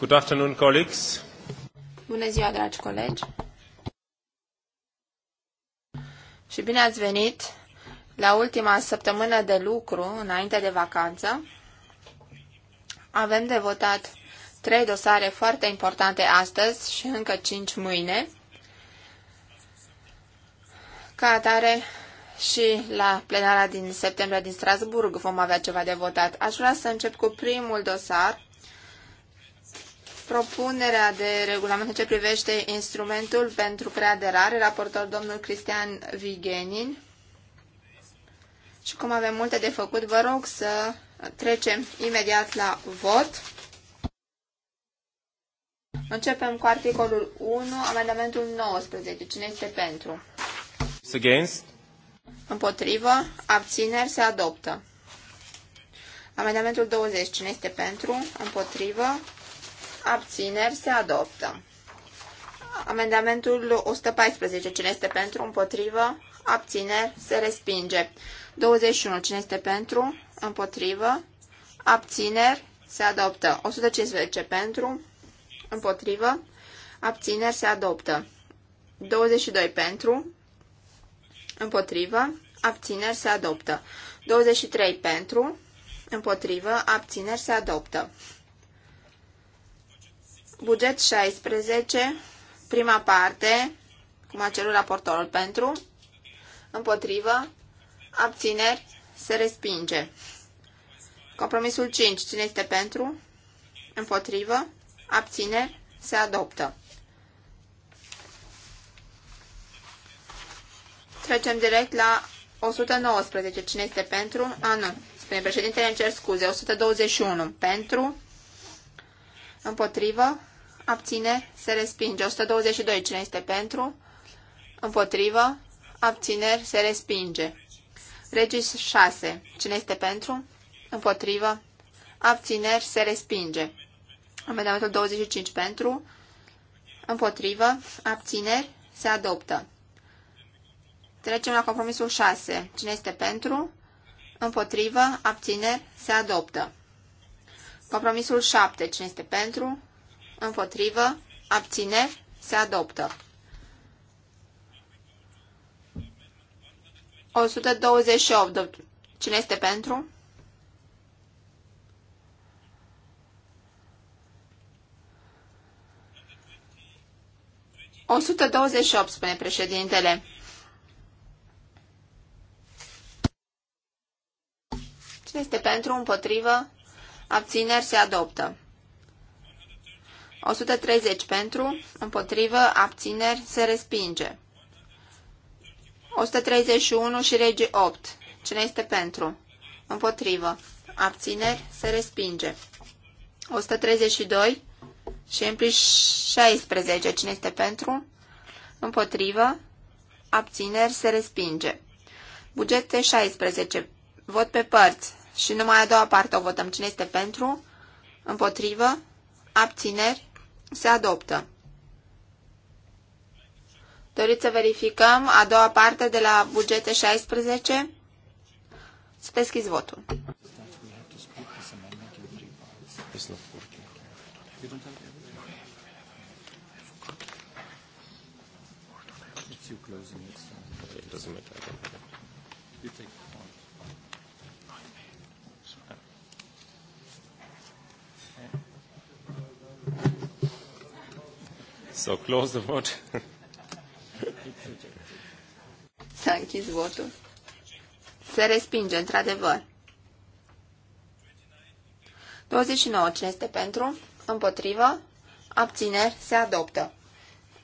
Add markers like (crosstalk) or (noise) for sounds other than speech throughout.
Good afternoon, colleagues. Bună ziua, dragi colegi. Și bine ați venit la ultima săptămână de lucru, înainte de vacanță. Avem de votat trei dosare foarte importante astăzi și încă cinci mâine. Ca atare, și la plenara din septembrie din Strasburg vom avea ceva de votat. Aș vrea să încep cu primul dosar, propunerea de regulament ce privește instrumentul pentru preaderare, raportor domnul Cristian Vigenin. Și cum avem multe de făcut, vă rog să trecem imediat la vot. Începem cu articolul 1, amendamentul 19. Cine este pentru? against. Împotrivă. Abțineri se adoptă. Amendamentul 20. Cine este pentru? Împotrivă. Abțineri se adoptă. Amendamentul 114. Cine este pentru? Împotrivă. Abțineri se respinge. 21. Cine este pentru? Împotrivă. Abțineri se adoptă. 115 pentru. Împotrivă. Abțineri se adoptă. 22 pentru. Împotrivă. Abțineri se adoptă. 23 pentru. Împotrivă. Abțineri se adoptă. Buget 16. Prima parte. Cum a cerut raportorul pentru. Împotrivă. Abțineri se respinge. Compromisul 5. Cine este pentru? Împotrivă. Abțineri se adoptă. Trecem direct la 119. Cine este pentru? A, nu. Spune președintele, încerc cer scuze. 121. Pentru? Împotrivă? abține, Se respinge. 122. Cine este pentru? Împotrivă? Abțineri? Se respinge. Regis 6. Cine este pentru? Împotrivă? Abțineri? Se respinge. Amendamentul 25 pentru? Împotrivă? Abțineri? Se adoptă. Trecem la compromisul 6. Cine este pentru? Împotrivă, abțineri, se adoptă. Compromisul 7. Cine este pentru? Împotrivă, abțineri, se adoptă. 128. Cine este pentru? O 128, spune președintele. Cine este pentru, împotrivă, abțineri se adoptă. 130 pentru, împotrivă, abțineri se respinge. 131 și rege 8. Cine este pentru? Împotrivă. Abțineri se respinge. 132 și împli 16. Cine este pentru? Împotrivă. Abțineri se respinge. Bugete 16. Vot pe părți. Și numai a doua parte o votăm. Cine este pentru? Împotrivă? Abțineri? Se adoptă. Doriți să verificăm a doua parte de la bugete 16? Să deschizi votul. So close the vote. S-a închis votul. Se respinge, într-adevăr. 29. Cine este pentru? Împotrivă? Abțineri? Se adoptă.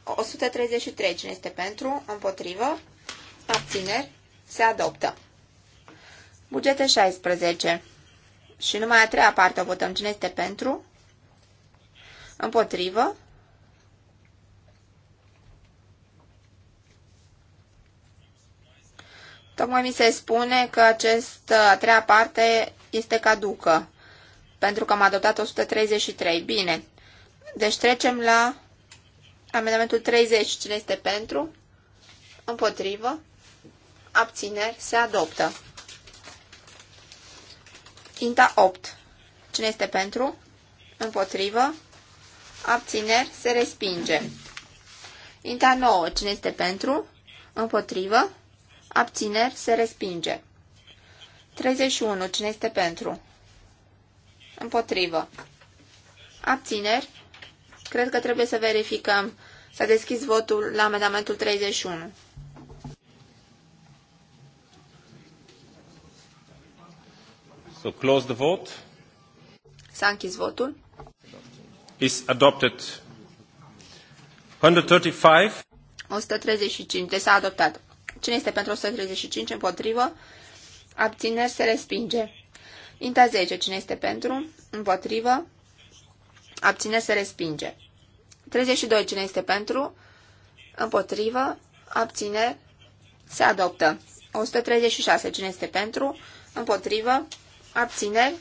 133. Cine este pentru? Împotrivă? Abțineri? Se adoptă. Bugete 16. Și numai a treia parte o votăm. Cine este pentru? Împotrivă? Tocmai mi se spune că această uh, a treia parte este caducă, pentru că am adoptat 133. Bine, deci trecem la amendamentul 30. Cine este pentru? Împotrivă? Abțineri? Se adoptă. Inta 8. Cine este pentru? Împotrivă? Abțineri? Se respinge. Inta 9. Cine este pentru? Împotrivă? Abțineri se respinge. 31. Cine este pentru? Împotrivă. Abțineri. Cred că trebuie să verificăm. S-a deschis votul la amendamentul 31. So close the vote. S-a închis votul. Is adopted. 135. 135. Deci s-a adoptat. Cine este pentru 135? Împotrivă. Abțineri se respinge. Inta 10. Cine este pentru? Împotrivă. Abțineri se respinge. 32. Cine este pentru? Împotrivă. Abțineri se adoptă. 136. Cine este pentru? Împotrivă. Abțineri.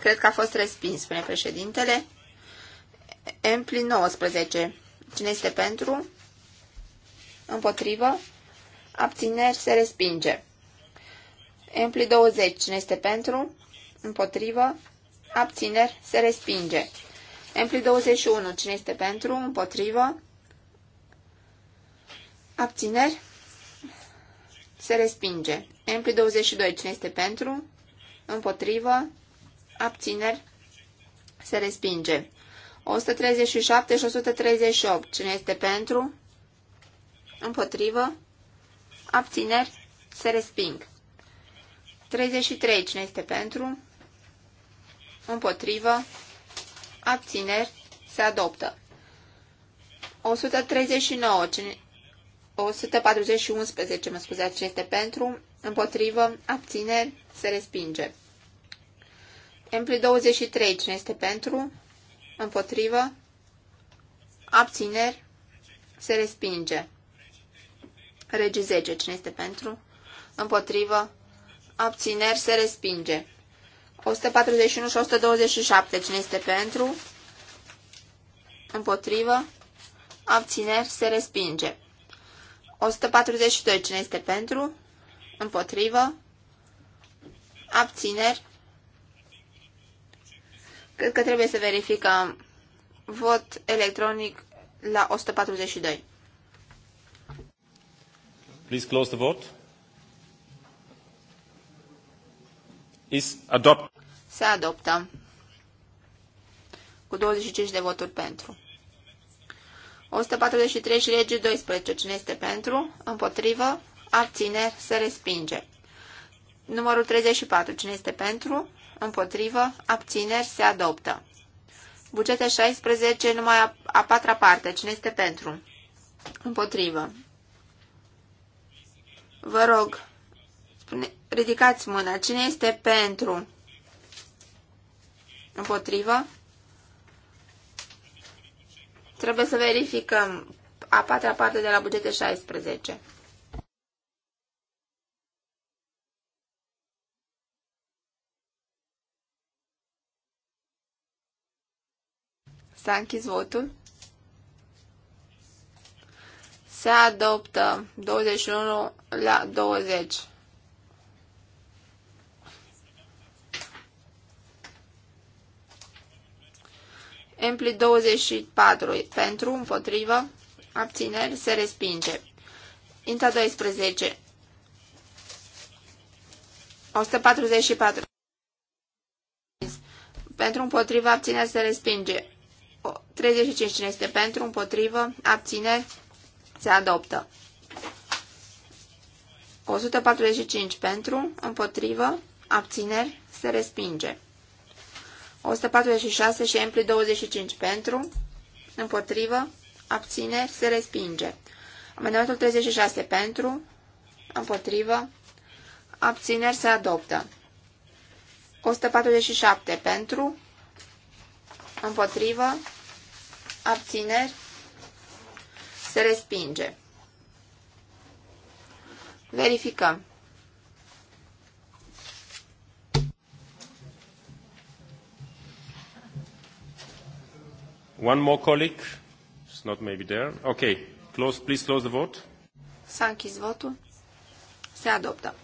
Cred că a fost respins, spune președintele. Empli 19. Cine este pentru? Împotrivă? abțineri, se respinge. Empli 20, cine este pentru, împotrivă, abțineri, se respinge. Empli 21, cine este pentru, împotrivă, abțineri, se respinge. Empli 22, cine este pentru, împotrivă, abțineri, se respinge. 137 și 138, cine este pentru, împotrivă, abțineri, se resping. 33. Cine este pentru? Împotrivă, abțineri, se adoptă. 139. Cine... 141 11, mă scuzați, cine este pentru, împotrivă, abțineri, se respinge. Empli 23, cine este pentru, împotrivă, abțineri, se respinge. Regi 10. Cine este pentru? Împotrivă. Abțineri se respinge. 141 și 127. Cine este pentru? Împotrivă. Abțineri se respinge. 142. Cine este pentru? Împotrivă. Abțineri. Cred că trebuie să verificăm vot electronic la 142. Please close the vote. Is adopt. Se adoptă. Cu 25 de voturi pentru. 143 și legii 12. Cine este pentru? Împotrivă? Abțineri? Se respinge. Numărul 34. Cine este pentru? Împotrivă? Abțineri? Se adoptă. Bugete 16, numai a, a patra parte. Cine este pentru? Împotrivă. Vă rog, spune, ridicați mâna. Cine este pentru? Împotrivă? Trebuie să verificăm a patra parte de la bugete 16. S-a închis votul. Se adoptă 21 la 20. Empli 24. Pentru, împotrivă, abțineri, se respinge. Inta 12. 144. Pentru, împotrivă, abțineri, se respinge. 35. Cine este pentru, împotrivă, abțineri, se adoptă. 145 pentru, împotrivă, abțineri, se respinge. 146 și ampli 25 pentru, împotrivă, abțineri, se respinge. Amendamentul 36 pentru, împotrivă, abțineri, se adoptă. 147 pentru, împotrivă, abțineri, se respinge. Verificăm. One more colleague. It's not maybe there. Okay. Close, please close the vote. S-a închis votul. Se adoptă.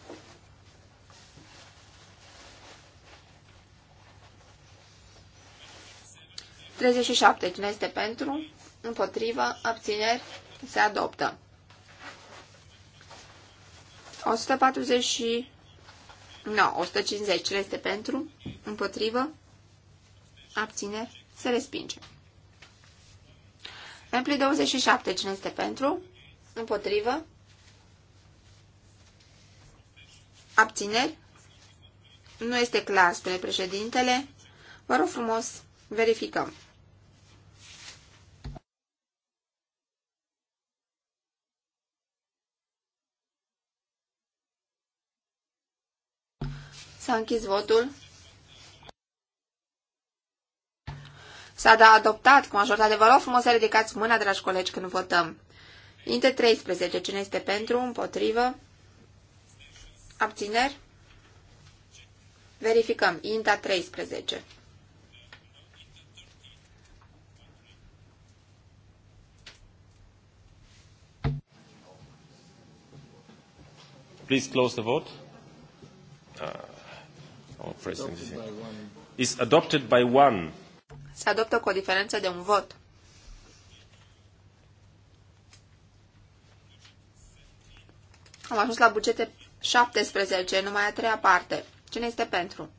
Treizeci și șapte. Cine este pentru? împotrivă, abțineri, se adoptă. 149, 150, cel este pentru, împotrivă, abțineri, se respinge. Ampli 27, cine este pentru, împotrivă, abțineri, nu este clar, spune președintele, vă rog frumos, verificăm. S-a închis votul. S-a da adoptat cu majoritate. Vă rog frumos să ridicați mâna, dragi colegi, când votăm. Inte 13. Cine este pentru? Împotrivă? Abțineri? Verificăm. Inta 13. Please close the vote. Uh is adopted by one. Se adoptă cu o diferență de un vot. Am ajuns la bugete 17, numai a treia parte. Cine este pentru?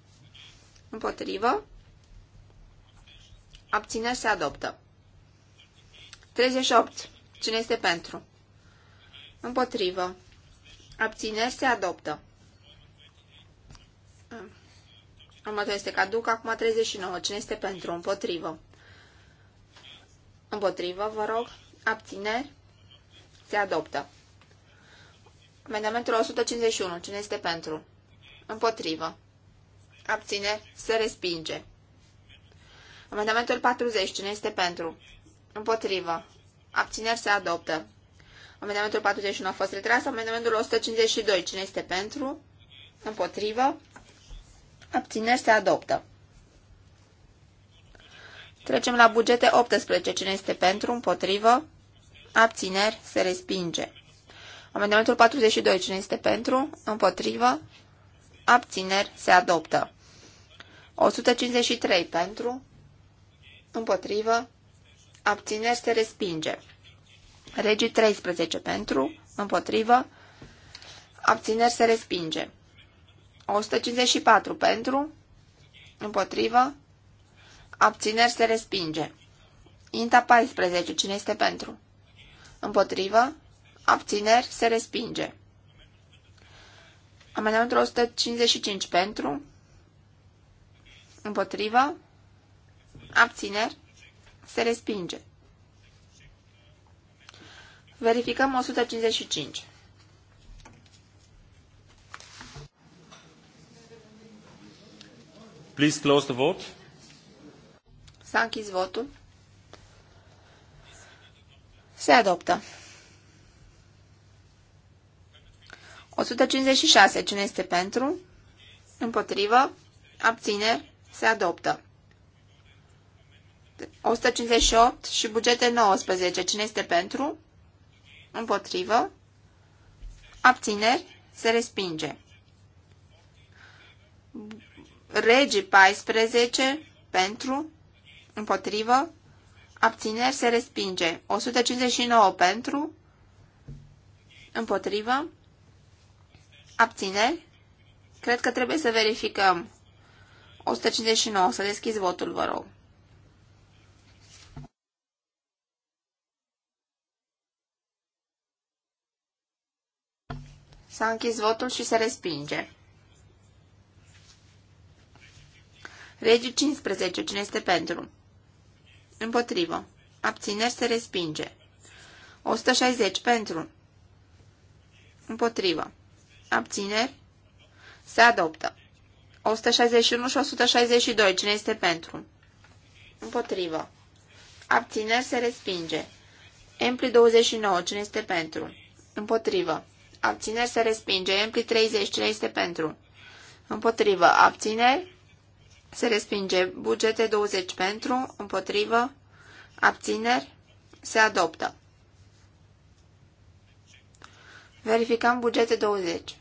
Împotrivă? Abțineri se adoptă. 38. Cine este pentru? Împotrivă. Abțineri se adoptă. Următorul este caduc, acum 39. Cine este pentru? Împotrivă. Împotrivă, vă rog. Abțineri. Se adoptă. Amendamentul 151. Cine este pentru? Împotrivă. Abțineri. Se respinge. Amendamentul 40. Cine este pentru? Împotrivă. Abțineri se adoptă. Amendamentul 41 a fost retras. Amendamentul 152. Cine este pentru? Împotrivă. Abțineri se adoptă. Trecem la bugete 18. Cine este pentru? Împotrivă? Abțineri se respinge. Amendamentul 42. Cine este pentru? Împotrivă? Abțineri se adoptă. 153 pentru, împotrivă, abțineri se respinge. Regii 13 pentru, împotrivă, abțineri se respinge. 154 pentru, împotrivă, abțineri se respinge. Inta 14, cine este pentru? Împotrivă, abțineri se respinge. Amendamentul 155 pentru, împotrivă, abțineri se respinge. Verificăm 155. Please close the vote. S-a închis votul. Se adoptă. 156. Cine este pentru? Împotrivă? Abține? Se adoptă. 158 și bugete 19. Cine este pentru? Împotrivă? Abține? Se respinge. Regii 14 pentru, împotrivă, abțineri se respinge. 159 pentru, împotrivă, abțineri. Cred că trebuie să verificăm. 159, să deschizi votul, vă rog. S-a închis votul și se respinge. Regiu 15. Cine este pentru? Împotrivă. Abțineri se respinge. 160. Pentru. Împotrivă. Abțineri. Se adoptă. 161 și 162. Cine este pentru? Împotrivă. Abțineri se respinge. Empli 29. Cine este pentru? Împotrivă. Abțineri se respinge. Empli 30. Cine este pentru? Împotrivă. Abțineri se respinge. Bugete 20 pentru, împotrivă, abțineri, se adoptă. Verificăm bugete 20.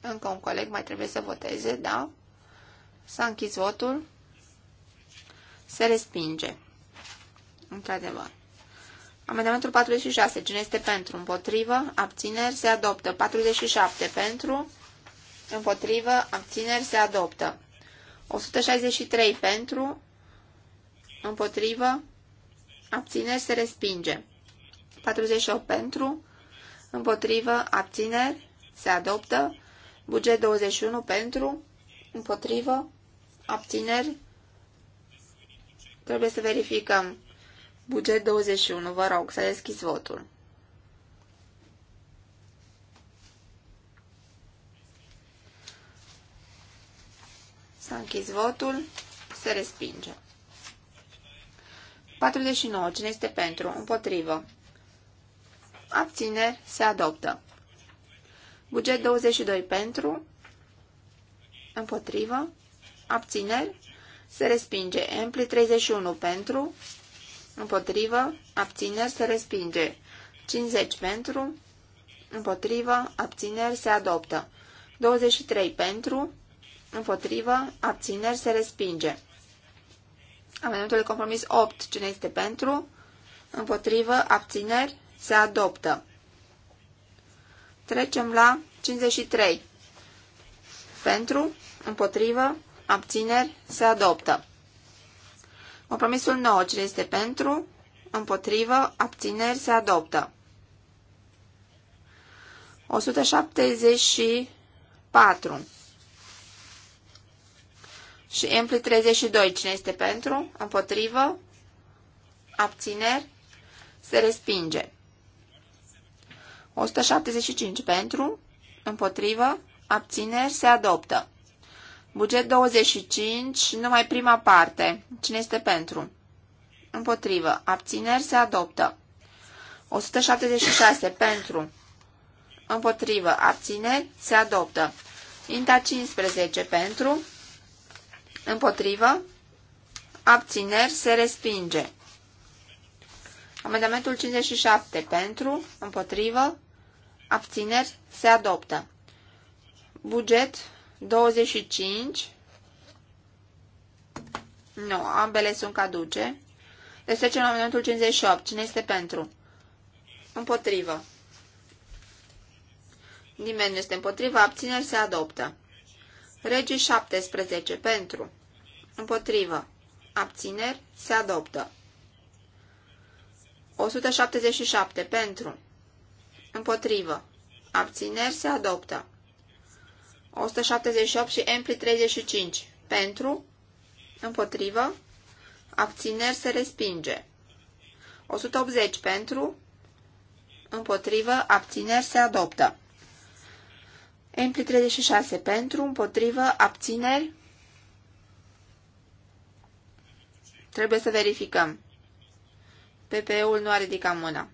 Încă un coleg mai trebuie să voteze, da? S-a închis votul. Se respinge. Într-adevăr. Amendamentul 46. Cine este pentru? Împotrivă? Abțineri? Se adoptă. 47. Pentru? Împotrivă? Abțineri? Se adoptă. 163. Pentru? Împotrivă? Abțineri? Se respinge. 48. Pentru? Împotrivă? Abțineri? Se adoptă. Buget 21. Pentru? Împotrivă? Abțineri? Trebuie să verificăm. Buget 21, vă rog, să deschizi votul. S-a închis votul, se respinge. 49. Cine este pentru? Împotrivă. Abține, se adoptă. Buget 22 pentru, împotrivă, abțineri, se respinge. Empli 31 pentru, împotrivă, abțineri, se respinge. 50 pentru, împotrivă, abțineri, se adoptă. 23 pentru, împotrivă, abțineri, se respinge. Amendamentul de compromis 8, cine este pentru, împotrivă, abțineri, se adoptă. Trecem la 53. Pentru, împotrivă, abțineri, se adoptă. Compromisul 9. Cine este pentru? Împotrivă. Abțineri. Se adoptă. 174. Și Empli 32. Cine este pentru? Împotrivă? Abțineri? Se respinge. 175 pentru, împotrivă, abțineri, se adoptă. Buget 25, numai prima parte. Cine este pentru? Împotrivă. Abțineri se adoptă. 176 pentru. Împotrivă. Abțineri se adoptă. Inta 15 pentru. Împotrivă. Abțineri se respinge. Amendamentul 57 pentru. Împotrivă. Abțineri se adoptă. Buget 25. Nu, ambele sunt caduce. Deci ce în 58. Cine este pentru? Împotrivă. Nimeni nu este împotrivă. Abțineri se adoptă. Regii 17. Pentru. Împotrivă. Abțineri se adoptă. 177. Pentru. Împotrivă. Abțineri se adoptă. 178 și Ampli 35. Pentru, împotrivă, abțineri se respinge. 180 pentru, împotrivă, abțineri se adoptă. Ampli 36 pentru, împotrivă, abțineri. Trebuie să verificăm. PPE-ul nu a ridicat mâna.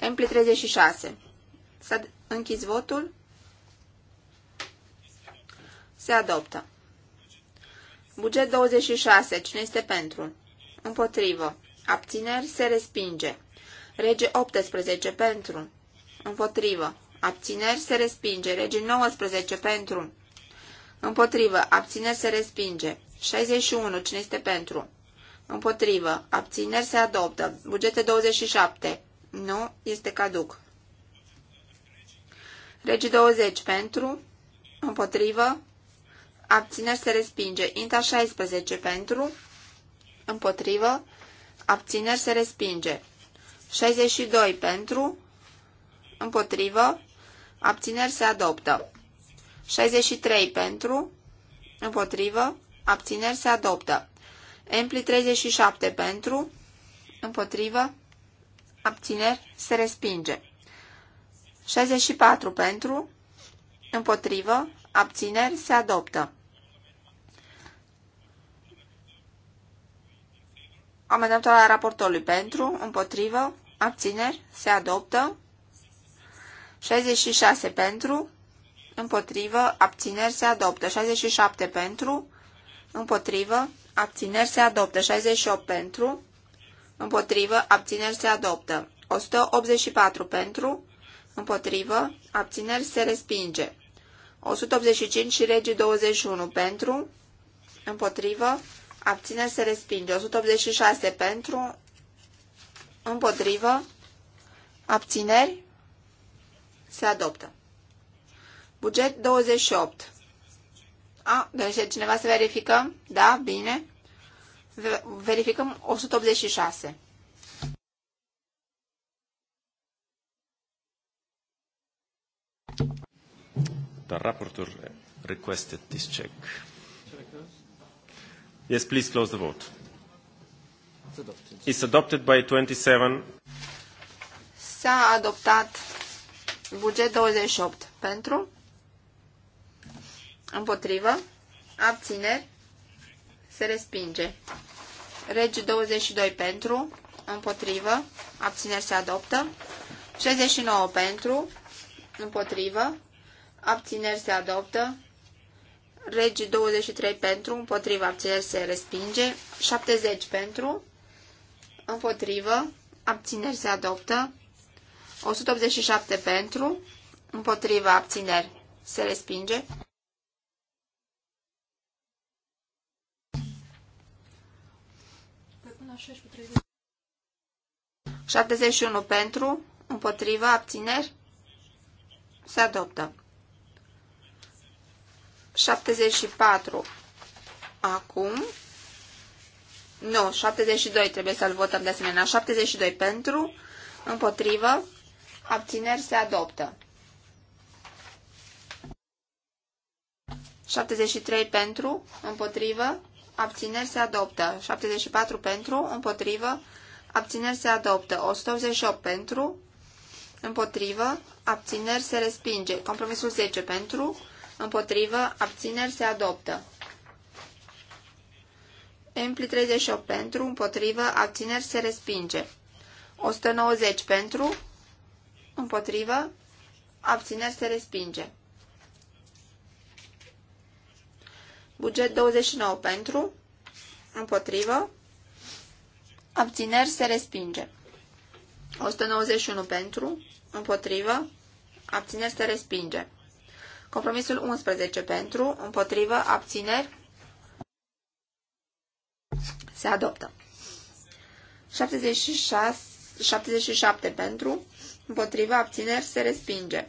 MP36. S-a închis votul. Se adoptă. Buget 26. Cine este pentru? Împotrivă. Abțineri se respinge. Rege 18 pentru. Împotrivă. Abțineri se respinge. Rege 19 pentru. Împotrivă. Abțineri se respinge. 61. Cine este pentru? Împotrivă. Abțineri se adoptă. Bugete 27. Nu, este caduc. Regi 20 pentru, împotrivă, abțineri se respinge. Inta 16 pentru, împotrivă, abțineri se respinge. 62 pentru, împotrivă, abțineri se adoptă. 63 pentru, împotrivă, abțineri se adoptă. Empli 37 pentru, împotrivă, abțineri, se respinge. 64 pentru, împotrivă, abțineri, se adoptă. Amendamentul la raportorului pentru, împotrivă, abțineri, se adoptă. 66 pentru, împotrivă, abțineri, se adoptă. 67 pentru, împotrivă, abțineri, se adoptă. 68 pentru, împotrivă, abțineri se adoptă. 184 pentru, împotrivă, abțineri se respinge. 185 și legii 21 pentru, împotrivă, abțineri se respinge. 186 pentru, împotrivă, abțineri se adoptă. Buget 28. A, deci cineva să verificăm? Da, bine. Verificăm 186. The rapporteur requested this check. Yes, please close the vote. It's adopted, by 27. S-a adoptat buget 28 pentru, împotrivă, abțineri, se respinge. Regi 22 pentru, împotrivă, abțineri se adoptă. 69 pentru, împotrivă, abțineri se adoptă. Regi 23 pentru, împotrivă, abțineri se respinge. 70 pentru, împotrivă, abțineri se adoptă. 187 pentru, împotrivă, abțineri se respinge. 71 pentru, împotriva, abțineri, se adoptă. 74 acum. Nu, 72 trebuie să-l votăm de asemenea. 72 pentru, împotrivă, abțineri se adoptă. 73 pentru, împotrivă, abțineri se adoptă. 74 pentru, împotrivă, abțineri se adoptă. 188 pentru, împotrivă, abțineri se respinge. Compromisul 10 pentru, împotrivă, abțineri se adoptă. Empli 38 pentru, împotrivă, abțineri se respinge. 190 pentru, împotrivă, abțineri se respinge. Buget 29 pentru, împotrivă, abțineri se respinge. 191 pentru, împotrivă, abțineri se respinge. Compromisul 11 pentru, împotrivă, abțineri se adoptă. 76, 77 pentru, împotrivă, abțineri se respinge.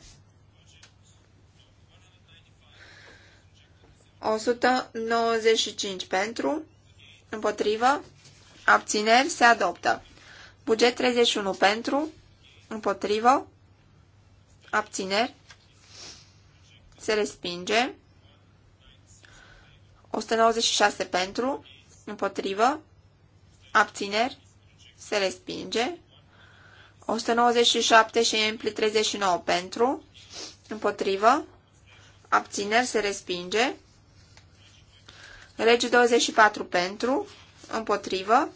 195 pentru, împotrivă, abțineri, se adoptă. Buget 31 pentru, împotrivă, abțineri, se respinge. 196 pentru, împotrivă, abțineri, se respinge. 197 și empli 39 pentru, împotrivă, abțineri, se respinge lege 24 pentru, împotrivă,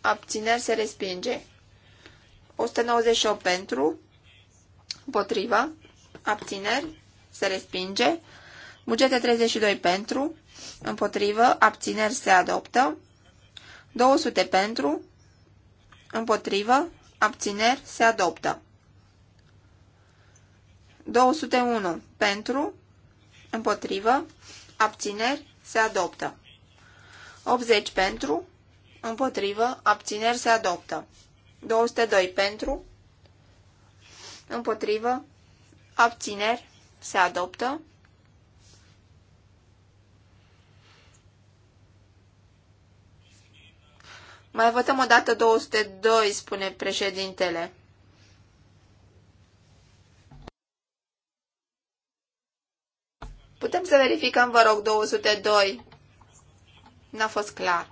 abțineri se respinge. 198 pentru, împotrivă, abțineri se respinge. Bugete 32 pentru, împotrivă, abțineri se adoptă. 200 pentru, împotrivă, abțineri se adoptă. 201 pentru, împotrivă, abțineri se adoptă. 80 pentru, împotrivă, abțineri se adoptă. 202 pentru, împotrivă, abțineri se adoptă. 'Mai votăm o dată 202', spune președintele. Putem să verificăm, vă rog, 202. N-a fost clar.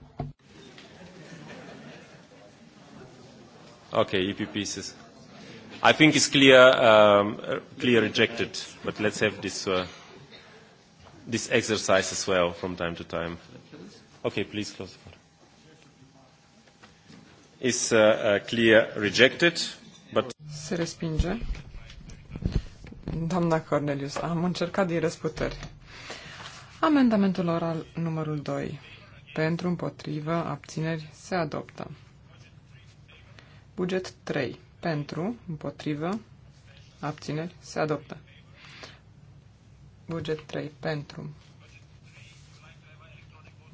Ok, EPP is... I think it's clear, um, clear rejected, but let's have this, uh, this exercise as well from time to time. Okay, please close the vote. Is uh, uh, clear rejected, but... Se respinge. Doamna Cornelius, am încercat din răsputări. Amendamentul oral numărul 2. Pentru, împotrivă, abțineri, se adoptă. Buget 3. Pentru, împotrivă, abțineri, se adoptă. Buget 3. Pentru.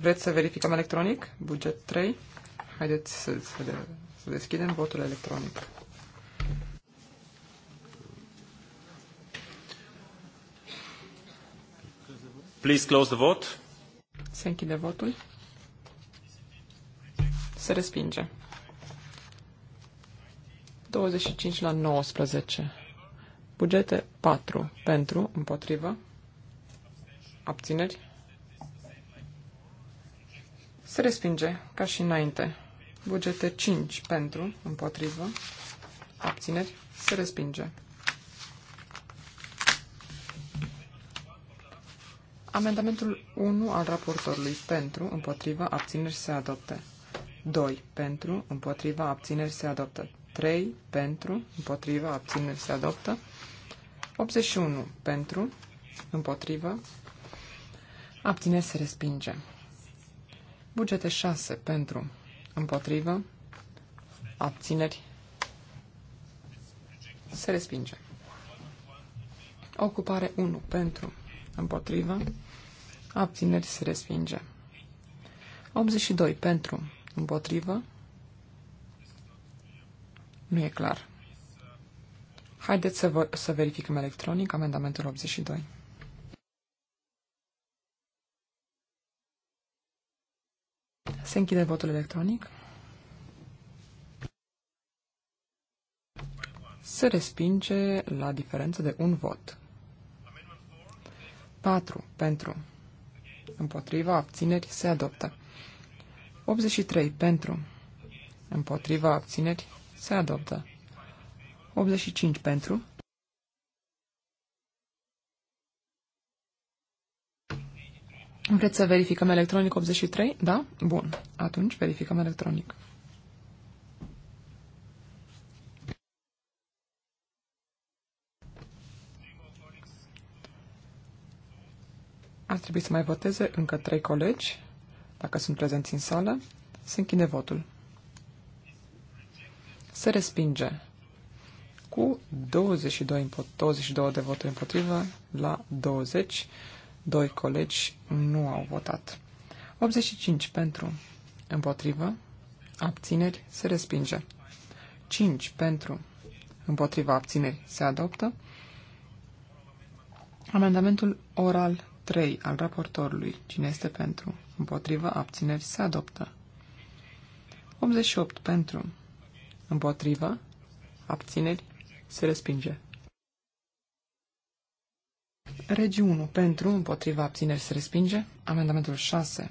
Vreți să verificăm electronic? Buget 3. Haideți să, să, de, să deschidem votul electronic. Please close the vote. Se închide votul. Se respinge. 25 la 19. Bugete 4 pentru, împotrivă, abțineri. Se respinge, ca și înainte. Bugete 5 pentru, împotrivă, abțineri, se respinge. Amendamentul 1 al raportorului pentru, împotriva, abțineri se adoptă. 2. Pentru, împotriva, abțineri se adoptă. 3. Pentru, împotriva, abțineri se adoptă. 81. Pentru, împotriva, abțineri se respinge. Bugete 6. Pentru, împotriva, abțineri se respinge. Ocupare 1. Pentru, împotriva, Abțineri se respinge. 82 pentru, împotrivă. Nu e clar. Haideți să, să verificăm electronic amendamentul 82. Se închide votul electronic. Se respinge la diferență de un vot. 4 pentru împotriva, abțineri, se adoptă. 83 pentru, împotriva, abțineri, se adoptă. 85 pentru, Vreți să verificăm electronic 83? Da? Bun. Atunci verificăm electronic. Ar trebui să mai voteze încă trei colegi, dacă sunt prezenți în sală. Se închide votul. Se respinge cu 22, 22 de voturi împotrivă la 20. Doi colegi nu au votat. 85 pentru împotrivă, abțineri, se respinge. 5 pentru împotriva abțineri, se adoptă. Amendamentul oral 3 al raportorului. Cine este pentru? Împotrivă abțineri se adoptă. 88 pentru. Împotrivă abțineri se respinge. Regi 1 pentru, împotriva abțineri se respinge. Amendamentul 6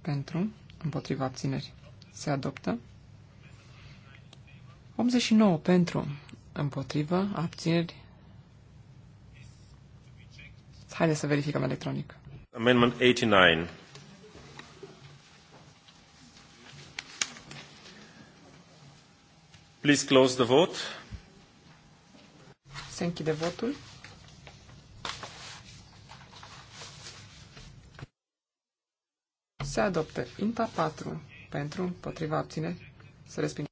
pentru, împotriva abțineri se adoptă. 89 pentru, împotriva abțineri Haideți să verificăm electronic. Amendment 89. Please close the vote. Se închide votul. Se adoptă INTA 4 pentru, împotriva abține, se respinge.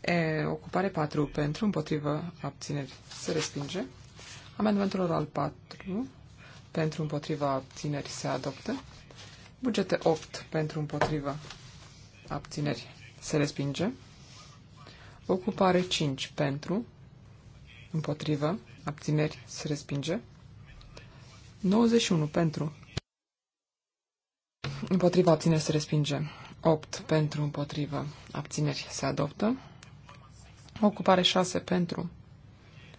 E, ocupare 4 pentru, împotrivă abțineri, se respinge. Amendamentul oral 4 pentru împotriva abțineri se adoptă. Bugete 8 pentru împotriva abțineri se respinge. Ocupare 5 pentru împotriva abțineri se respinge. 91 pentru împotriva abțineri se respinge. 8 pentru împotriva abțineri se adoptă. Ocupare 6 pentru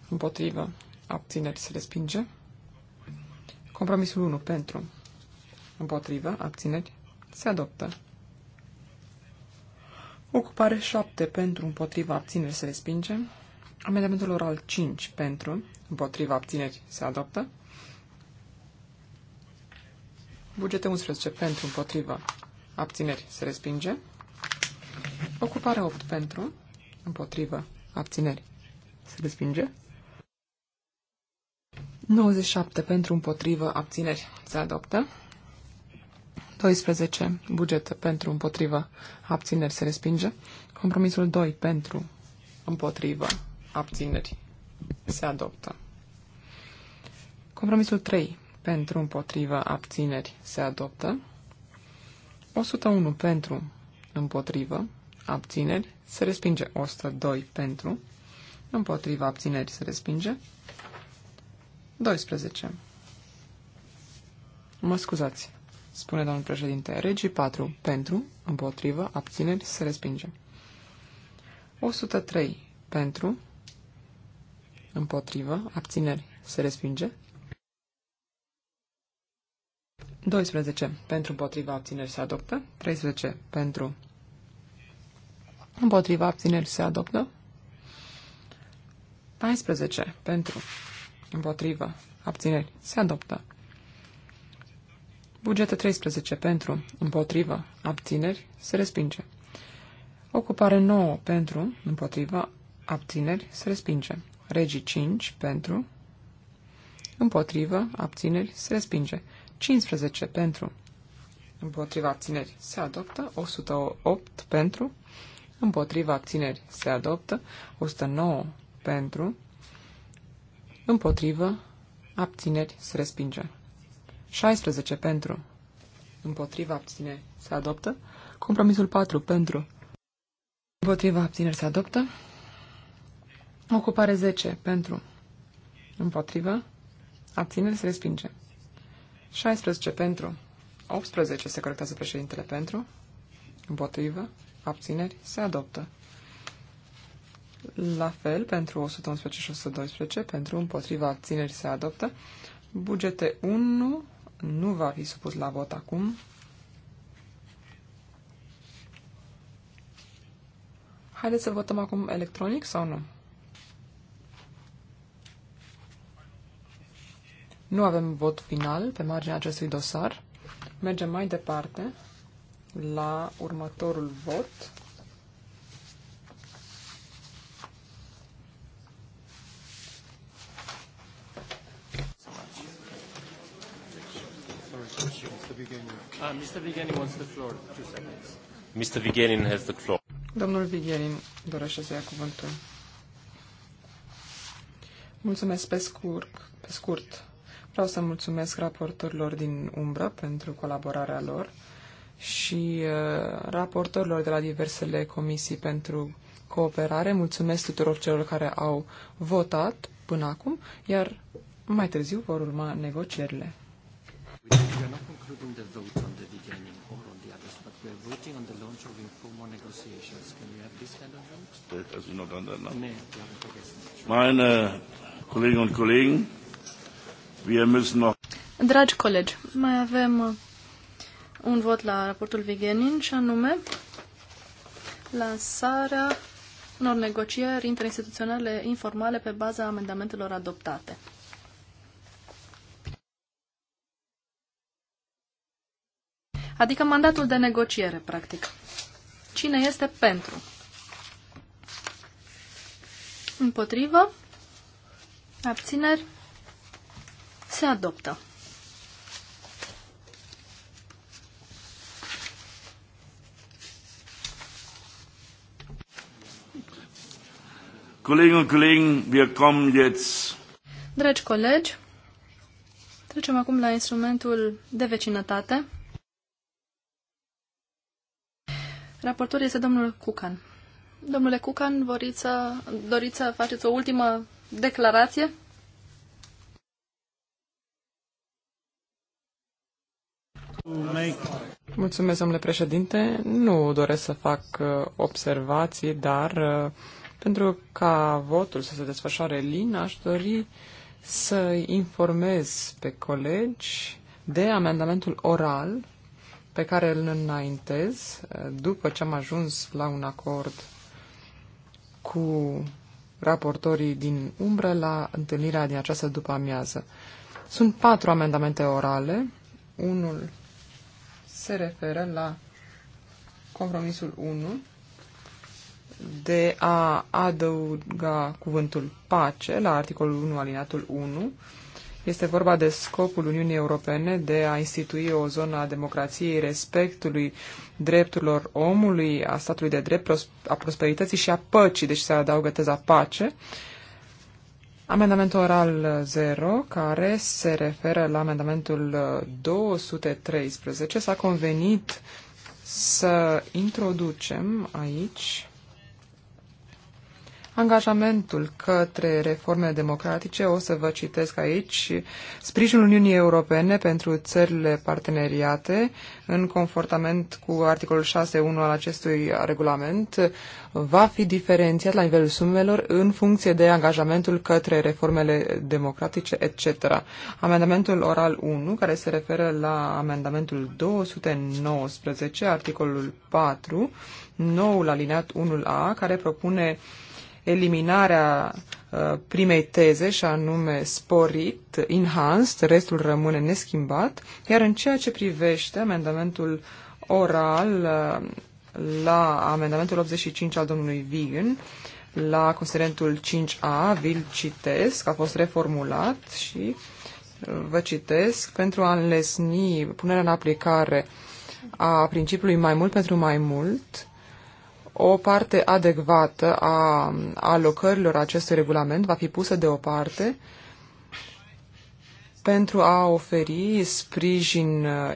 împotriva abțineri se respinge. Compromisul 1 pentru, împotrivă, abțineri se adoptă. Ocupare 7 pentru, împotrivă, abțineri se respinge. Amendamentul oral 5 pentru, împotrivă, abțineri se adoptă. Bugete 11 pentru, împotrivă, abțineri se respinge. Ocupare 8 pentru, împotrivă, abțineri se respinge. 97 pentru împotrivă abțineri se adoptă. 12 buget pentru împotrivă abțineri se respinge. Compromisul 2 pentru împotrivă abțineri se adoptă. Compromisul 3 pentru împotrivă abțineri se adoptă. 101 pentru împotrivă abțineri se respinge. 102 pentru împotrivă abțineri se respinge. 12. Mă scuzați, spune domnul președinte. Regii 4. Pentru, împotrivă, abțineri, se respinge. 103. Pentru, împotrivă, abțineri, se respinge. 12. Pentru, împotrivă, abțineri, se adoptă. 13. Pentru, împotrivă, abțineri, se adoptă. 14. Pentru, Împotrivă. Abțineri. Se adoptă. Bugete 13 pentru, împotrivă, abțineri, se respinge. Ocupare 9 pentru, împotrivă, abțineri, se respinge. Regii 5 pentru, împotrivă, abțineri, se respinge. 15 pentru, împotriva abțineri, se adoptă. 108 pentru, împotriva abțineri, se adoptă. 109 pentru, Împotrivă. Abțineri. Se respinge. 16 pentru. Împotrivă. abțineri. Se adoptă. Compromisul 4 pentru. Împotrivă. abțineri. Se adoptă. Ocupare 10 pentru. Împotrivă. Abțineri. Se respinge. 16 pentru. 18 se corectează președintele pentru. Împotrivă. Abțineri. Se adoptă. La fel, pentru 111 și 112, pentru împotriva abținerii se adoptă. Bugete 1 nu va fi supus la vot acum. Haideți să votăm acum electronic sau nu? Nu avem vot final pe marginea acestui dosar. Mergem mai departe la următorul vot. Uh, Mr. Vigenin has the floor. Domnul Vigenin dorește să ia cuvântul. Mulțumesc pe scurt. Pe scurt. Vreau să mulțumesc raportorilor din umbră pentru colaborarea lor și uh, raportorilor de la diversele comisii pentru cooperare. Mulțumesc tuturor celor care au votat până acum, iar mai târziu vor urma negocierile including the vote on the beginning or on the others, but we are voting on the launch of informal negotiations. Can we have this kind of vote? Has not done that now? Nee, Meine Kolleginnen und Kollegen, wir müssen noch... Dragi colegi, mai avem uh, un vot la raportul Vigenin și anume lansarea unor negocieri interinstituționale informale pe baza amendamentelor adoptate. Adică mandatul de negociere, practic. Cine este pentru? Împotrivă? Abțineri? Se adoptă. Kolleginnen und wir kommen jetzt. Dragi colegi, trecem acum la instrumentul de vecinătate. Raportor este domnul Cucan. Domnule Cucan, doriți să, doriți să faceți o ultimă declarație? Mulțumesc, domnule președinte. Nu doresc să fac uh, observații, dar uh, pentru ca votul să se desfășoare lin, aș dori să informez pe colegi de amendamentul oral pe care îl înaintez după ce am ajuns la un acord cu raportorii din umbră la întâlnirea din această după amiază. Sunt patru amendamente orale. Unul se referă la compromisul 1 de a adăuga cuvântul pace la articolul 1 alineatul 1 este vorba de scopul Uniunii Europene de a institui o zonă a democrației, respectului drepturilor omului, a statului de drept, a prosperității și a păcii, deci se adaugă teza pace. Amendamentul oral 0, care se referă la amendamentul 213, s-a convenit să introducem aici angajamentul către reforme democratice, o să vă citesc aici, sprijinul Uniunii Europene pentru țările parteneriate, în confortament cu articolul 6.1 al acestui regulament, va fi diferențiat la nivelul sumelor în funcție de angajamentul către reformele democratice, etc. Amendamentul oral 1, care se referă la amendamentul 219, articolul 4, noul alineat 1A, care propune uh, eliminarea uh, primei teze și anume sporit, enhanced, restul rămâne neschimbat, iar în ceea ce privește amendamentul oral uh, la amendamentul 85 al domnului Vigan, la considerentul 5A, vi-l citesc, a fost reformulat și uh, vă citesc, pentru a înlesni punerea în aplicare a principiului mai mult pentru mai mult, o parte adecvată a alocărilor acestui regulament va fi pusă deoparte pentru a oferi sprijin uh,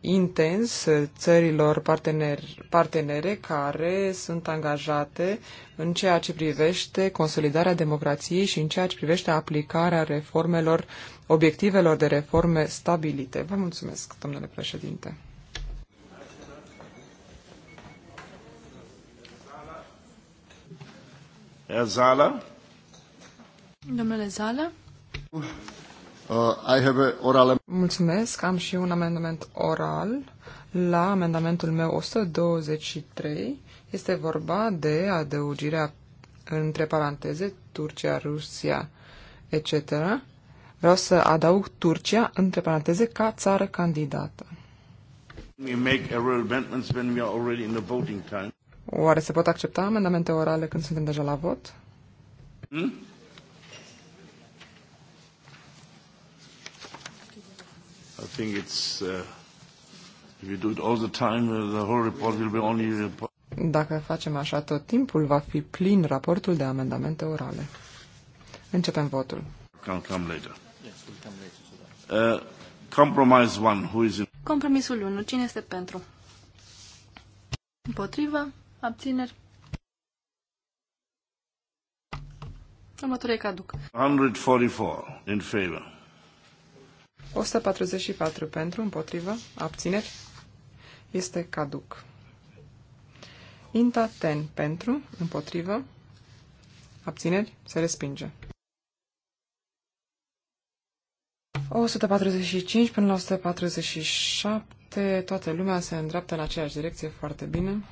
intens țărilor partener, partenere care sunt angajate în ceea ce privește consolidarea democrației și în ceea ce privește aplicarea reformelor, obiectivelor de reforme stabilite. Vă mulțumesc, domnule președinte. Herr Domnule Zala, Uh, I have a oral... Mulțumesc, am și un amendament oral la amendamentul meu 123. Este vorba de adăugirea între paranteze Turcia, Rusia, etc. Vreau să adaug Turcia între paranteze ca țară candidată. We make error amendments when we are already in the voting time. Oare se pot accepta amendamente orale când suntem deja la vot? Hmm? I think it's uh, if you do it all the time, uh, the whole report will be only report. Dacă facem așa tot timpul, va fi plin raportul de amendamente orale. Începem votul. Come, come later. Yes, we'll come later Uh, compromise one, who is in... Compromisul 1. Cine este pentru? Împotrivă? Abțineri. Următorul e caduc. 144 in favor. 144 pentru, împotrivă, abțineri. Este caduc. Inta 10 pentru, împotrivă, abțineri, se respinge. 145 până la 147, toată lumea se îndreaptă în aceeași direcție foarte bine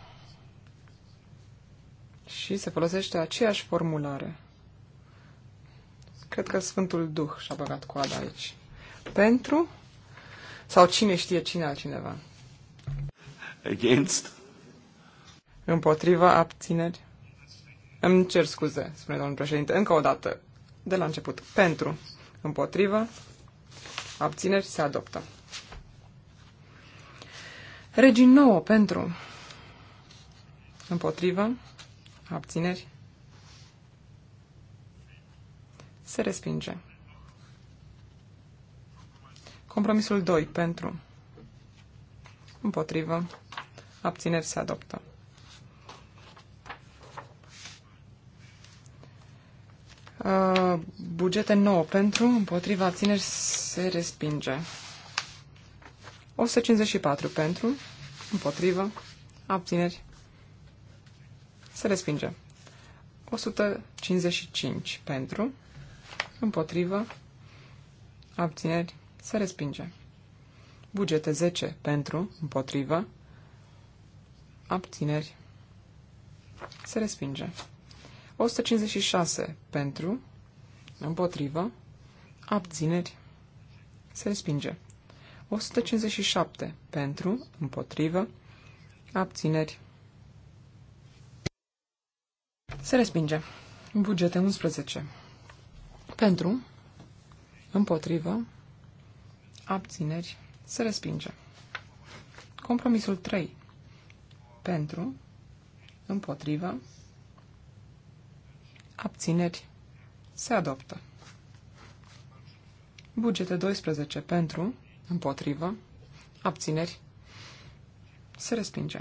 și se folosește aceeași formulare. Cred că Sfântul Duh și-a băgat coada aici. Pentru sau cine știe cine altcineva. Against. Împotriva abțineri. Îmi cer scuze, spune domnul președinte, încă o dată, de la început. Pentru, împotriva, abțineri se adoptă. Regin nouă pentru, împotriva, Abțineri. Se respinge. Compromisul 2. Pentru. Împotrivă. Abțineri se adoptă. Uh, bugete 9 pentru, împotriva abțineri se respinge. 154 pentru, împotrivă, abțineri se respinge. 155 pentru, împotrivă, abțineri, se respinge. Bugete 10 pentru, împotrivă, abțineri, se respinge. 156 pentru, împotrivă, abțineri, se respinge. 157 pentru, împotrivă, abțineri, se respinge. Bugete 11. Pentru, împotrivă, abțineri, se respinge. Compromisul 3. Pentru, împotrivă, abțineri, se adoptă. Bugete 12. Pentru, împotrivă, abțineri, se respinge.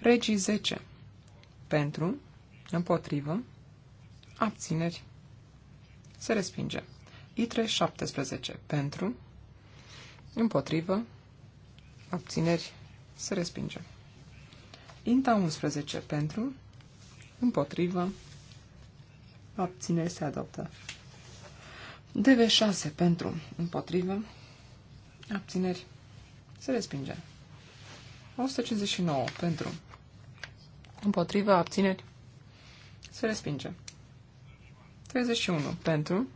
Regii 10. Pentru, Împotrivă. Abțineri. Se respinge. ITRE 17. Pentru. Împotrivă. Abțineri. Se respinge. INTA 11. Pentru. Împotrivă. Abțineri. Se adoptă. DV6. Pentru. Împotrivă. Abțineri. Se respinge. 159. Pentru. Împotrivă. Abțineri. Se respinge. 31. Pentru.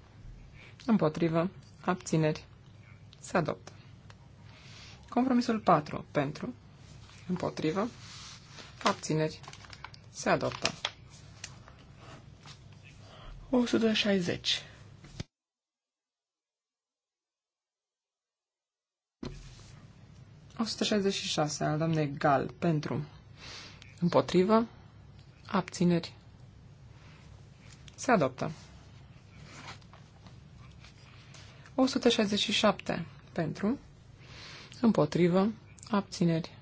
Împotrivă. Abțineri. Se adoptă. Compromisul 4. Pentru. Împotrivă. Abțineri. Se adoptă. 160. șase al doamnei Gal pentru împotrivă abțineri se adoptă. 167 pentru, împotrivă, abțineri,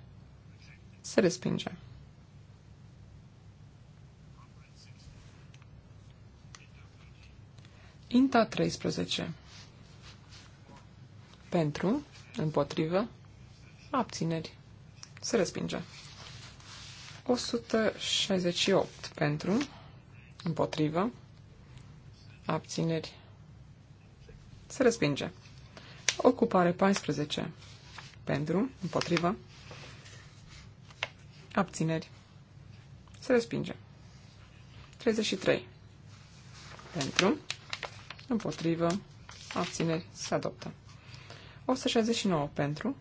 se respinge. 13 pentru, împotrivă, abțineri, se respinge. 168 pentru, împotrivă, abțineri, se respinge. Ocupare 14 pentru, împotrivă, abțineri, se respinge. 33 pentru, împotrivă, abțineri, se adoptă. 169 pentru,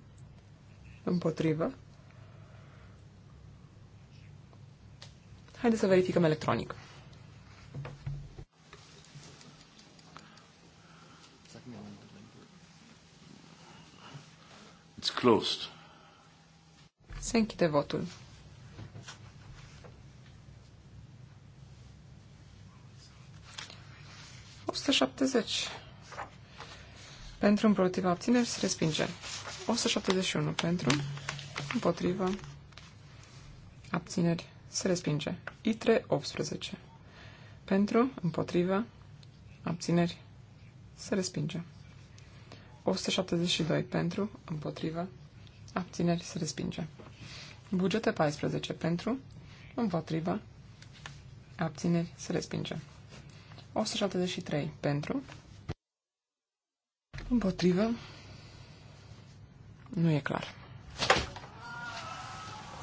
împotrivă. Haideți să verificăm electronic. closed. Se închide votul. Pentru împotriva abțineri se respinge. 171 pentru împotriva abțineri se respinge. ITRE 18 pentru împotriva abțineri se respinge. 172 pentru, împotrivă, abțineri se respinge. Bugete 14 pentru, împotrivă, abțineri se respinge. 173 pentru, împotrivă, nu e clar.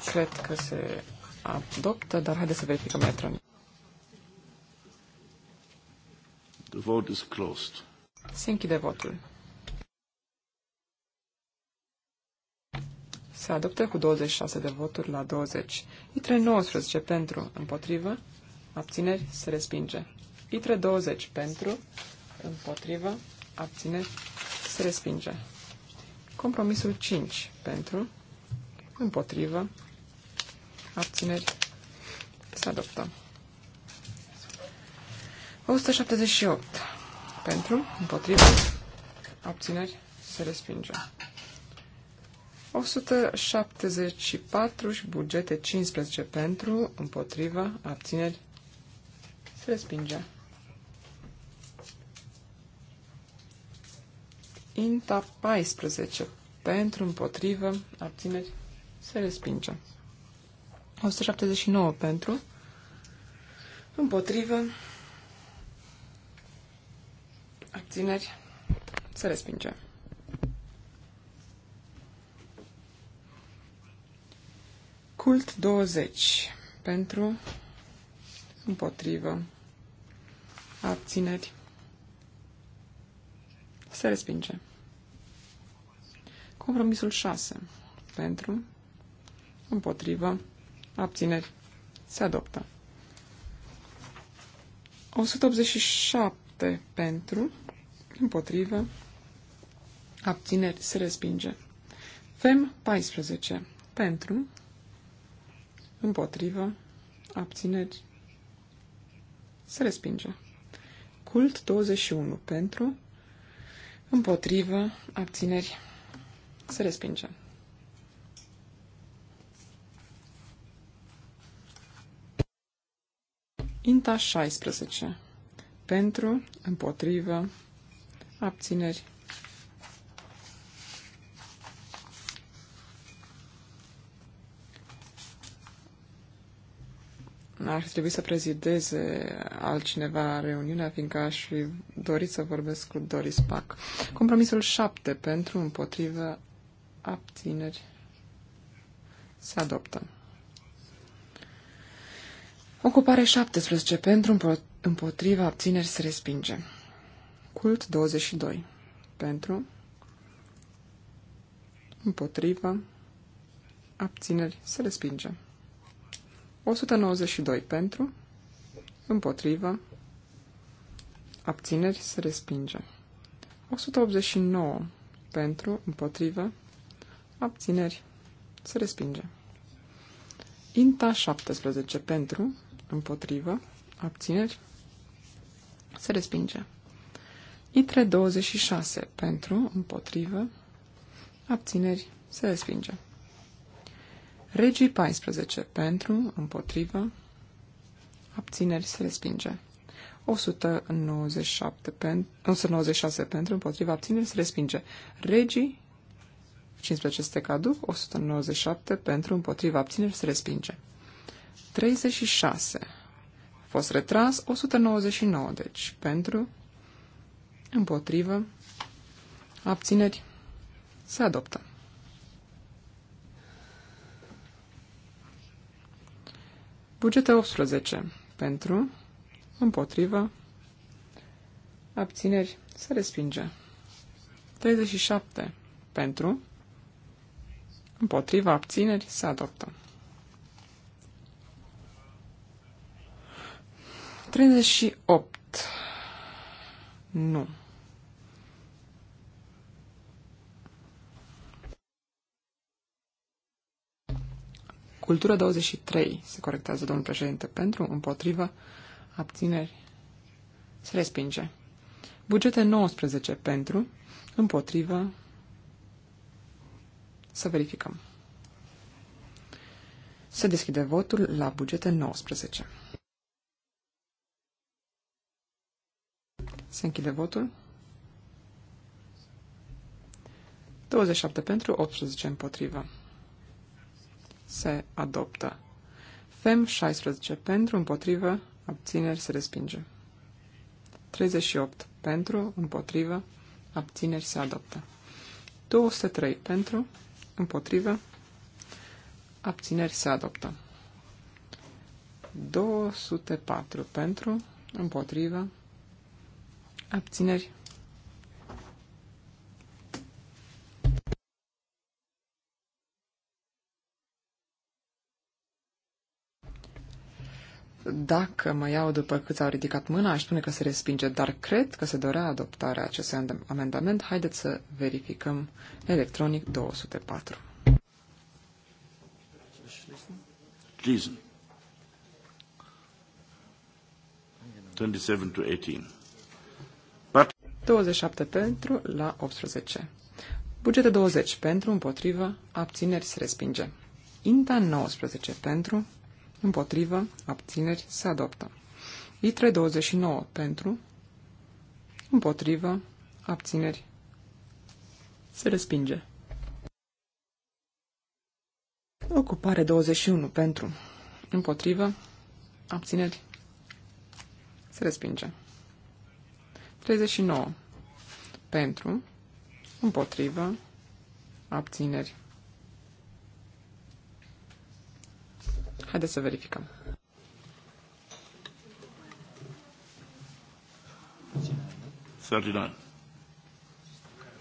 Cred că se adoptă, dar haideți să verificăm electronic. The vote is closed. Se închide votul. se adoptă cu 26 de voturi la 20. Itre 19 pentru, împotrivă, abțineri, se respinge. Itre 20 pentru, împotrivă, abțineri, se respinge. Compromisul 5 pentru, împotrivă, abțineri, se adoptă. 178 pentru, împotrivă, abțineri, se respinge. 174 și bugete 15 pentru, împotriva, abțineri, se respinge. Inta 14 pentru, împotrivă, abțineri, se respinge. 179 pentru, împotrivă, abțineri, se respinge. Cult 20. Pentru, împotrivă, abțineri. Se respinge. Compromisul 6. Pentru, împotrivă, abțineri. Se adoptă. 187 pentru, împotrivă, abțineri se respinge. Fem 14 pentru, împotrivă, abțineri, se respinge. Cult 21 pentru, împotrivă, abțineri, se respinge. Inta 16 pentru, împotrivă, abțineri, ar trebui să prezideze altcineva reuniunea, fiindcă aș fi dorit să vorbesc cu Doris Pac. Compromisul 7 pentru, împotrivă, abțineri se adoptă. Ocupare 17 pentru, împotrivă abțineri se respinge. Cult 22 pentru, împotrivă abțineri se respinge. 192 pentru, împotrivă, abțineri se respinge. 189 pentru, împotrivă, abțineri se respinge. Inta 17 pentru, împotrivă, abțineri se respinge. Itre 26 pentru, împotrivă, abțineri se respinge. Regii 14 pentru, împotrivă, abțineri se respinge. 197 pen, 196 pentru, împotriva abțineri se respinge. Regii 15 este caduc, 197 pentru, împotriva abțineri se respinge. 36. A fost retras 199, deci pentru, împotrivă, abțineri se adoptă. Bugete 18. Pentru, împotrivă, abțineri, se respinge. 37. Pentru, împotriva, abțineri, se adoptă. 38. Nu. Cultura 23, se corectează domnul președinte, pentru, împotrivă, abțineri, se respinge. Bugete 19 pentru, împotrivă, să verificăm. Se deschide votul la bugete 19. Se închide votul. 27 pentru, 18 împotrivă se adoptă. Fem 16 pentru, împotrivă, abțineri se respinge. 38 pentru, împotrivă, abțineri se adoptă. 203 pentru, împotrivă, abțineri se adoptă. 204 pentru, împotrivă, abțineri Dacă mă iau după cât au ridicat mâna, aș spune că se respinge, dar cred că se dorea adoptarea acestui amendament. Haideți să verificăm electronic 204. Schließen. 27 to 18. But... 27 pentru la 18. Bugete 20 pentru, împotrivă, abțineri se respinge. Inta 19 pentru, Împotrivă. Abțineri. Se adoptă. I329 pentru. Împotrivă. Abțineri. Se respinge. Ocupare 21 pentru. Împotrivă. Abțineri. Se respinge. 39. Pentru. Împotrivă. Abțineri. Haideți să verificăm.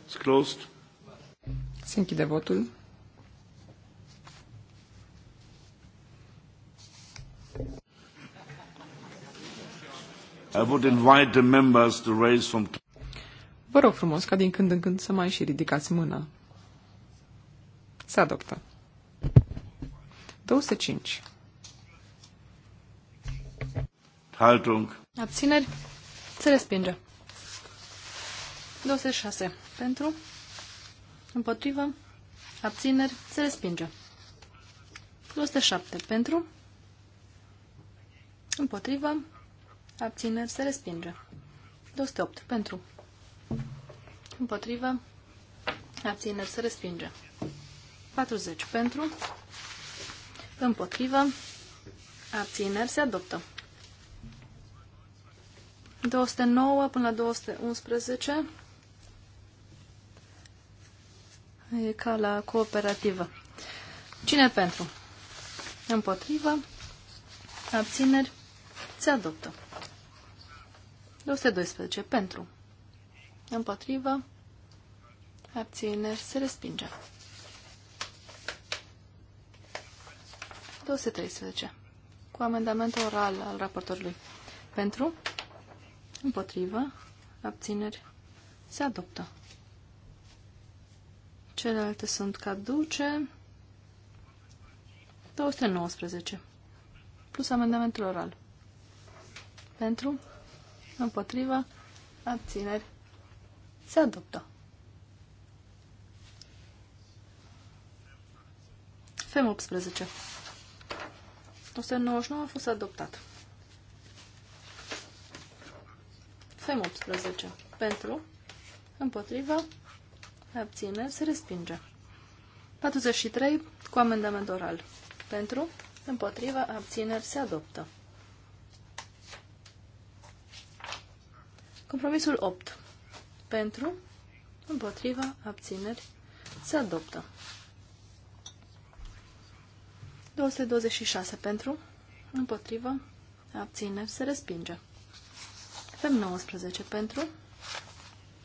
It's closed. Se închide votul. I would invite the members to raise from... Vă rog frumos ca din când în când să mai și ridicați mâna. Se adoptă. 205. Enthaltung. Abțineri. Se respinge. 26. Pentru. Împotrivă. Abțineri. Se respinge. 207. Pentru. Împotrivă. Abțineri. Se respinge. 208. Pentru. Împotrivă. Abțineri. Se respinge. 40. Pentru. Împotrivă. Abțineri. Se adoptă. 209 până la 211 e ca la cooperativă. Cine pentru? Împotrivă. Abțineri. Se adoptă. 212. Pentru. Împotrivă. Abțineri. Se respinge. 213. Cu amendament oral al raportorului. Pentru. Împotrivă. Abțineri. Se adoptă. Celelalte sunt caduce. 219. Plus amendamentul oral. Pentru. Împotrivă. Abțineri. Se adoptă. FEM 18. 199 a fost adoptat. FEM 18. Pentru, împotrivă, abține, se respinge. 43. Cu amendament oral. Pentru, împotrivă, abțineri, se adoptă. Compromisul 8. Pentru, împotriva, abțineri, se adoptă. 226 pentru, împotriva, abțineri, se respinge. Fem 19 pentru,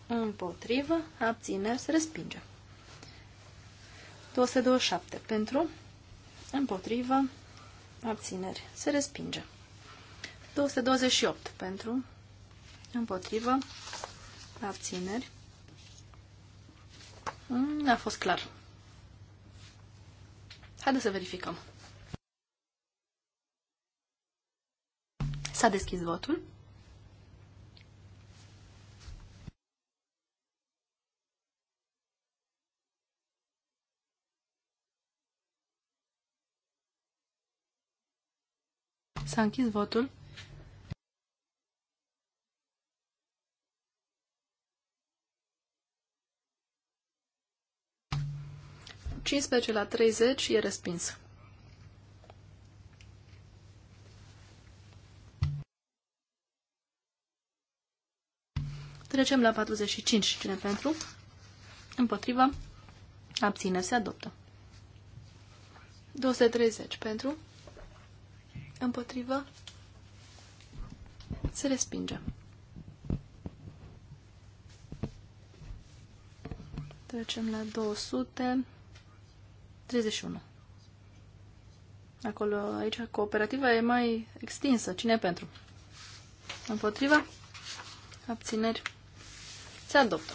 împotrivă, abțineri, se respinge. 227 pentru, împotrivă, abțineri, se respinge. 228 pentru, împotrivă, abțineri. Mm, a fost clar. Haideți să verificăm. S-a deschis votul. S-a închis votul. Cinci la 30 e respins. Trecem la 45. Cine pentru? Împotriva? Abține. Se adoptă. 230 pentru? Împotrivă. Se respinge. Trecem la 231. Acolo, aici, cooperativa e mai extinsă. Cine pentru? Împotriva? Abțineri? Se adoptă.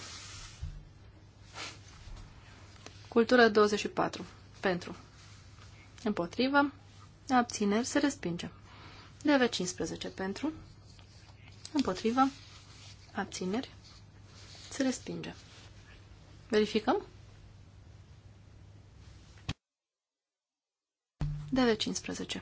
Cultură 24. Pentru. Împotriva? abțineri, se respinge. DV15 pentru, împotrivă, abțineri, se respinge. Verificăm? DV15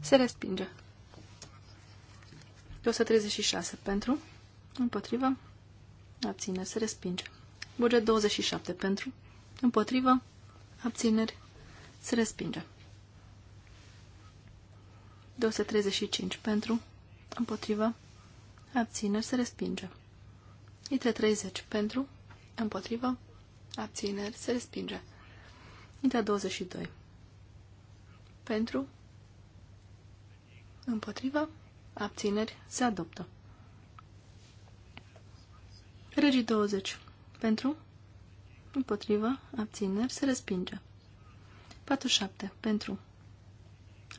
Se respinge. 236 pentru, împotrivă, abțineri, se respinge. Buget 27 pentru, împotrivă, abțineri, se respinge. 235 pentru, împotrivă, abțineri, se respinge. Între 30 pentru, împotrivă, abțineri, se respinge. Între 22 pentru, împotrivă, Abțineri. Se adoptă. Regii 20. Pentru? Împotrivă. Abțineri. Se respinge. 47. Pentru?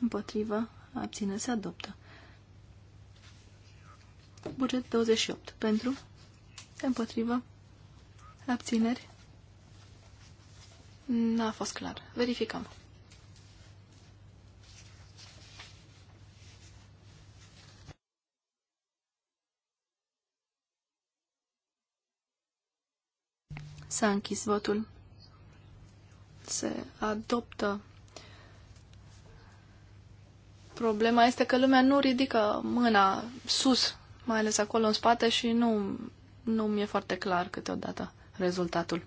Împotrivă. Abțineri. Se adoptă. Buget 28. Pentru? Împotrivă. Abțineri. N-a fost clar. Verificăm. S-a închis votul. Se adoptă. Problema este că lumea nu ridică mâna sus, mai ales acolo în spate și nu, nu mi-e foarte clar câteodată rezultatul.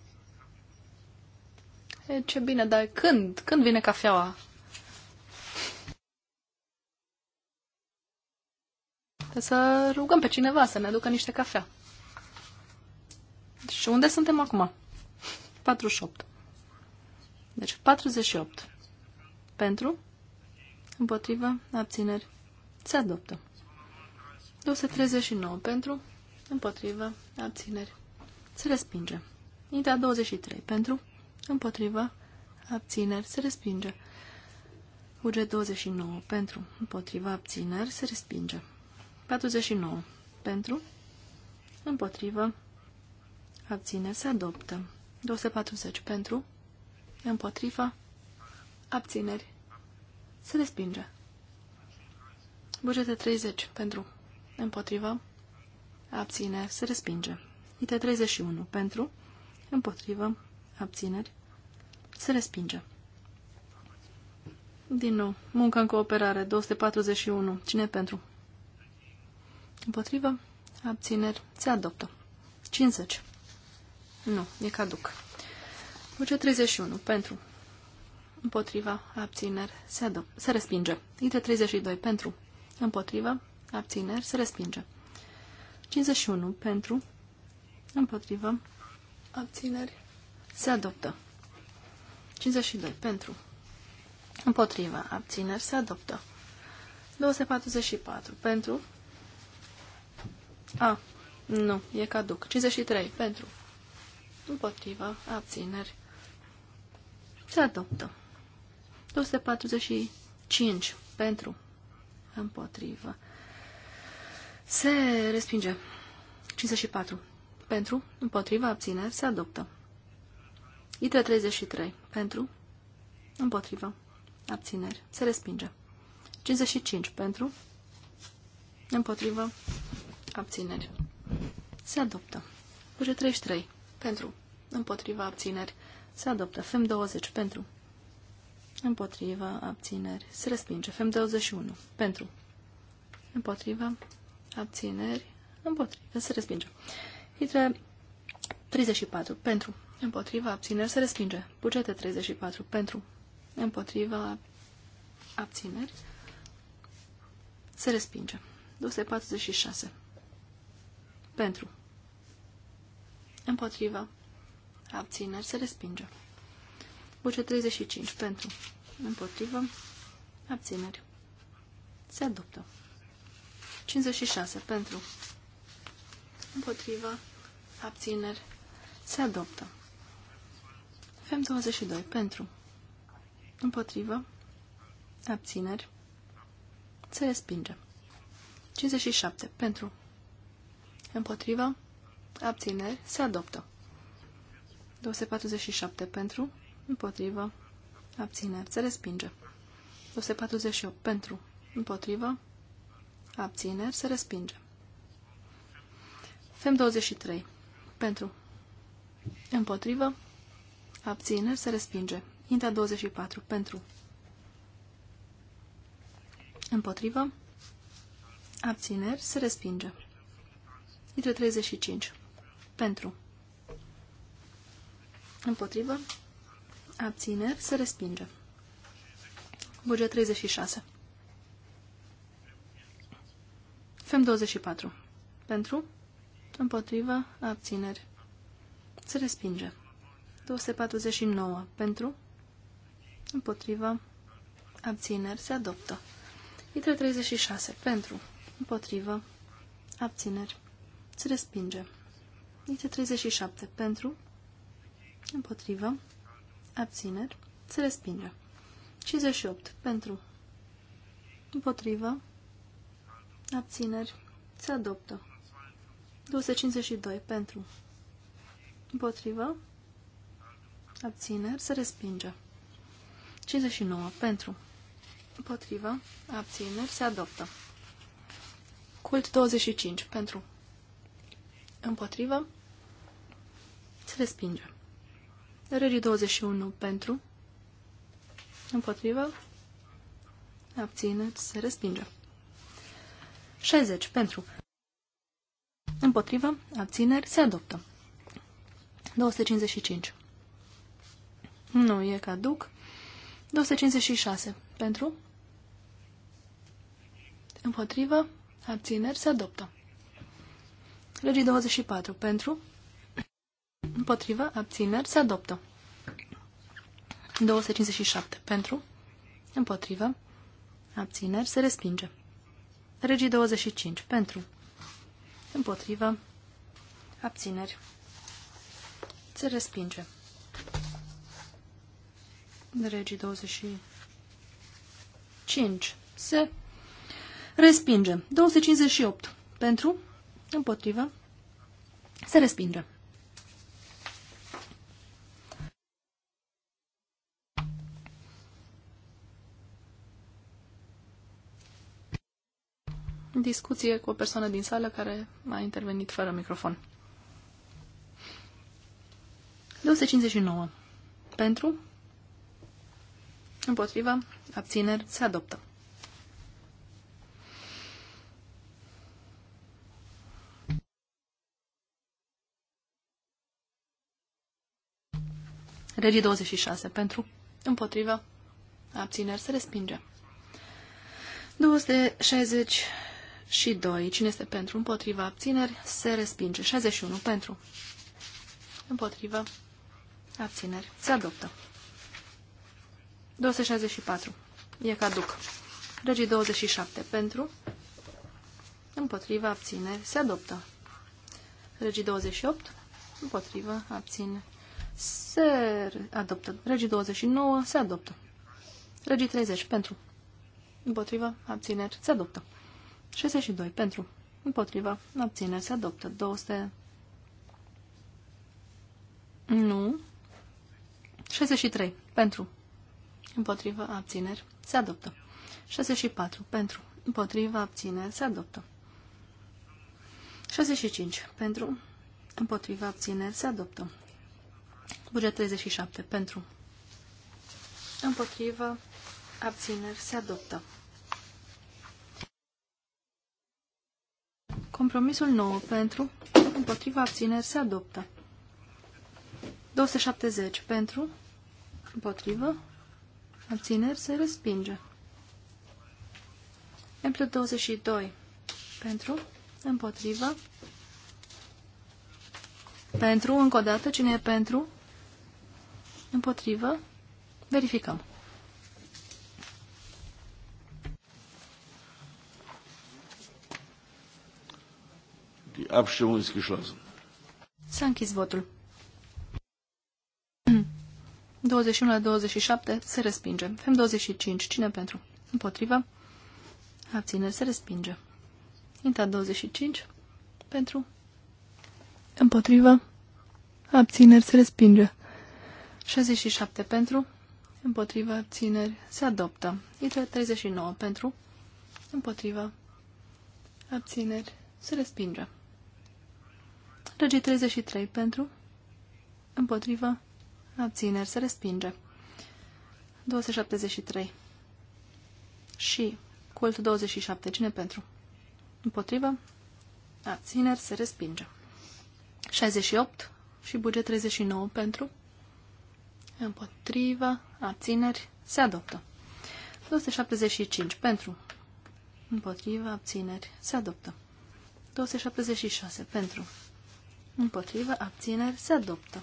E, ce bine, dar când? Când vine cafeaua? Să rugăm pe cineva să ne aducă niște cafea. Și unde suntem acum? 48. Deci 48. Pentru, împotrivă, abțineri, se adoptă. 239 pentru, împotrivă, abțineri, se respinge. Intra 23 pentru, împotrivă, abțineri, se respinge. UG 29 pentru, împotrivă, abțineri, se respinge. 49 pentru, împotrivă, Abține. Se adoptă. 240 pentru. Împotriva. Abțineri. Se respinge. Bugete 30 pentru. Împotriva. Abțineri. Se respinge. Ite 31 pentru. Împotrivă. Abțineri. Se respinge. Din nou, munca în cooperare, 241. Cine pentru? Împotrivă. Abțineri. Se adoptă. 50. Nu, e caduc. Voce 31. Pentru. Împotriva. Abțineri. Se, se respinge. Litre 32. Pentru. Împotriva. Abțineri. Se respinge. 51. Pentru. Împotriva. Abțineri. Se adoptă. 52. Pentru. Împotriva. Abțineri. Se adoptă. 244. Pentru. A. Nu. E caduc. 53. Pentru împotrivă, abțineri, se adoptă. 245 pentru, împotrivă, se respinge. 54 pentru, împotrivă, abțineri, se adoptă. ITRE 33 pentru, împotrivă, abțineri, se respinge. 55 pentru, împotrivă, abțineri, se adoptă. Buget 33 pentru, împotriva abțineri, se adoptă. FEM 20 pentru, împotriva abțineri, se respinge. FEM 21 pentru, împotriva abțineri, împotriva, se respinge. Hitre 34 pentru, împotriva abțineri, se respinge. Bugete 34 pentru, împotriva abțineri, se respinge. 246 pentru, Împotrivă. Abțineri. Se respinge. Voce 35. Pentru. Împotrivă. Abțineri. Se adoptă. 56. Pentru. Împotrivă. Abțineri. Se adoptă. FEM 22. Pentru. Împotrivă. Abțineri. Se respinge. 57. Pentru. Împotrivă abțineri, se adoptă. 247 pentru, împotrivă, abțineri, se respinge. 248 pentru, împotrivă, abțineri, se respinge. FEM 23 pentru, împotrivă, abțineri, se respinge. INTA 24 pentru, împotrivă, abțineri, se respinge. ITRE 35 pentru. Împotrivă. Abțineri. Se respinge. Buget 36. FEM 24. Pentru. Împotrivă. Abțineri. Se respinge. 249. Pentru. Împotrivă. Abțineri. Se adoptă. Itre 36. Pentru. Împotrivă. Abțineri. Se respinge. 237 pentru, împotrivă, abțineri, se respinge. 58 pentru, împotrivă, abțineri, se adoptă. 252 pentru, împotrivă, abțineri, se respinge. 59 pentru, împotrivă, abțineri, se adoptă. Cult 25 pentru, împotrivă, respinge. Regii 21 pentru, împotrivă, abțineri, se respinge. 60 pentru, împotrivă, abțineri, se adoptă. 255. Nu e caduc. 256 pentru, împotrivă, abțineri, se adoptă. Legii 24 pentru, Împotrivă, abțineri, se adoptă. 257. Pentru, împotrivă, abțineri, se respinge. Regii 25. Pentru, împotrivă, abțineri, se respinge. Regii 25. Se respinge. 258. Pentru, împotrivă, se respinge. discuție cu o persoană din sală care a intervenit fără microfon. 259. Pentru? Împotriva? Abțineri? Se adoptă. Regii 26. Pentru? Împotriva? Abțineri? Se respinge. 260 și 2. Cine este pentru? Împotriva abțineri se respinge. 61 pentru. Împotriva abțineri se adoptă. 264. E caduc. Regii 27 pentru. Împotriva abțineri se adoptă. Regii 28. Împotriva abțineri se adoptă. Regii 29 se adoptă. Regii 30 pentru. Împotriva abțineri se adoptă. 62 pentru. Împotriva. Obține. Se adoptă. 200. Nu. 63 pentru. Împotriva. Abțineri. Se adoptă. 64 pentru. Împotriva. Abțineri. Se adoptă. 65 pentru. Împotriva. Abțineri. Se adoptă. Buget 37 pentru. Împotriva. Abțineri. Se adoptă. Compromisul 9 pentru, împotriva abțineri se adoptă. 270 pentru, împotrivă, abțineri se respinge. Exemplu 22 pentru, împotriva, pentru, încă o dată, cine e pentru, împotrivă, verificăm. Die Abstimmung ist geschlossen. S-a închis votul. 21 (clears throat) la 27 se respinge. Fem 25. Cine pentru? Împotrivă. Abțineri se respinge. Inta 25. Pentru. Împotrivă. Abțineri se respinge. 67 pentru. Împotrivă abțineri se adoptă. Inta 39 pentru. Împotrivă. Abțineri se respinge. Regii 33 pentru, împotrivă, abțineri, se respinge. 273. Și cult 27. Cine pentru? Împotrivă, abțineri, se respinge. 68 și buget 39 pentru, împotrivă, abțineri, se adoptă. 275 pentru, împotrivă, abțineri, se adoptă. 276 pentru, Împotrivă. Abțineri. Se adoptă.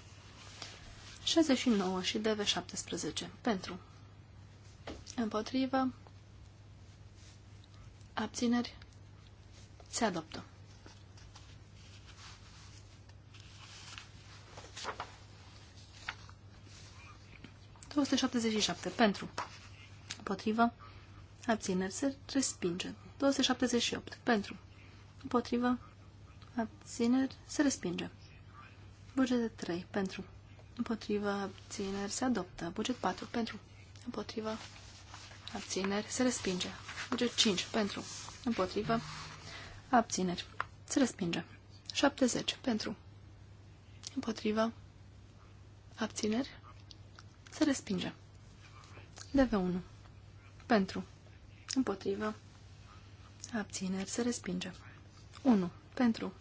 69 și DV17. Pentru. Împotrivă. Abțineri. Se adoptă. șapte pentru. Împotrivă. Abțineri. Se respinge. 278 pentru. Împotrivă abțineri, se respinge. Buget 3 pentru, împotriva, abțineri, se adoptă. Buget 4 pentru, împotriva, abțineri, se respinge. Buget 5 pentru, împotriva, abțineri, se respinge. 70 pentru, împotriva, abțineri, se respinge. DV1 pentru, împotriva, abțineri, se respinge. 1 pentru,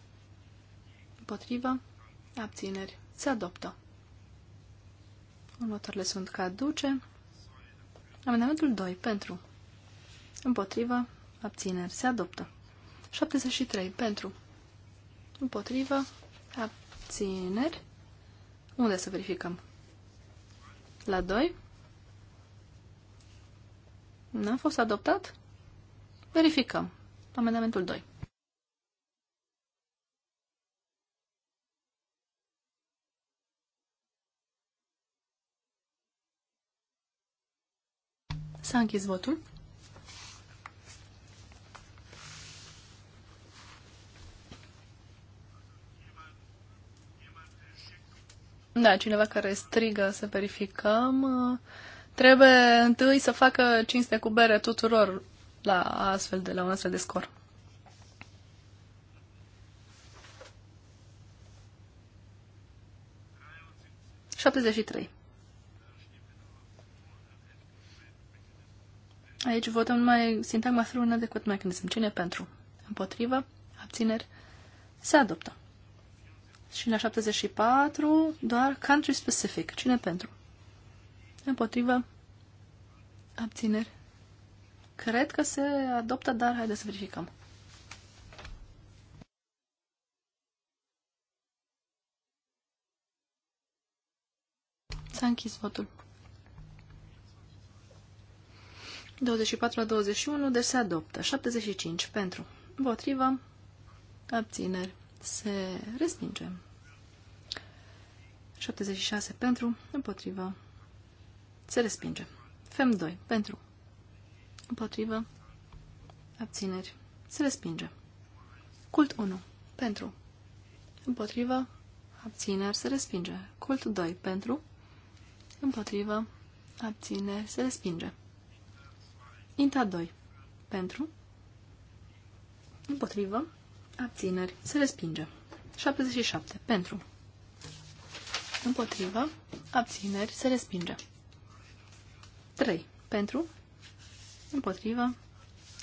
împotrivă, abțineri, se adoptă. Următoarele sunt caduce. Amendamentul 2, pentru, împotrivă, abțineri, se adoptă. 73, pentru, împotrivă, abțineri, unde să verificăm? La 2? N-a fost adoptat? Verificăm. Amendamentul 2. S-a închis votul. Da, cineva care strigă să verificăm. Uh, trebuie întâi să facă cinste cu bere tuturor la, astfel de, la un astfel de scor. Șaptezeci Aici votăm numai sintagma frână decât mecanism. Cine pentru? Împotrivă? Abțineri? Se adoptă. Și la 74, doar country specific. Cine pentru? Împotrivă? Abțineri? Cred că se adoptă, dar haideți să verificăm. S-a închis votul. 24 la 21, deci se adoptă. 75 pentru. Împotrivă. Abțineri. Se respinge. 76 pentru. Împotrivă. Se respinge. FEM 2 pentru. Împotrivă. Abțineri. Se respinge. Cult 1 pentru. Împotrivă. Abțineri. Se respinge. Cult 2 pentru. Împotrivă. Abțineri. Se respinge. Inta 2. Pentru. Împotrivă. Abțineri. Se respinge. 77. Pentru. Împotrivă. Abțineri. Se respinge. 3. Pentru. Împotrivă.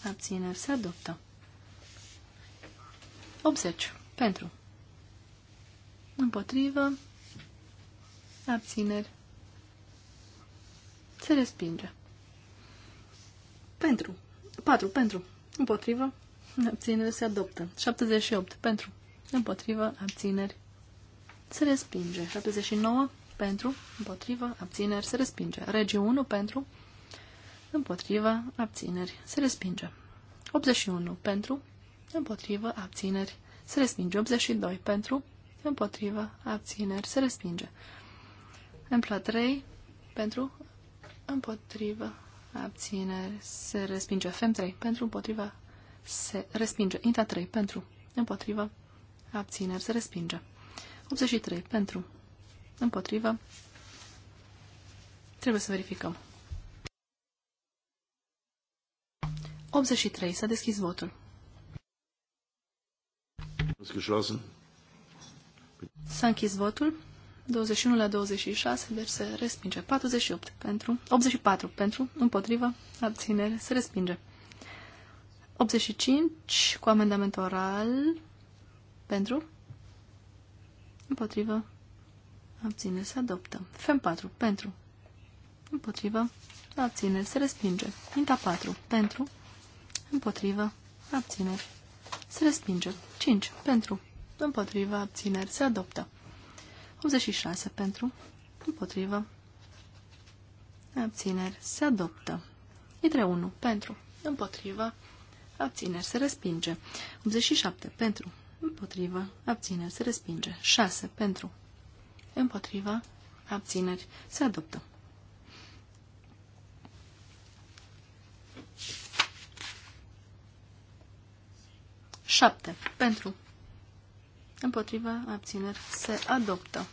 Abțineri. Se adoptă. 80. Pentru. Împotrivă. Abțineri. Se respinge. Pentru. 4. Pentru. Împotrivă. Abțineri se adoptă. 78. Pentru. Împotrivă. Abțineri. Se respinge. 79. Pentru. Împotrivă. Abțineri. Se respinge. Regi 1. Pentru. Împotrivă. Abțineri. Se respinge. 81. Pentru. Împotrivă. Abțineri. Se respinge. 82. Pentru. Împotrivă. Abțineri. Se respinge. Împla 3. Pentru. Împotrivă abțineri, se respinge. Fem 3 pentru, împotriva, se respinge. Inta 3 pentru, împotriva, abțineri, se respinge. 83 pentru, împotriva, trebuie să verificăm. 83. S-a deschis votul. S-a închis votul. 21 la 26, deci se respinge. 48 pentru, 84 pentru, împotrivă, abținere, se respinge. 85 cu amendament oral pentru, împotrivă, abținere, se adoptă. FEM 4 pentru, împotrivă, abținere, se respinge. INTA 4 pentru, împotrivă, abținere, se respinge. 5 pentru, împotrivă, abținere, se adoptă. 86 pentru, împotrivă, abțineri, se adoptă. între 1 pentru, împotrivă, abțineri, se respinge. 87 pentru, împotrivă, abțineri, se respinge. 6 pentru, împotrivă, abțineri, se adoptă. Șapte. Pentru. Împotriva abțineri se adoptă.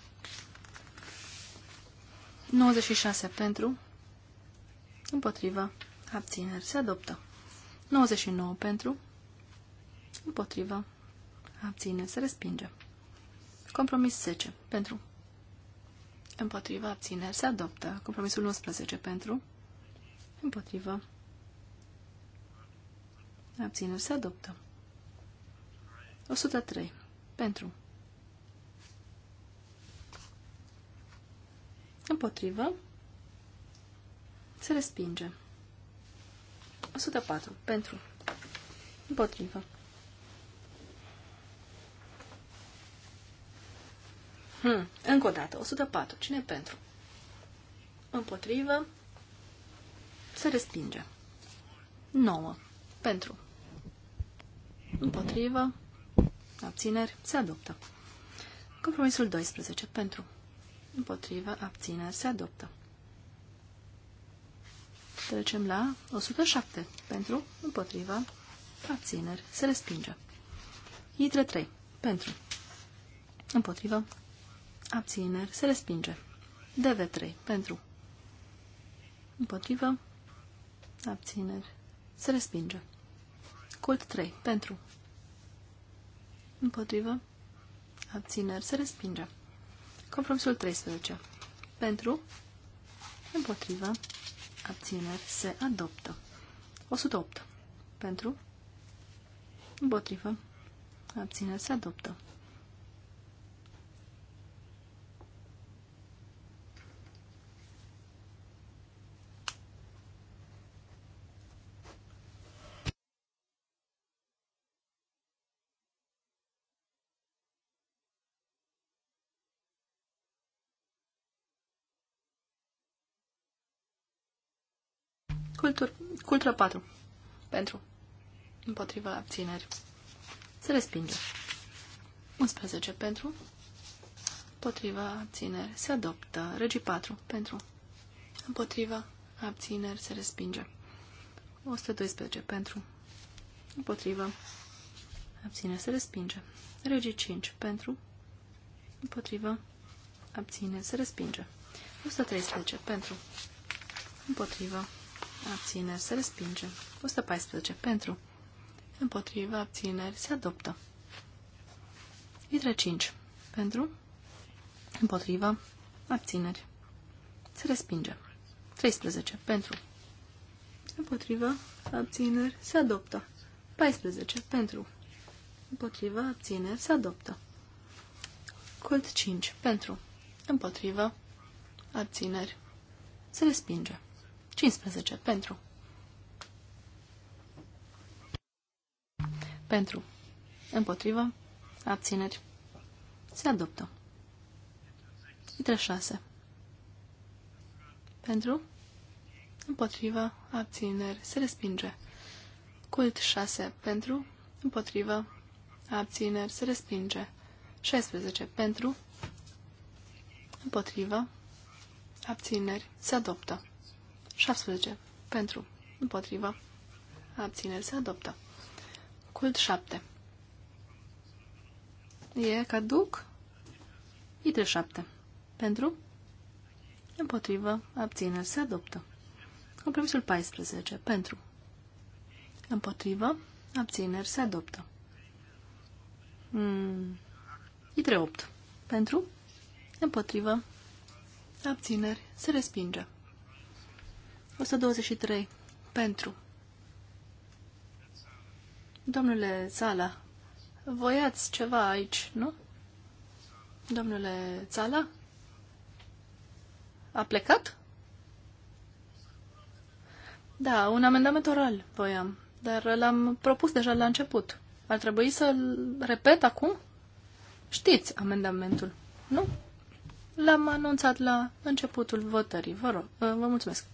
96 pentru. Împotriva abțineri se adoptă. 99 pentru. Împotriva abțineri se respinge. Compromis 10 pentru. Împotriva abțineri se adoptă. Compromisul 11 pentru. Împotriva abțineri se adoptă. 103 pentru. Împotrivă. Se respinge. 104. Pentru. Împotrivă. Hmm. Încă o dată. 104. Cine pentru? Împotrivă. Se respinge. 9. Pentru. Împotrivă. mm abțineri, se adoptă. Compromisul 12 pentru, împotrivă, abțineri, se adoptă. Trecem la 107 pentru, împotrivă, abțineri, se respinge. Itre 3 pentru, împotrivă, abțineri, se respinge. DV3 pentru, împotrivă, abțineri, se respinge. Cult 3 pentru, Împotrivă. Abțineri. Se respinge. Compromisul 13. Pentru. Împotrivă. Abțineri. Se adoptă. 108. Pentru. Împotrivă. Abțineri. Se adoptă. Cultur, cultură 4. Pentru. Împotriva abțineri. Se respinge. 11 pentru. Împotriva abțineri. Se adoptă. Regii 4. Pentru. Împotriva abțineri. Se respinge. 112 pentru. Împotriva abțineri. Se respinge. Regii 5 pentru. Împotriva abțineri. Se respinge. 113 pentru. Împotriva abțineri, se respinge. 114 pentru, împotriva abțineri, se adoptă. Litre 5 pentru, împotriva abțineri, se respinge. 13 pentru, împotriva abțineri, se adoptă. 14 pentru, împotriva abțineri, se adoptă. Cult 5 pentru, împotriva abțineri, se respinge. 15. Pentru. Pentru. Împotrivă. Abțineri. Se adoptă. Între 6. Pentru. Împotrivă. Abțineri. Se respinge. Cult 6. Pentru. Împotrivă. Abțineri. Se respinge. 16. Pentru. Împotrivă. Abțineri. Se adoptă. 17. Pentru. Împotriva. Abțineri. Se adoptă. Cult 7. E caduc. Itre 7. Pentru. Împotrivă. Abțineri. Se adoptă. Compromisul 14. Pentru. Împotrivă. Abțineri. Se adoptă. Mm. Itre 8. Pentru. Împotrivă. Abțineri. Se respinge. 123. Pentru. Domnule Zala, voiați ceva aici, nu? Domnule Zala? A plecat? Da, un amendament oral voiam, dar l-am propus deja la început. Ar trebui să-l repet acum? Știți amendamentul, nu? L-am anunțat la începutul votării. Vă rog, vă mulțumesc.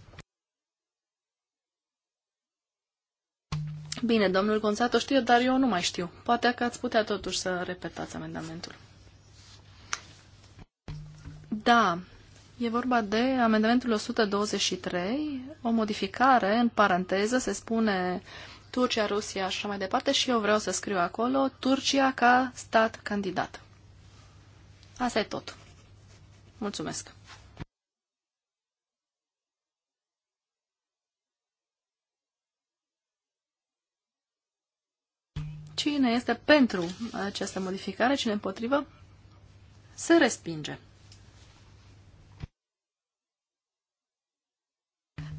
Bine, domnul Gonzato știe, dar eu nu mai știu. Poate că ați putea totuși să repetați amendamentul. Da, e vorba de amendamentul 123, o modificare, în paranteză, se spune Turcia, Rusia și așa mai departe și eu vreau să scriu acolo Turcia ca stat candidat. Asta e tot. Mulțumesc. Cine este pentru această modificare? Cine împotrivă? Se respinge.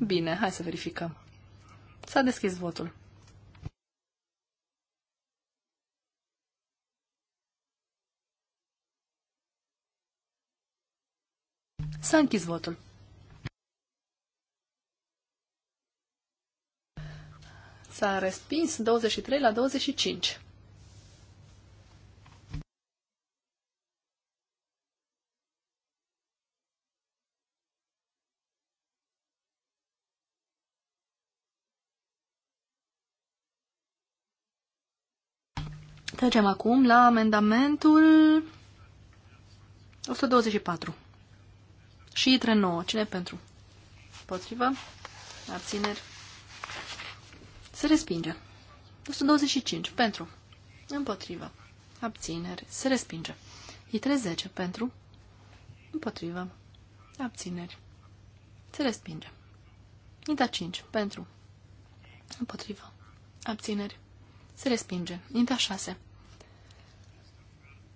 Bine, hai să verificăm. S-a deschis votul. S-a închis votul. S-a respins 23 la 25. Trecem acum la amendamentul 124. Și 39. Cine pentru? Potrivă? Abțineri? Se respinge. 125. Pentru. Împotrivă. Abțineri. Se respinge. I30. Pentru. Împotrivă. Abțineri. Se respinge. Inta 5. Pentru. Împotrivă. Abțineri. Se respinge. Inta 6.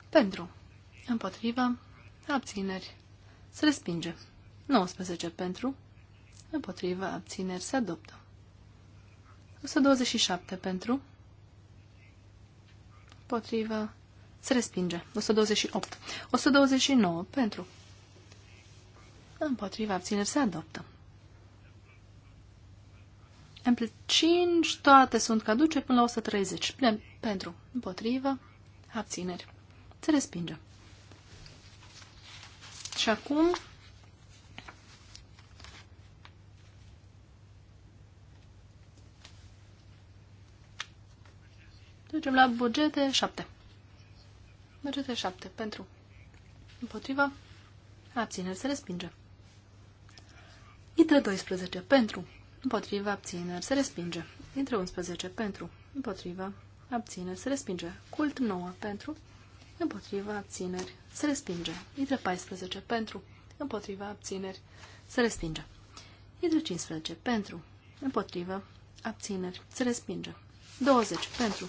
Pentru. Împotrivă. Abțineri. Se respinge. 19. Pentru. Împotrivă. Abțineri. Se adoptă. 127 pentru. Potrivă. Se respinge. 128. 129 pentru. Împotriva abțineri se adoptă. În 5, toate sunt caduce până la 130. Bine, pentru, împotrivă, abțineri. Se respinge. Și acum Trecem la bugete 7. Bugete 7. Pentru. Împotriva. Abțineri. Se respinge. Intră 12. Pentru. Împotriva. Abțineri. Se respinge. Intră 11. Pentru. Împotriva. Abțineri. Se respinge. Cult 9. Pentru. Împotriva. Abțineri. Se respinge. Intră 14. Pentru. Împotriva. Abțineri. Se respinge. Intră 15. Pentru. Împotriva. Abțineri. Se respinge. 20. Pentru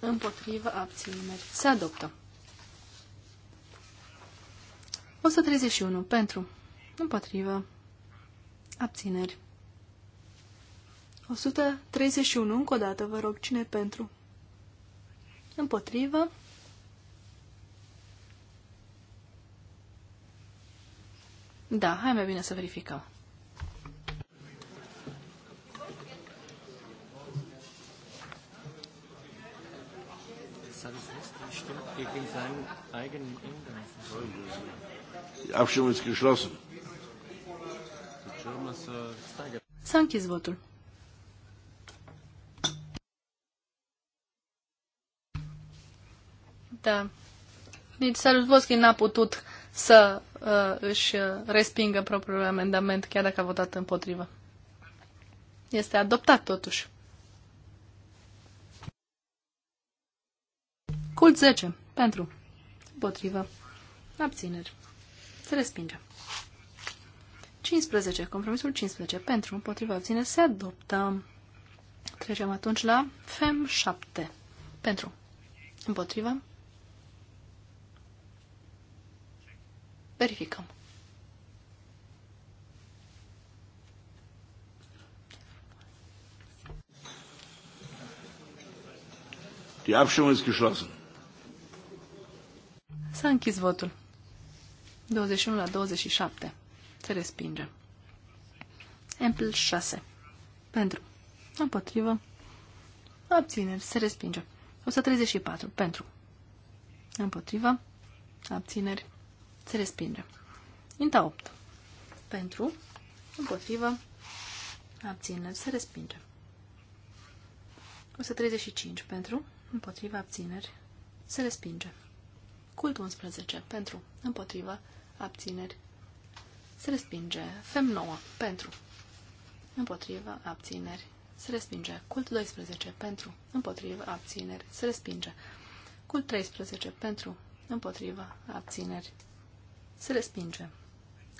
împotrivă, abțineri, se adoptă. 131 pentru, împotrivă, abțineri. 131, încă o dată, vă rog, cine pentru? Împotrivă. Da, hai mai bine să verificăm. gegen seinen eigenen Die Abstimmung ist geschlossen. Sankis votul. Da. Deci salut Voschi n-a putut să uh, își uh, respingă propriul amendament, chiar dacă a votat împotrivă. Este adoptat totuși. Cult 10. Pentru. Potrivă. Abțineri. Se respinge. 15. Compromisul 15. Pentru. Potrivă. Abțineri. Se adoptă. Trecem atunci la FEM 7. Pentru. Împotrivă. Verificăm. Die Abstimmung ist geschlossen. S-a închis votul. 21 la 27. Se respinge. Ample 6. Pentru. Împotrivă. Abțineri. Se respinge. 134. Pentru. Împotrivă. Abțineri. Se respinge. Inta 8. Pentru. Împotrivă. Abțineri. Se respinge. 135. Pentru. Împotriva abțineri. Se respinge. Cult 11. Pentru. Împotrivă. Abțineri. Se respinge. Fem 9. Pentru. Împotrivă. Abțineri. Se respinge. Cult 12. Pentru. Împotrivă. Abțineri. Se respinge. Cult 13. Pentru. Împotrivă. Abțineri. Se respinge.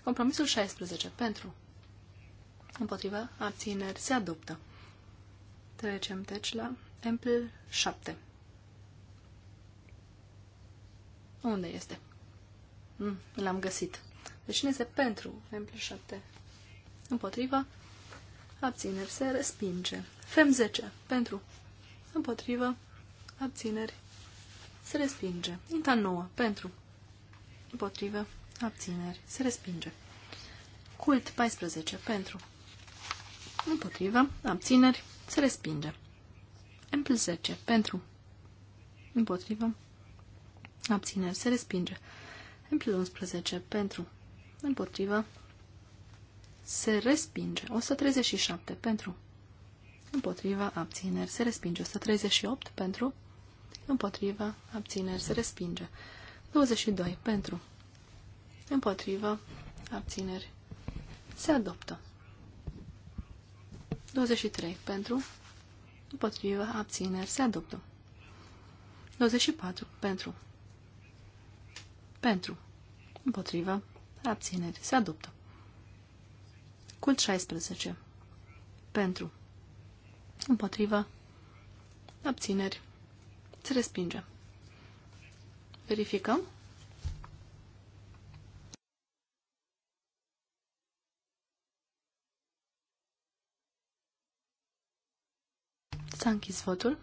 Compromisul 16. Pentru. Împotrivă. Abțineri. Se adoptă. Trecem, deci, la Ample 7. Unde este? Mm, L-am găsit. Deci nu este pentru M7? Împotriva. Abțineri. Se respinge. FEM10. Pentru. Împotriva. Abțineri. Se respinge. Inta 9. Pentru. Împotrivă. Abțineri. Se respinge. Cult 14. Pentru. Împotrivă. Abțineri. Se respinge. Empl 10. Pentru. Împotrivă. Abțineri. Se respinge. plus 11 pentru. Împotrivă. Se respinge. 137 pentru. Împotriva abțineri se respinge. 138 pentru. Împotriva abțineri se respinge. 22 pentru. Împotriva abțineri se adoptă. 23 pentru. Împotriva abțineri se adoptă. 24 pentru. Pentru. Împotrivă. Abțineri. Se adoptă. Cult 16. Pentru. Împotrivă. Abțineri. Se respinge. Verificăm. S-a închis votul.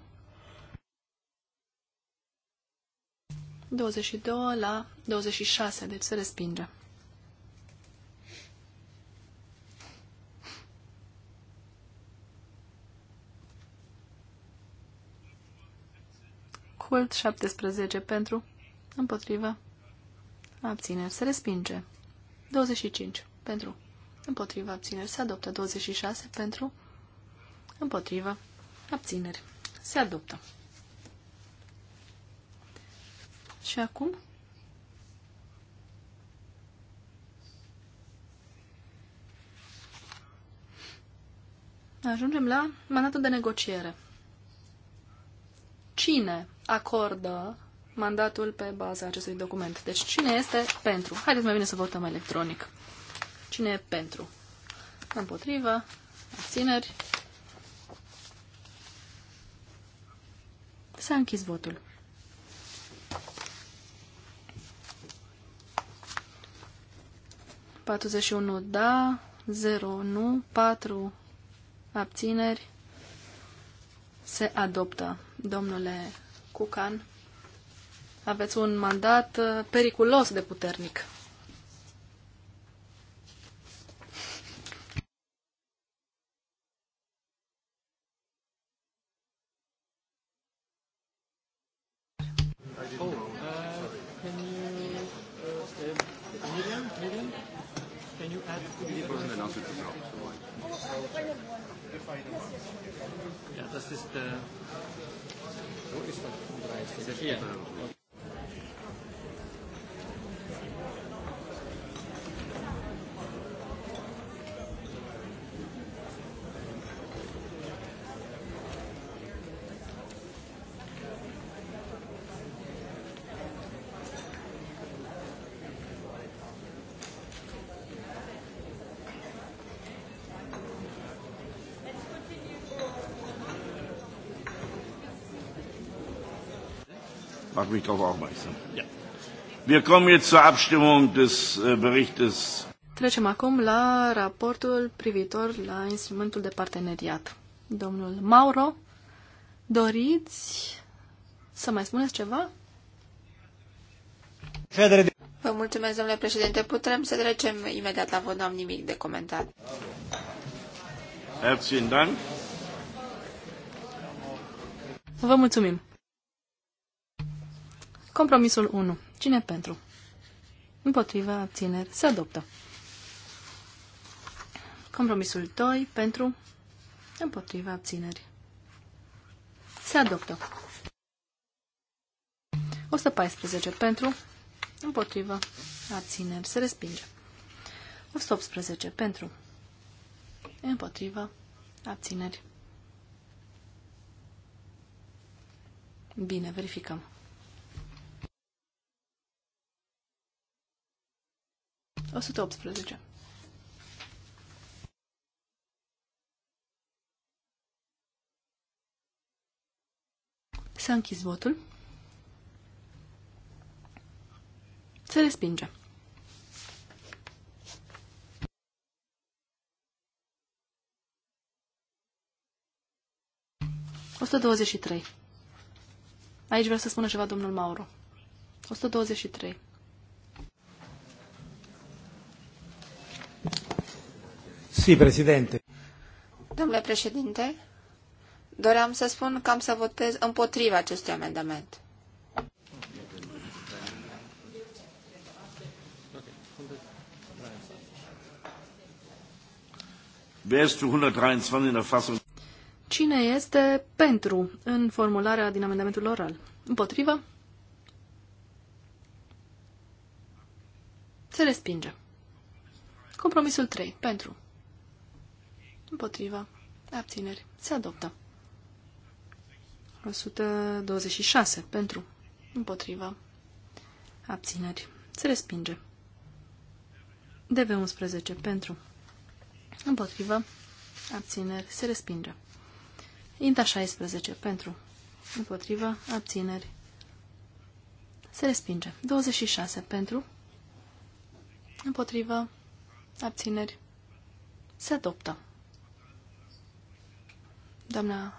22 la 26, deci se respinge. Cult 17 pentru, împotrivă, abțineri, se respinge. 25 pentru, împotrivă, abțineri, se adoptă. 26 pentru, împotrivă, abțineri, se adoptă. Și acum? Ajungem la mandatul de negociere. Cine acordă mandatul pe baza acestui document? Deci cine este pentru? Haideți mai bine să votăm electronic. Cine e pentru? Împotrivă? Abțineri? S-a închis votul. 41 da, 0 nu, 4 abțineri. Se adoptă. Domnule Cucan, aveți un mandat uh, periculos de puternic. war mich darauf aufmerksam. Ja. Wir kommen jetzt zur Abstimmung des äh, Berichtes. Trecem acum la raportul privitor la instrumentul de parteneriat. Domnul Mauro, doriți să mai spuneți ceva? Vă mulțumesc, domnule președinte. Putem să trecem imediat la vot, nu am nimic de comentat. Herzlichen Dank. Vă mulțumim. Compromisul 1. Cine pentru? Împotrivă, abțineri, se adoptă. Compromisul 2. Pentru? Împotrivă, abțineri. Se adoptă. 114. Pentru? Împotrivă, abțineri, se respinge. 118. Pentru? Împotrivă, abțineri. Bine, verificăm. 118. S-a închis votul. Se respinge. trei. Aici vreau să spună ceva domnul Mauro. 123. Si, Domnule președinte, doream să spun că am să votez împotriva acestui amendament. Cine este pentru în formularea din amendamentul oral? Împotrivă? Se respinge. Compromisul 3. Pentru. Împotriva. Abțineri. Se adoptă. 126. Pentru. Împotriva. Abțineri. Se respinge. DV11. Pentru. Împotriva. Abțineri. Se respinge. Inta 16. Pentru. Împotriva. Abțineri. Se respinge. 26. Pentru. Împotriva. Abțineri. Se adoptă. Doamna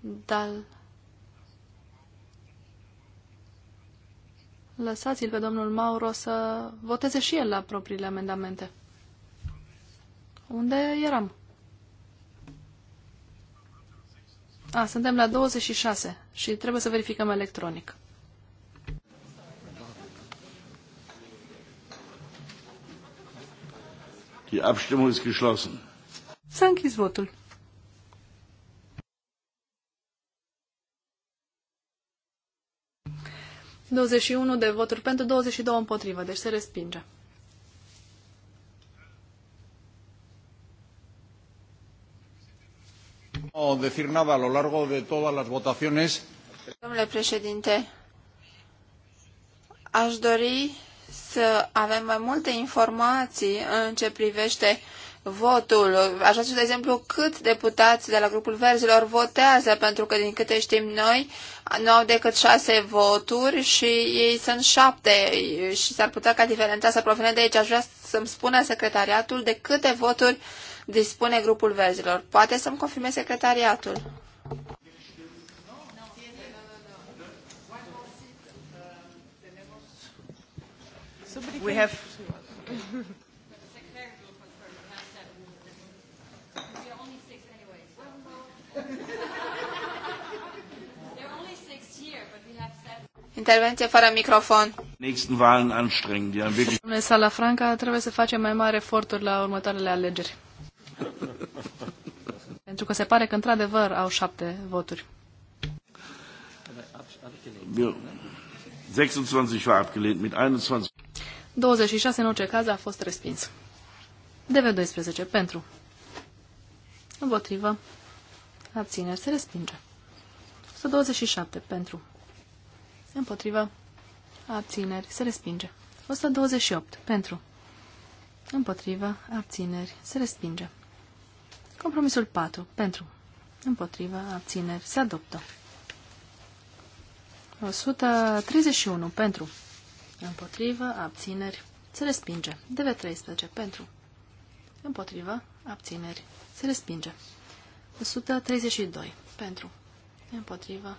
Dal. Lăsați-l pe domnul Mauro să voteze și el la propriile amendamente. Unde eram? A, suntem la 26 și trebuie să verificăm electronic. Die Abstimmung ist geschlossen. S-a închis votul. 21 de voturi pentru, 22 împotrivă, deci se respinge. No decir nada a lo largo de todas las votaciones. Domnule președinte, aș dori să avem mai multe informații în ce privește votul. Aș vrea să de exemplu cât deputați de la grupul verzilor votează, pentru că din câte știm noi, nu au decât șase voturi și ei sunt șapte și s-ar putea ca diferența să provină de aici. Aș vrea să-mi spună secretariatul de câte voturi dispune grupul verzilor. Poate să-mi confirme secretariatul. We have Intervenție fără microfon. Nächsten sala Franca trebuie să facem mai mari eforturi la următoarele alegeri. Pentru că se pare că într-adevăr au șapte voturi. 26 21. 26 în orice caz a fost respins. DV12 pentru. Împotrivă abțineri, se respinge. 127 pentru, împotrivă, abțineri, se respinge. 128 pentru, împotrivă, abțineri, se respinge. Compromisul 4 pentru, împotrivă, abțineri, se adoptă. 131 pentru, împotrivă, abțineri, se respinge. DV13 pentru, împotrivă, abțineri, se respinge. 132. Pentru. Împotriva.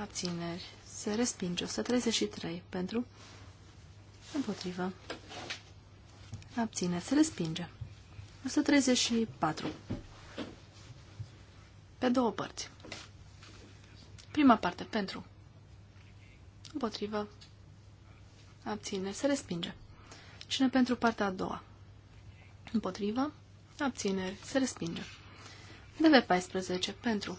Abțineri. Se respinge. 133. Pentru. Împotriva. Abțineri. Se respinge. 134. Pe două părți. Prima parte. Pentru. Împotriva. Abțineri. Se respinge. Cine pentru partea a doua? Împotriva. Abțineri. Se respinge. DV14 pentru.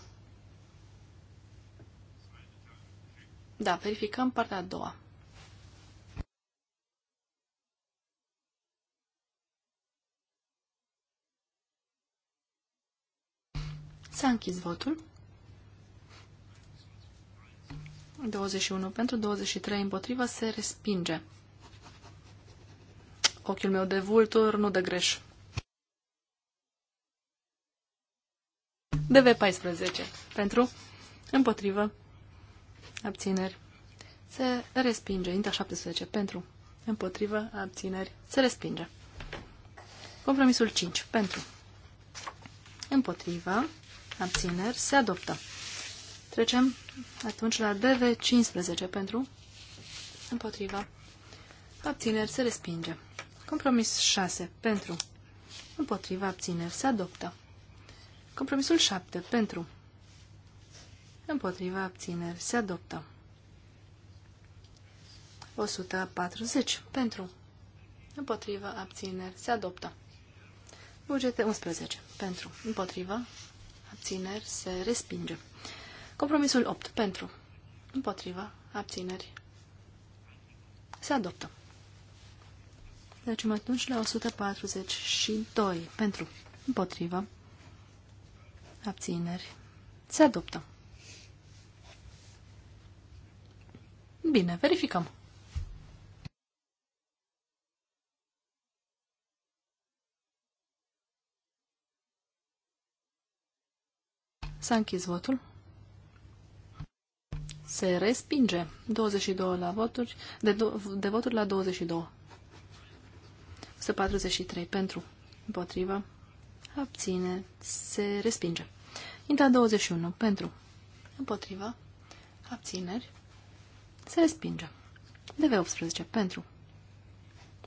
Da, verificăm partea a doua. S-a închis votul. 21 pentru, 23 împotrivă, se respinge. Ochiul meu de vultur, nu de greș. DV14. Pentru, împotrivă, abțineri. Se respinge. Inta 17. Pentru, împotrivă, abțineri. Se respinge. Compromisul 5. Pentru, împotrivă, abțineri. Se adoptă. Trecem atunci la DV15. Pentru, împotrivă, abțineri. Se respinge. Compromis 6. Pentru, împotrivă, abțineri. Se adoptă. Compromisul 7. Pentru. Împotriva abțineri. Se adoptă. 140. Pentru. Împotriva abțineri. Se adoptă. Bugete 11. Pentru. Împotriva abțineri. Se respinge. Compromisul 8. Pentru. Împotriva abțineri. Se adoptă. Deci atunci la 142. Pentru. Împotriva abțineri, se adoptă. Bine, verificăm. S-a închis votul. Se respinge 22 la voturi, de, do, de voturi la 22. 143 pentru, împotrivă, abține, se respinge. Intra 21 pentru, împotriva, abțineri, se respinge. DV18 pentru,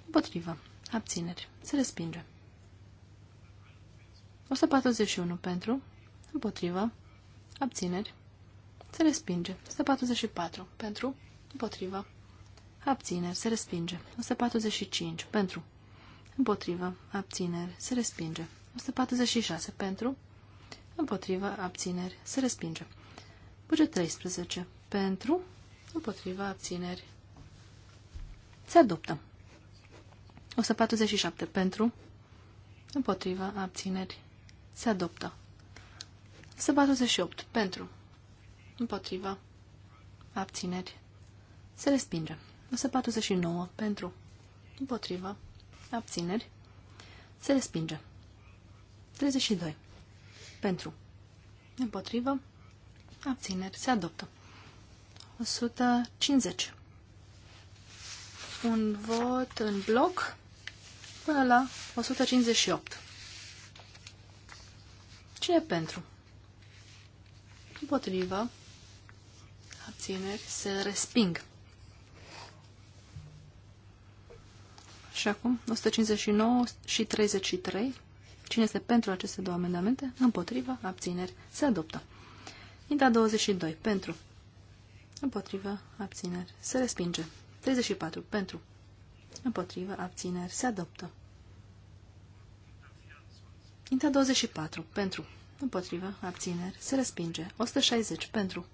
împotriva, abțineri, se respinge. 141 pentru, împotriva, abțineri, se respinge. 144 pentru, împotriva, abțineri, se respinge. 145 pentru, împotriva, abțineri, se respinge. 146 pentru, împotriva, abțineri, se respinge. Buget 13 pentru, împotriva, abțineri, se adoptă. 147 pentru, împotriva, abțineri, se adoptă. 148 pentru, împotriva, abțineri, se respinge. 149 pentru, împotriva, abțineri, se respinge. 32. Pentru. Împotrivă. Abțineri. Se adoptă. 150. Un vot în bloc până la 158. Cine pentru? Împotrivă. Abțineri. Se resping. Și acum 159 și 33 Cine este pentru aceste două amendamente? Împotriva, abțineri, se adoptă. Inta 22, pentru. Împotriva, abțineri, se respinge. 34, pentru. Împotriva, abțineri, se adoptă. Inta 24, pentru. Împotriva, abțineri, se respinge. 160, pentru.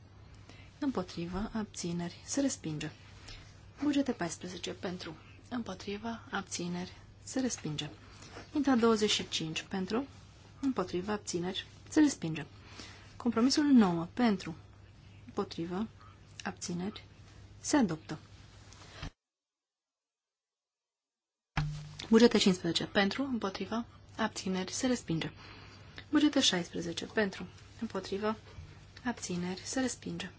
Împotriva, abțineri, se respinge. Bugete 14, pentru. Împotriva, abțineri, se respinge. Intra 25 pentru, împotriva, abțineri, se respinge. Compromisul 9 pentru, împotriva, abțineri, se adoptă. Bugete 15 pentru, împotriva, abțineri, se respinge. Bugete 16 pentru, împotriva, abțineri, se respinge.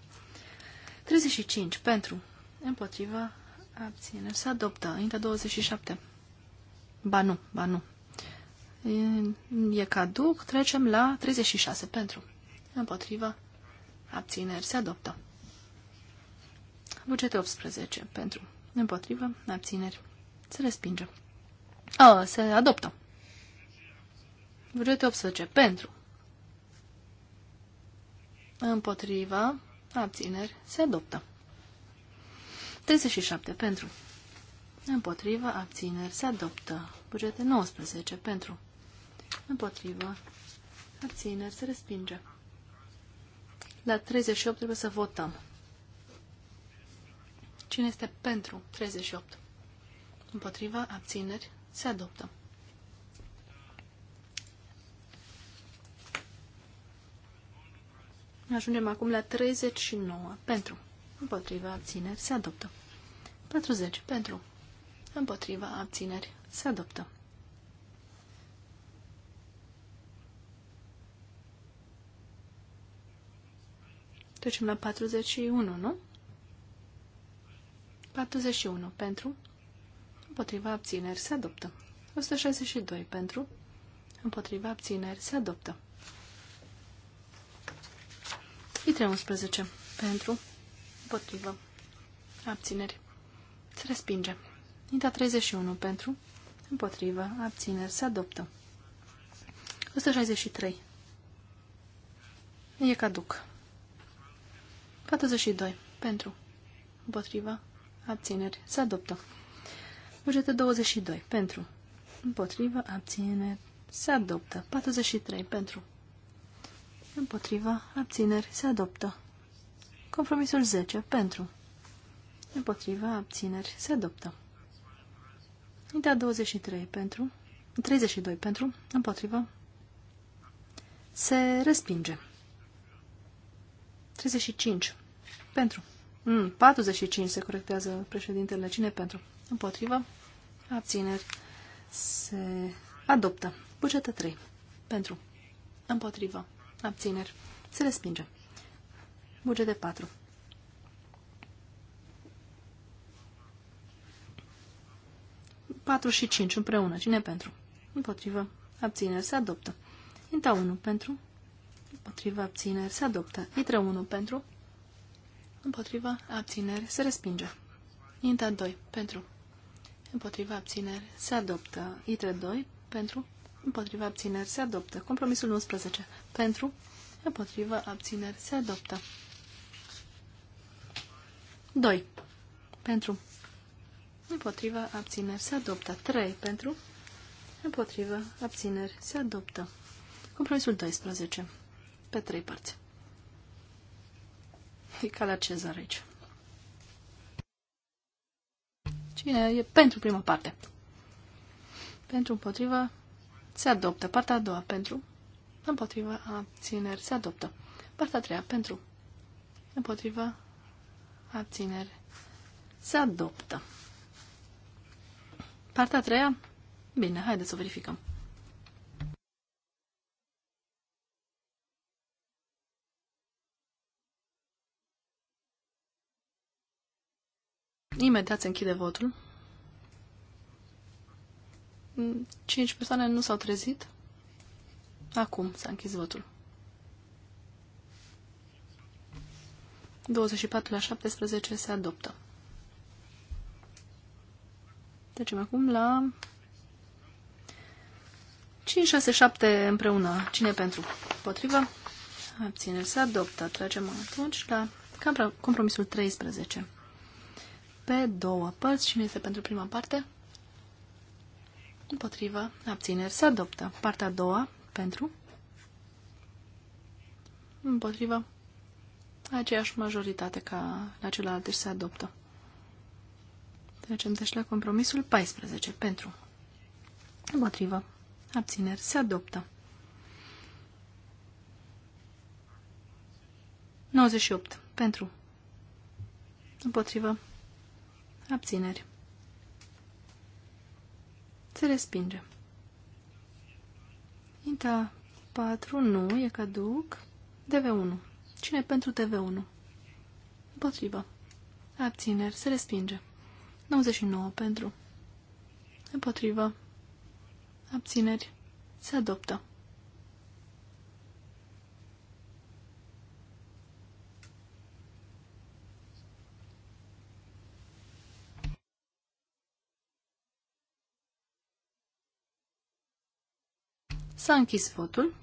35 pentru, împotriva, abțineri, se adoptă. Inta 27. Ba nu, ba nu, e caduc, trecem la 36 pentru. Împotrivă, abțineri, se adoptă. Bugete 18 pentru. Împotrivă, abțineri, se respinge. A, se adoptă. Bugete 18 pentru. Împotriva, abțineri, se adoptă. 37 pentru. Împotriva, abțineri, se adoptă. Bugete 19 pentru. Împotrivă. Abțineri. Se respinge. La 38 trebuie să votăm. Cine este pentru 38? Împotriva abțineri se adoptă. Ajungem acum la 39. Pentru. Împotriva abțineri se adoptă. 40. Pentru. Împotriva abțineri se adoptă. Trecem la 41, nu? 41 pentru, împotriva abțineri se adoptă. 162 pentru, împotriva abțineri se adoptă. i 11 pentru, împotriva abțineri se respinge. Ita 31 pentru, împotriva abțineri se adoptă. 163 e caduc. 42. Pentru. Împotriva. Abțineri. Se adoptă. Bugetă 22. Pentru. Împotriva. Abțineri. Se adoptă. 43. Pentru. Împotriva. Abțineri. Se adoptă. Compromisul 10. Pentru. Împotriva. Abțineri. Se adoptă. Intea 23. Pentru. 32. Pentru. Împotriva. Se respinge. 35. Pentru. Mm, 45 se corectează președintele. Cine pentru? Împotrivă. Abțineri. Se adoptă. Bugetă 3. Pentru. Împotrivă. Abțineri. Se respinge. Bugetă 4. Patru și cinci împreună. Cine pentru? Împotrivă. Abțineri. Se adoptă. Inta 1 pentru. Împotrivă. Abțineri. Se adoptă. Intră 1 pentru. Împotriva abțineri se respinge. Inta 2. Pentru. Împotriva abțineri se adoptă. Itre 2. Pentru. Împotriva abțineri se adoptă. Compromisul 11. Pentru. Împotriva abțineri se adoptă. 2. Pentru. Împotriva abțineri se adoptă. 3. Pentru. Împotriva abțineri se adoptă. Compromisul 12. Pe trei părți. Cezar aici. Cine e pentru prima parte? Pentru împotriva se adoptă. Partea a doua pentru împotriva țineri se adoptă. Partea a treia pentru împotriva țineri se adoptă. Partea a treia? Bine, haideți să verificăm. Imediat se închide votul. Cinci persoane nu s-au trezit. Acum s-a închis votul. 24 la 17 se adoptă. Trecem acum la 5, 6, 7 împreună. Cine pentru? Potrivă? Abțineri se adoptă. Trecem atunci la compromisul 13 pe două părți. Cine este pentru prima parte? Împotrivă. Abțineri. Se adoptă. Partea a doua. Pentru. Împotrivă. Aceeași majoritate ca la celelalte și deci se adoptă. Trecem deci la compromisul 14. Pentru. Împotrivă. Abțineri. Se adoptă. 98. Pentru. Împotrivă. Abțineri. Se respinge. Inta 4 nu e caduc. TV1. Cine pentru TV1? Împotrivă. Abțineri. Se respinge. 99 pentru. Împotrivă. Abțineri. Se adoptă. S-a închis votul.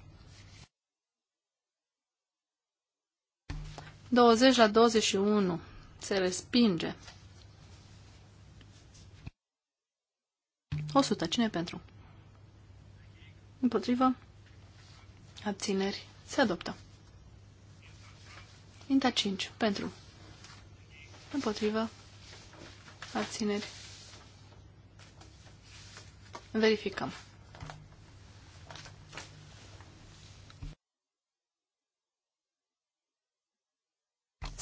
20 la 21 se respinge. 100. Cine pentru? Împotrivă. Abțineri. Se adoptă. Inta 5. Pentru. Împotrivă. Abțineri. Verificăm.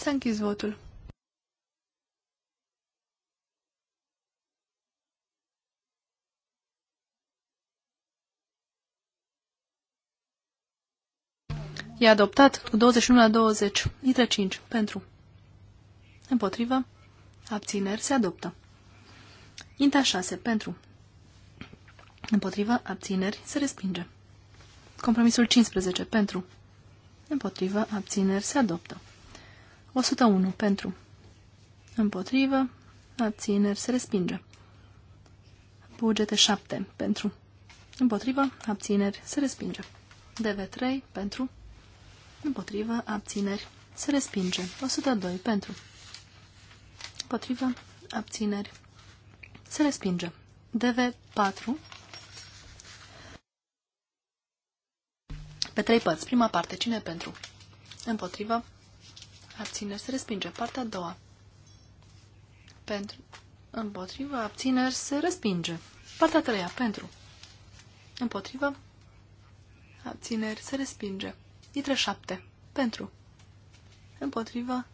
S-a închis votul. E adoptat cu 21 la 20. Litre 5. Pentru. Împotrivă. Abțineri. Se adoptă. Inta 6. Pentru. Împotrivă. Abțineri. Se respinge. Compromisul 15. Pentru. Împotrivă. Abțineri. Se adoptă. 101 pentru. Împotrivă. Abțineri. Se respinge. Bugete 7 pentru. Împotrivă. Abțineri. Se respinge. DV3 pentru. Împotrivă. Abțineri. Se respinge. 102 pentru. Împotrivă. Abțineri. Se respinge. DV4 pe trei părți. Prima parte, cine pentru? Împotrivă, abțineri se respinge. Partea a doua. Pentru, împotriva, abțineri se respinge. Partea a treia. Pentru, împotriva, abțineri se respinge. Litre șapte. Pentru, împotriva,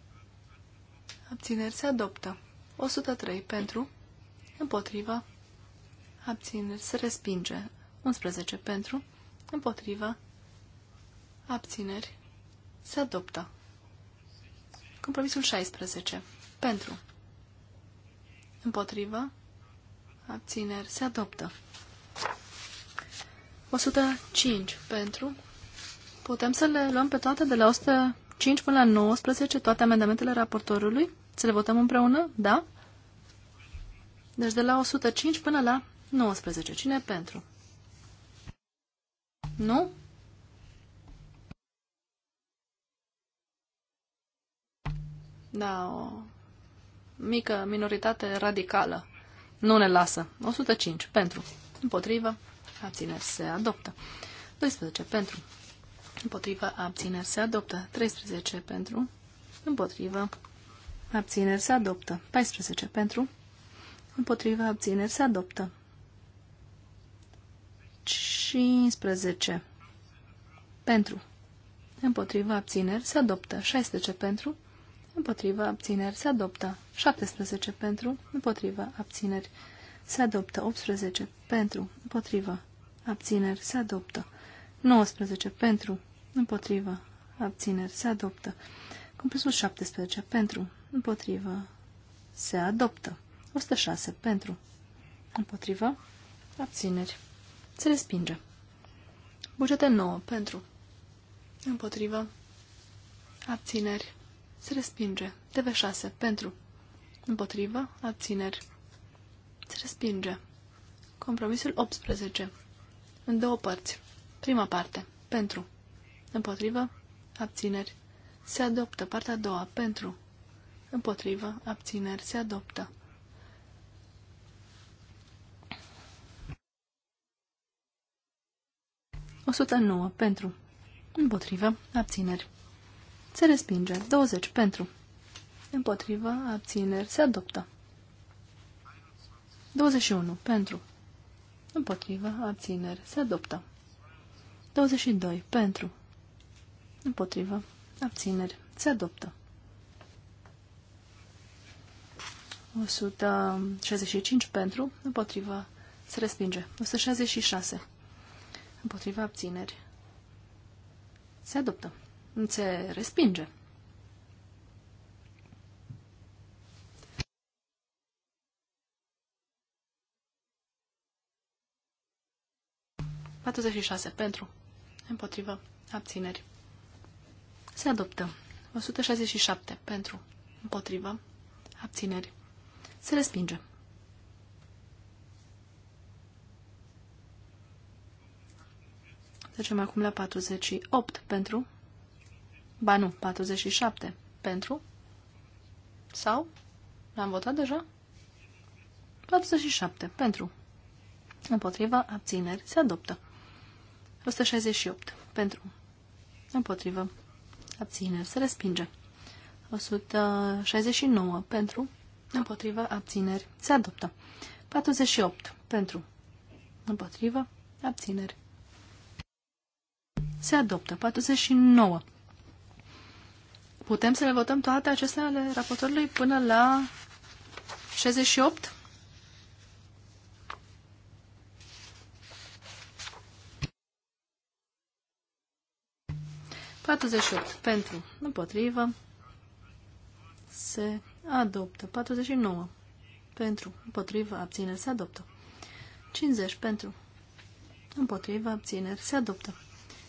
abțineri se adoptă. 103. Pentru, împotriva, abțineri se respinge. 11. Pentru, împotriva, abțineri se adoptă. Compromisul 16. Pentru. Împotrivă. Abțineri. Se adoptă. 105. Pentru. Putem să le luăm pe toate de la 105 până la 19, toate amendamentele raportorului? Să le votăm împreună? Da? Deci de la 105 până la 19. Cine pentru? Nu? Da, o mică minoritate radicală nu ne lasă. 105 pentru, împotrivă, abțineri se adoptă. 12 pentru, împotrivă, abțineri se adoptă. 13 pentru, împotrivă, abțineri se adoptă. 14 pentru, împotrivă, abțineri se adoptă. 15 pentru, împotrivă, abțineri se adoptă. 16 pentru, împotriva abțineri se adoptă. 17 pentru, împotriva abțineri se adoptă. 18 pentru, împotriva abțineri se adoptă. 19 pentru, împotriva abțineri se adoptă. Compresul 17 pentru, împotriva se adoptă. 106 pentru, împotriva abțineri se respinge. Bugete 9 pentru, împotriva abțineri se respinge. TV6. Pentru. Împotrivă. Abțineri. Se respinge. Compromisul 18. În două părți. Prima parte. Pentru. Împotrivă. Abțineri. Se adoptă. Partea a doua. Pentru. Împotrivă. Abțineri. Se adoptă. nouă Pentru. Împotrivă. Abțineri. Se respinge. 20 pentru. Împotrivă, abțineri, se adoptă. 21 pentru. Împotrivă, abțineri, se adoptă. 22 pentru. Împotrivă, abțineri, se adoptă. 165 pentru, împotriva, se respinge. 166 împotriva abțineri. Se adoptă. Se respinge. Patruzeci șase pentru. Împotrivă. Abțineri. Se adoptă. 167 pentru. Împotrivă. Abțineri. Se respinge. Trecem acum la 48 pentru Ba nu, 47. Pentru? Sau? L-am votat deja? 47. Pentru. Împotriva, abțineri, se adoptă. 168. Pentru. Împotrivă, abțineri, se respinge. 169. Pentru. Împotriva, abțineri, se adoptă. 48. Pentru. Împotrivă, abțineri. Se adoptă. 49. Putem să le votăm toate acestea ale raportorului până la 68? pentru, împotrivă, se adoptă. 49 pentru, împotrivă, abțineri, se adoptă. 50 pentru, împotrivă, abțineri, se adoptă.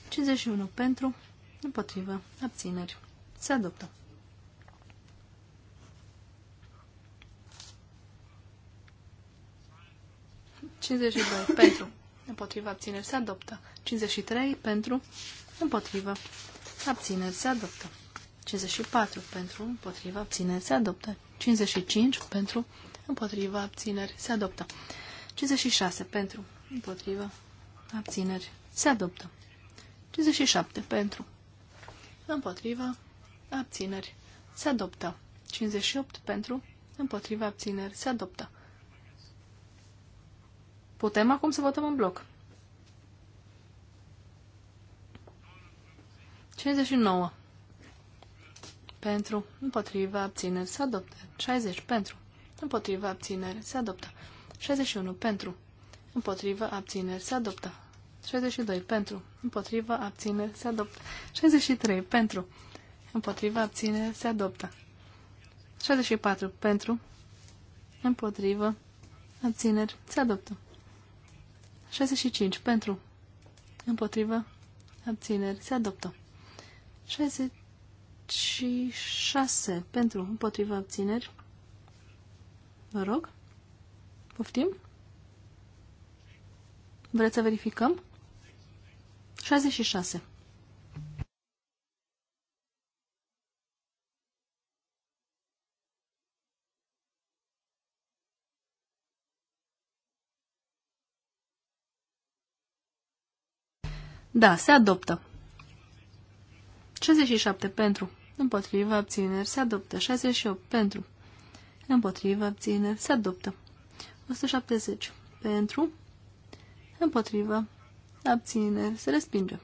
51 pentru, împotrivă, abțineri, se adoptă. (laughs) pentru. Împotriva abțineri se adoptă. 53 pentru. Împotriva abțineri se adoptă. 54 pentru. Împotriva abțineri se adoptă. 55 pentru. Împotriva abțineri se adoptă. 56 pentru. Împotriva abțineri se adoptă. 57 pentru. Împotriva abțineri, se adoptă. 58 pentru, împotriva abțineri, se adoptă. Putem acum să votăm în bloc. 59 pentru, împotriva abțineri, se adoptă. 60 pentru, împotriva abțineri, se adoptă. 61 pentru, împotriva abțineri, se adoptă. 62 pentru, împotriva abțineri, se adoptă. 63 pentru, Împotriva abțineri se adoptă. 64. Pentru. Împotrivă. Abțineri se adoptă. 65. Pentru. Împotrivă. Abțineri se adoptă. 66. Pentru. Împotrivă. Abțineri. Vă rog. Poftim? Vreți să verificăm? 66. Da, se adoptă. 67 pentru. Împotrivă abțineri se adoptă. 68 pentru. Împotrivă abțineri se adoptă. 170 pentru. Împotrivă abțineri se respinge.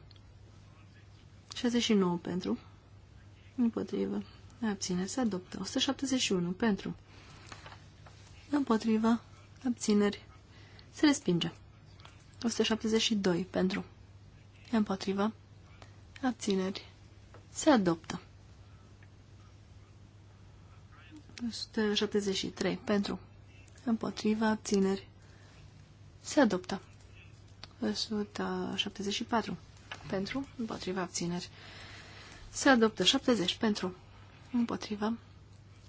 69 pentru. Împotrivă abțineri se adoptă. 171 pentru. Împotrivă abțineri se respinge. 172 pentru. Împotrivă. Abțineri. Se adoptă. 173. Pentru. Împotrivă. Abțineri. Se adoptă. 174. Pentru. Împotrivă. abțineri. Se adoptă. 70. Pentru. Împotrivă.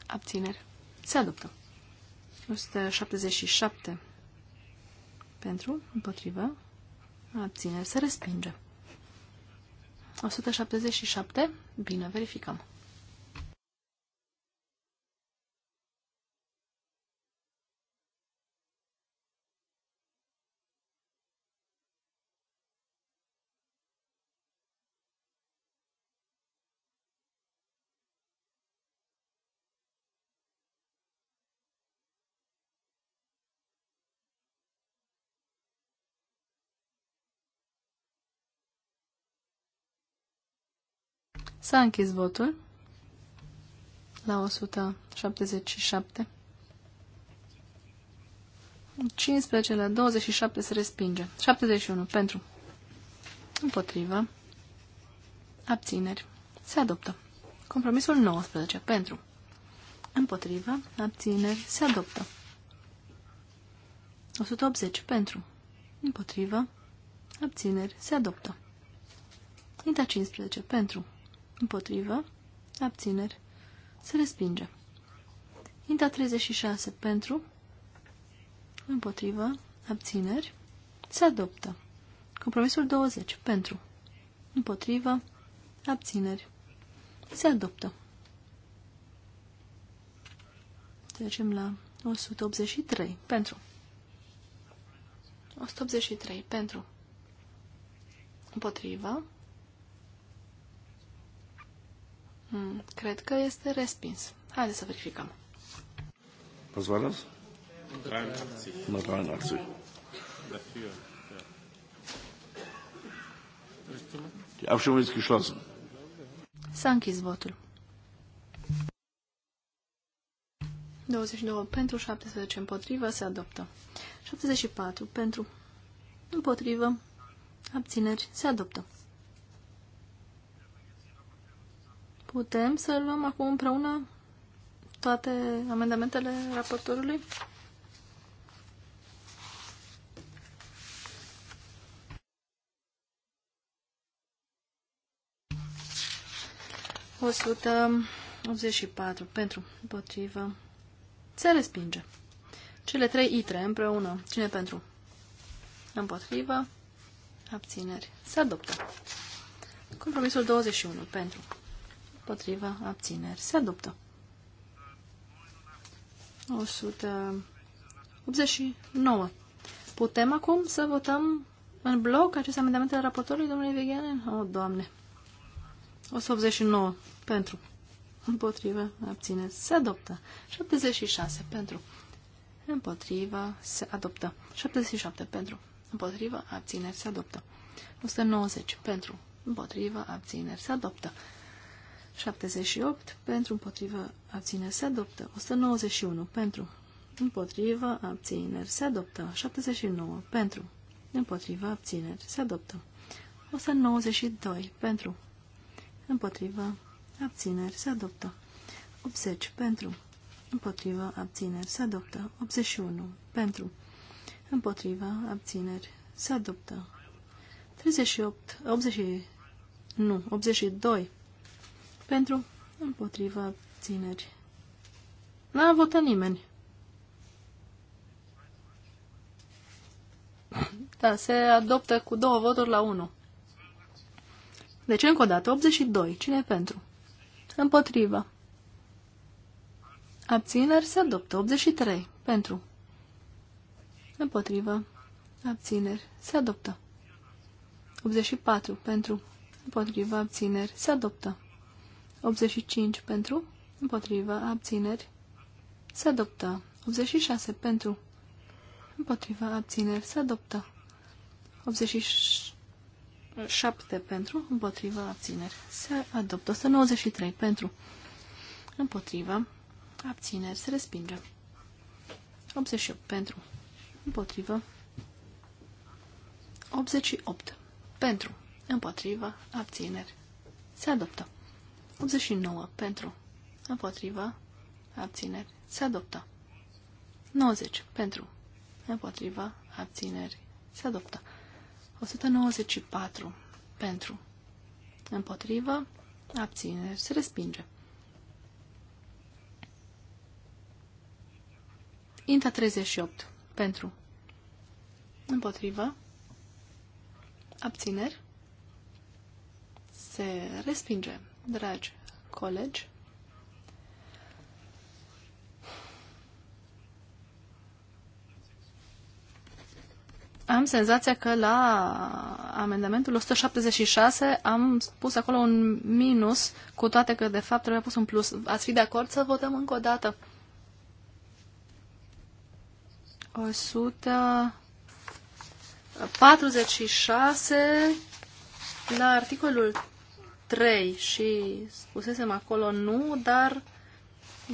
abțineri. Se adoptă. 177. Pentru. Împotrivă. abțineri. Se respinge. 177. Bine, verificăm. S-a închis votul la 177. 15 la 27 se respinge. 71 pentru. Împotrivă. Abțineri. Se adoptă. Compromisul 19 pentru. Împotrivă. Abțineri. Se adoptă. 180 pentru. Împotrivă. Abțineri. Se adoptă. Inta 15 pentru. Împotrivă. Abțineri. Se respinge. Inta 36. Pentru. Împotrivă. Abțineri. Se adoptă. Compromisul 20. Pentru. Împotrivă. Abțineri. Se adoptă. Trecem la 183. Pentru. 183. Pentru. Împotrivă. Mm, cred că este respins. Haideți să verificăm. Was war das? 183. 183. Abstimmung ist geschlossen. S-a închis votul. 29 pentru, 17 împotrivă, se adoptă. 74 pentru, împotrivă, abțineri, se adoptă. Putem să luăm acum împreună toate amendamentele raportorului? O sută 84 pentru, împotrivă, se respinge. Cele trei itre împreună, cine pentru? Împotrivă, abțineri, se adoptă. Compromisul 21 pentru, împotriva, abțineri. Se adoptă. 189. Putem acum să votăm în bloc aceste amendamente ale raportorului domnului Vegheanen? O, oh, Doamne! 189. Pentru. Împotriva, abțineri. Se adoptă. 76. Pentru. Împotriva, se adoptă. 77. Pentru. Împotriva, abțineri. Se adoptă. 190. Pentru. Împotriva, abțineri. Se adoptă. 78 pentru împotrivă abțineri se adoptă. 191 pentru împotrivă abțineri se adoptă. 79 pentru împotrivă abțineri se adoptă. 192 pentru împotrivă abțineri se adoptă. 80 pentru împotrivă abțineri se adoptă. 81 pentru împotrivă abțineri se adoptă. 38 80 nu, 82 pentru, împotriva, țineri. N-a votat nimeni. Da, se adoptă cu două voturi la unu. Deci, încă o dată, 82. Cine pentru? Împotriva. Abțineri se adoptă. 83. Pentru. Împotriva. Abțineri se adoptă. 84. Pentru. Împotriva. Abțineri se adoptă. 85 pentru, împotrivă, abțineri, se adoptă. 86 pentru, împotrivă, abțineri, se adoptă. 87 pentru, împotrivă, abțineri, se adoptă. 193 pentru, împotrivă, abțineri, se respinge. 88 pentru, împotrivă, 88 pentru, împotrivă, abțineri, se adoptă. 89 pentru, împotriva, abțineri, se adoptă. 90 pentru, împotriva, abțineri, se adoptă. 194 pentru, împotriva, abțineri, se respinge. Inta 38 pentru, împotriva, abțineri, se respinge dragi colegi, am senzația că la amendamentul 176 am pus acolo un minus, cu toate că de fapt trebuia pus un plus. Ați fi de acord să votăm încă o dată? 146 la articolul 3 și spusesem acolo nu, dar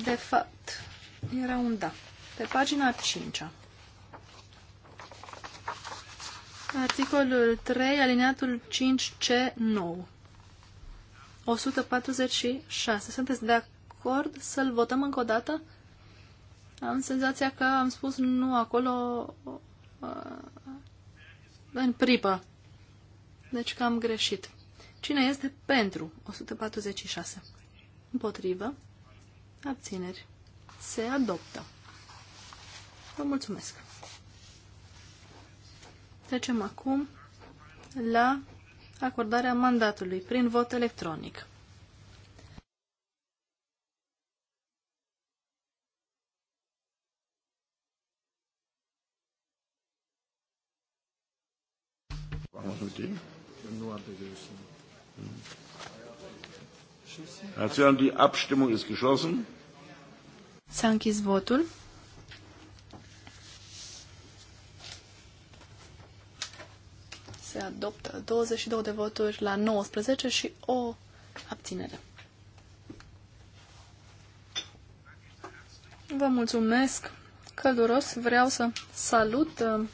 de fapt era un da. Pe pagina 5 -a. Articolul 3, alineatul 5C9. 146. Sunteți de acord să-l votăm încă o dată? Am senzația că am spus nu acolo uh, în pripă. Deci că am greșit. Cine este pentru? 146. Împotrivă. Abțineri. Se adoptă. Vă mulțumesc. Trecem acum la acordarea mandatului prin vot electronic. Vamos a Die Abstimmung ist geschlossen. S-a închis votul. Se adoptă 22 de voturi la 19 și o abținere. Vă mulțumesc călduros. Vreau să salut uh,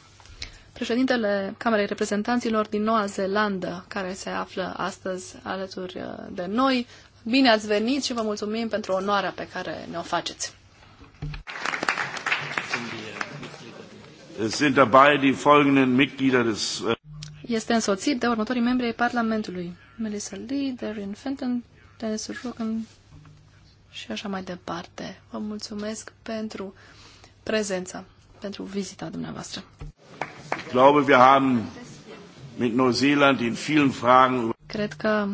Președintele Camerei Reprezentanților din Noua Zeelandă, care se află astăzi alături uh, de noi, bine ați venit și vă mulțumim pentru onoarea pe care ne-o faceți. Äh, este însoțit de următorii membri ai Parlamentului. Melissa Lee, Darren Fenton, Dennis Rogan și așa mai departe. Vă mulțumesc pentru prezența, pentru vizita dumneavoastră glaube, wir haben mit Neuseeland in vielen Fragen. Cred că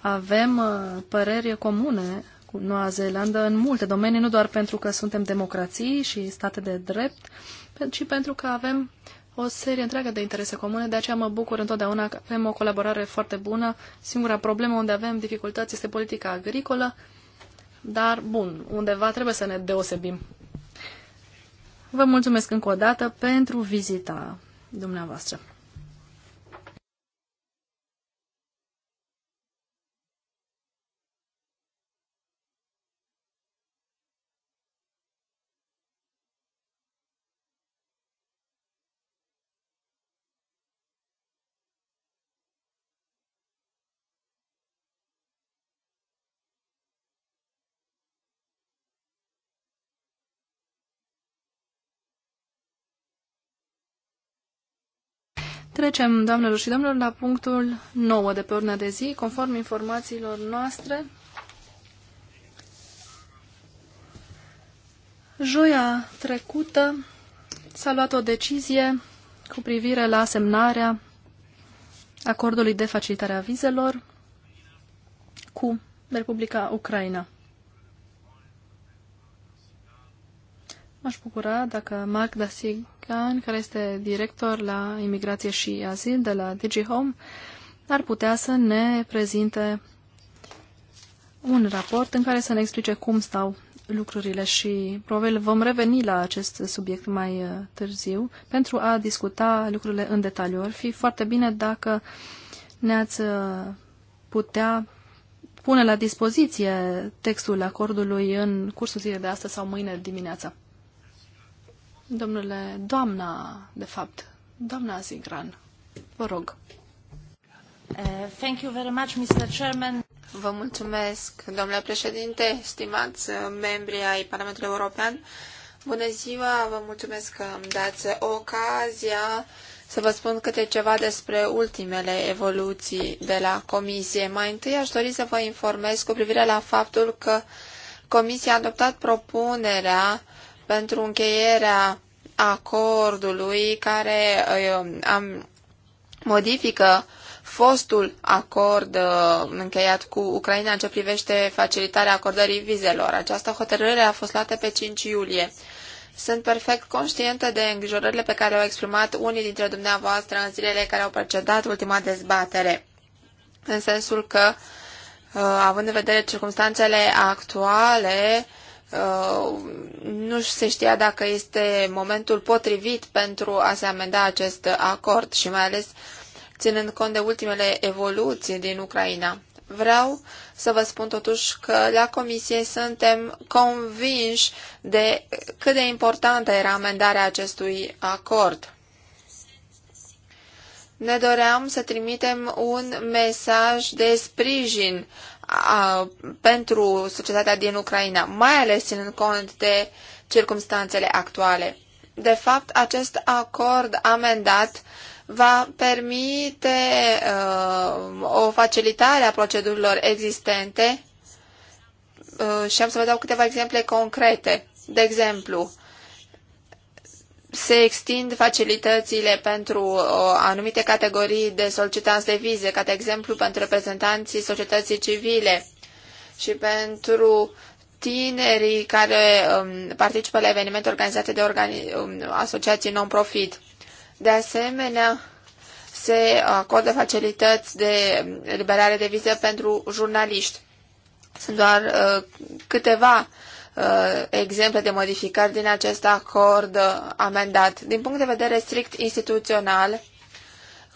avem uh, păreri comune cu Noua Zeelandă în multe domenii, nu doar pentru că suntem democrații și state de drept, ci pentru că avem o serie întreagă de interese comune, de aceea mă bucur întotdeauna că avem o colaborare foarte bună. Singura problemă unde avem dificultăți este politica agricolă, dar bun, undeva trebuie să ne deosebim. Vă mulțumesc încă o dată pentru vizita dumneavoastră. Trecem, doamnelor și domnilor, la punctul 9 de pe ordinea de zi. Conform informațiilor noastre, joia trecută s-a luat o decizie cu privire la semnarea acordului de facilitare a vizelor cu Republica Ucraina. M-aș bucura dacă Magda Sigan, care este director la imigrație și azil de la DigiHome, ar putea să ne prezinte un raport în care să ne explice cum stau lucrurile și probabil vom reveni la acest subiect mai uh, târziu pentru a discuta lucrurile în detaliu. Ar fi foarte bine dacă ne-ați uh, putea pune la dispoziție textul acordului în cursul zilei de astăzi sau mâine dimineața. Domnule, doamna, de fapt, doamna Zigran, vă rog. Uh, thank you very much, Mr. Chairman. Vă mulțumesc, domnule președinte, stimați uh, membri ai Parlamentului European. Bună ziua, vă mulțumesc că îmi dați ocazia să vă spun câte ceva despre ultimele evoluții de la Comisie. Mai întâi aș dori să vă informez cu privire la faptul că Comisia a adoptat propunerea pentru încheierea acordului care uh, am, modifică fostul acord uh, încheiat cu Ucraina în ce privește facilitarea acordării vizelor. Această hotărâre a fost luată pe 5 iulie. Sunt perfect conștientă de îngrijorările pe care au exprimat unii dintre dumneavoastră în zilele care au precedat ultima dezbatere, în sensul că, uh, având în vedere circunstanțele actuale, Uh, nu se știa dacă este momentul potrivit pentru a se amenda acest acord și mai ales ținând cont de ultimele evoluții din Ucraina. Vreau să vă spun totuși că la comisie suntem convinși de cât de importantă era amendarea acestui acord. Ne doream să trimitem un mesaj de sprijin a, pentru societatea din Ucraina, mai ales ținând cont de circumstanțele actuale. De fapt, acest acord amendat va permite uh, o facilitare a procedurilor existente uh, și am să vă dau câteva exemple concrete. De exemplu, se extind facilitățile pentru uh, anumite categorii de solicitanți de vize, ca de exemplu pentru reprezentanții societății civile și pentru tinerii care um, participă la evenimente organizate de organi um, asociații non-profit. De asemenea, se acordă facilități de um, liberare de vize pentru jurnaliști. Sunt doar uh, câteva Uh, exemple de modificări din acest acord amendat. Din punct de vedere strict instituțional,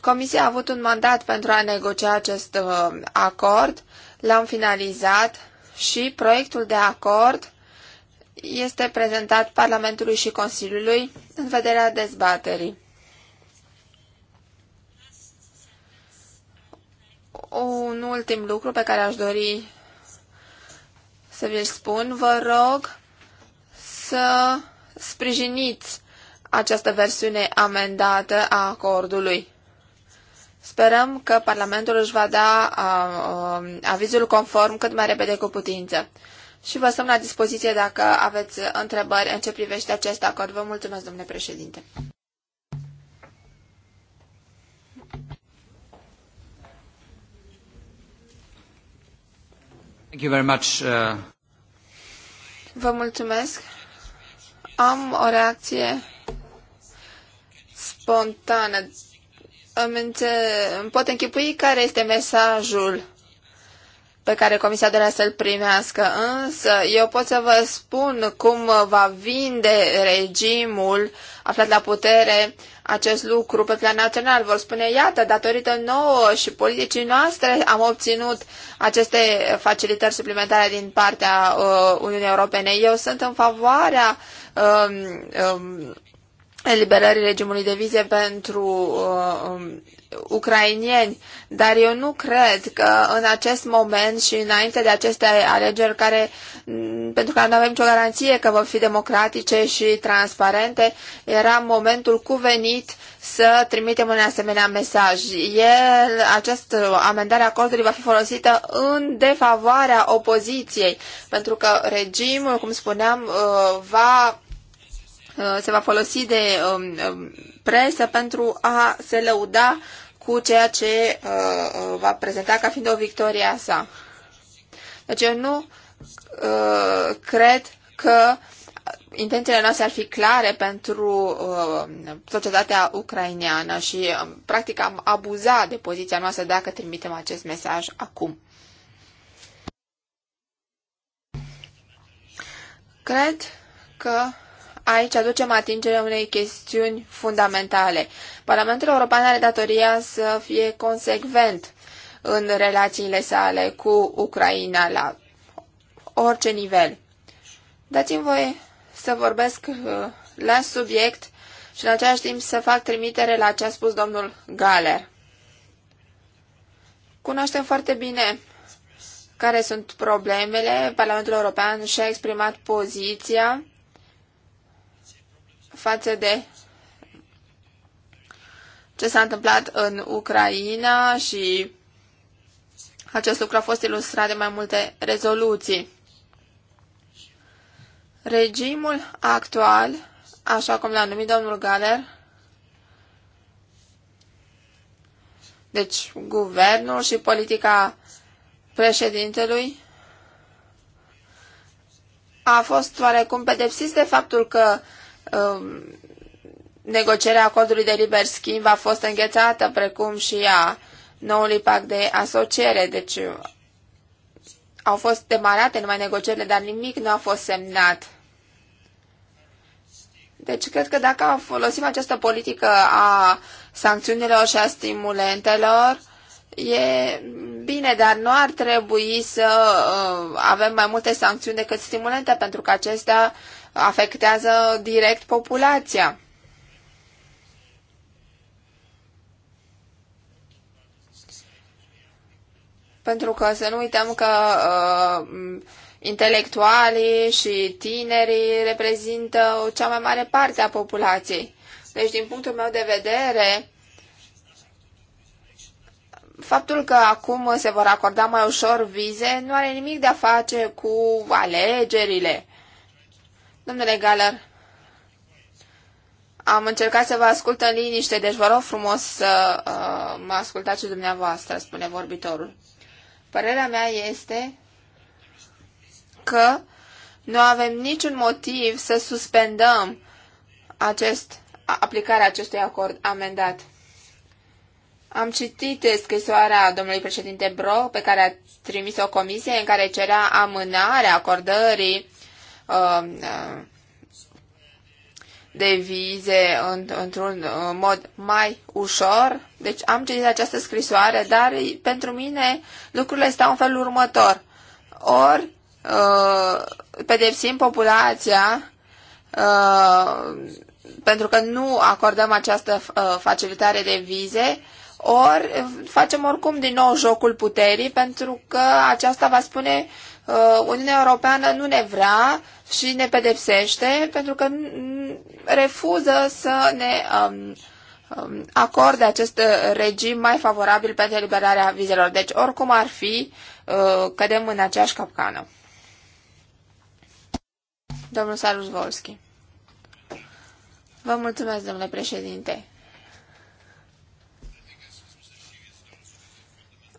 Comisia a avut un mandat pentru a negocia acest uh, acord, l-am finalizat și proiectul de acord este prezentat Parlamentului și Consiliului în vederea dezbaterii. Un ultim lucru pe care aș dori să vi-l spun, vă rog să sprijiniți această versiune amendată a acordului. Sperăm că Parlamentul își va da a, a, um, avizul conform cât mai repede cu putință. Și vă stăm la dispoziție dacă aveți întrebări în ce privește acest acord. Vă mulțumesc, domnule președinte. Thank you very much, uh... Vă mulțumesc. Am o reacție spontană. Îmi, înțe- îmi pot închipui care este mesajul pe care comisia dorea să-l primească, însă eu pot să vă spun cum va vinde regimul aflat la putere acest lucru pe plan național. Vor spune, iată, datorită nouă și politicii noastre am obținut aceste facilitări suplimentare din partea uh, Uniunii Europene. Eu sunt în favoarea uh, uh, eliberării regimului de vize pentru uh, um, ucrainieni, dar eu nu cred că în acest moment și înainte de aceste alegeri care, pentru că nu avem nicio garanție că vor fi democratice și transparente, era momentul cuvenit să trimitem un asemenea mesaj. El, acest amendare a acordului va fi folosită în defavoarea opoziției, pentru că regimul, cum spuneam, uh, va uh, se va folosi de um, um, presă pentru a se lăuda cu ceea ce uh, uh, va prezenta ca fiind o victoria sa. Deci eu nu uh, cred că intențiile noastre ar fi clare pentru uh, societatea ucraineană și uh, practic am abuzat de poziția noastră dacă trimitem acest mesaj acum. Cred că aici aducem atingerea unei chestiuni fundamentale. Parlamentul European are datoria să fie consecvent în relațiile sale cu Ucraina la orice nivel. Dați-mi voi să vorbesc uh, la subiect și în același timp să fac trimitere la ce a spus domnul Galer. Cunoaștem foarte bine care sunt problemele. Parlamentul European și-a exprimat poziția față de ce s-a întâmplat în Ucraina și acest lucru a fost ilustrat de mai multe rezoluții. Regimul actual, așa cum l-a numit domnul Galer, deci guvernul și politica președintelui, a fost oarecum pedepsit de faptul că Um, negocierea acordului de liber schimb a fost înghețată, precum și a noului pact de asociere. Deci au fost demarate numai negocierile, dar nimic nu a fost semnat. Deci cred că dacă folosim această politică a sancțiunilor și a stimulentelor, e bine, dar nu ar trebui să uh, avem mai multe sancțiuni decât stimulente, pentru că acestea afectează direct populația. Pentru că să nu uităm că uh, intelectualii și tinerii reprezintă cea mai mare parte a populației. Deci, din punctul meu de vedere, faptul că acum se vor acorda mai ușor vize nu are nimic de a face cu alegerile Domnule Galer, am încercat să vă ascult în liniște, deci vă rog frumos să uh, mă ascultați și dumneavoastră, spune vorbitorul. Părerea mea este că nu avem niciun motiv să suspendăm acest, aplicarea acestui acord amendat. Am citit scrisoarea domnului președinte Bro, pe care a trimis-o comisie, în care cerea amânarea acordării Um, uh, de vize într-un uh, mod mai ușor. Deci am citit această scrisoare, dar pentru mine lucrurile stau în felul următor. Ori uh, pedepsim populația pentru că nu acordăm această facilitare de vize, ori facem oricum din nou jocul puterii, pentru că aceasta va spune Uniunea Europeană nu ne vrea, și ne pedepsește pentru că refuză să ne um, um, acorde acest regim mai favorabil pentru eliberarea vizelor. Deci, oricum ar fi, uh, cădem în aceeași capcană. Domnul Sarus Volski. Vă mulțumesc, domnule președinte.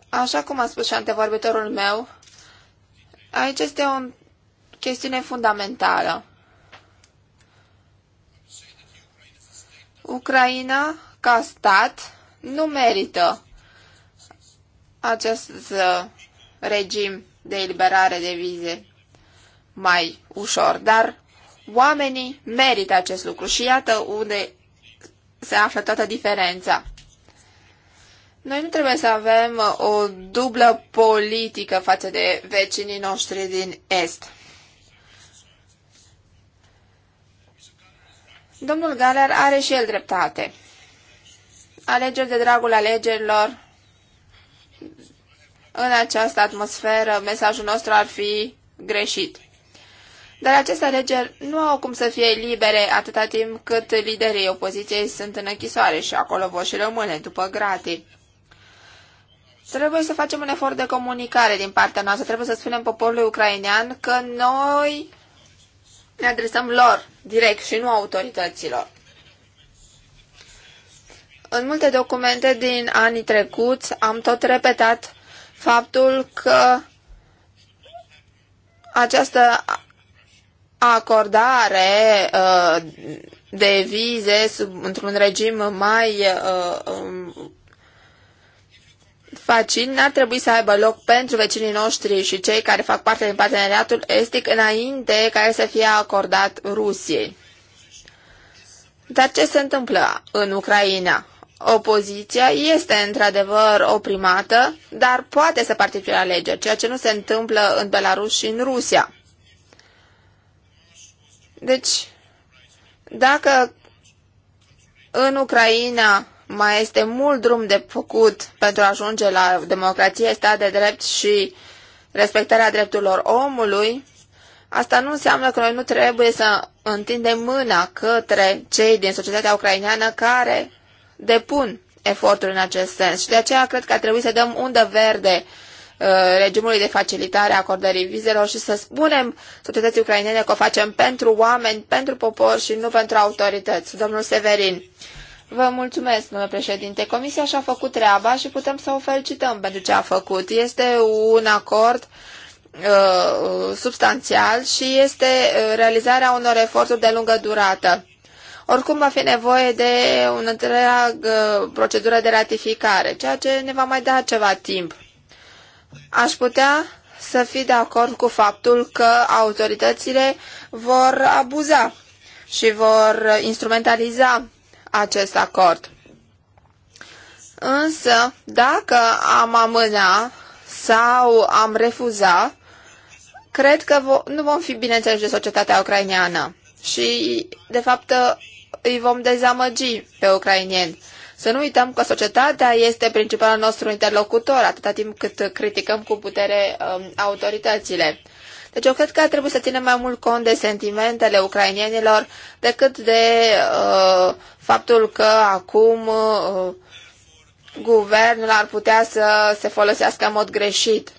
Așa cum a spus și antevorbitorul meu, aici este un chestiune fundamentală. Ucraina, ca stat, nu merită acest uh, regim de eliberare de vize mai ușor, dar oamenii merită acest lucru și iată unde se află toată diferența. Noi nu trebuie să avem uh, o dublă politică față de vecinii noștri din Est. Domnul Galer are și el dreptate. Alegeri de dragul alegerilor, în această atmosferă, mesajul nostru ar fi greșit. Dar aceste alegeri nu au cum să fie libere atâta timp cât liderii opoziției sunt în închisoare și acolo vor și rămâne, după gratii. Trebuie să facem un efort de comunicare din partea noastră. Trebuie să spunem poporului ucrainean că noi ne adresăm lor direct și nu autorităților. În multe documente din anii trecuți am tot repetat faptul că această acordare uh, de vize într-un regim mai uh, um, vaccin n-ar trebui să aibă loc pentru vecinii noștri și cei care fac parte din parteneriatul estic înainte ca să fie acordat Rusiei. Dar ce se întâmplă în Ucraina? Opoziția este într-adevăr oprimată, dar poate să participe la alegeri, ceea ce nu se întâmplă în Belarus și în Rusia. Deci, dacă în Ucraina mai este mult drum de făcut pentru a ajunge la democrație, stat de drept și respectarea drepturilor omului. Asta nu înseamnă că noi nu trebuie să întindem mâna către cei din societatea ucraineană care depun eforturi în acest sens. Și de aceea cred că ar trebui să dăm undă verde uh, regimului de facilitare a acordării vizelor și să spunem societății ucrainene că o facem pentru oameni, pentru popor și nu pentru autorități. Domnul Severin, Vă mulțumesc, domnule președinte. Comisia și-a făcut treaba și putem să o felicităm pentru ce a făcut. Este un acord uh, substanțial și este uh, realizarea unor eforturi de lungă durată. Oricum va fi nevoie de o întreagă uh, procedură de ratificare, ceea ce ne va mai da ceva timp. Aș putea să fi de acord cu faptul că autoritățile vor abuza și vor instrumentaliza acest acord. Însă, dacă am amâna sau am refuza, cred că nu vom fi bineînțeles de societatea ucraineană și, de fapt, îi vom dezamăgi pe ucrainieni. Să nu uităm că societatea este principalul nostru interlocutor, atâta timp cât criticăm cu putere um, autoritățile. Deci eu cred că ar trebui să ținem mai mult cont de sentimentele ucrainienilor decât de uh, faptul că acum uh, guvernul ar putea să se folosească în mod greșit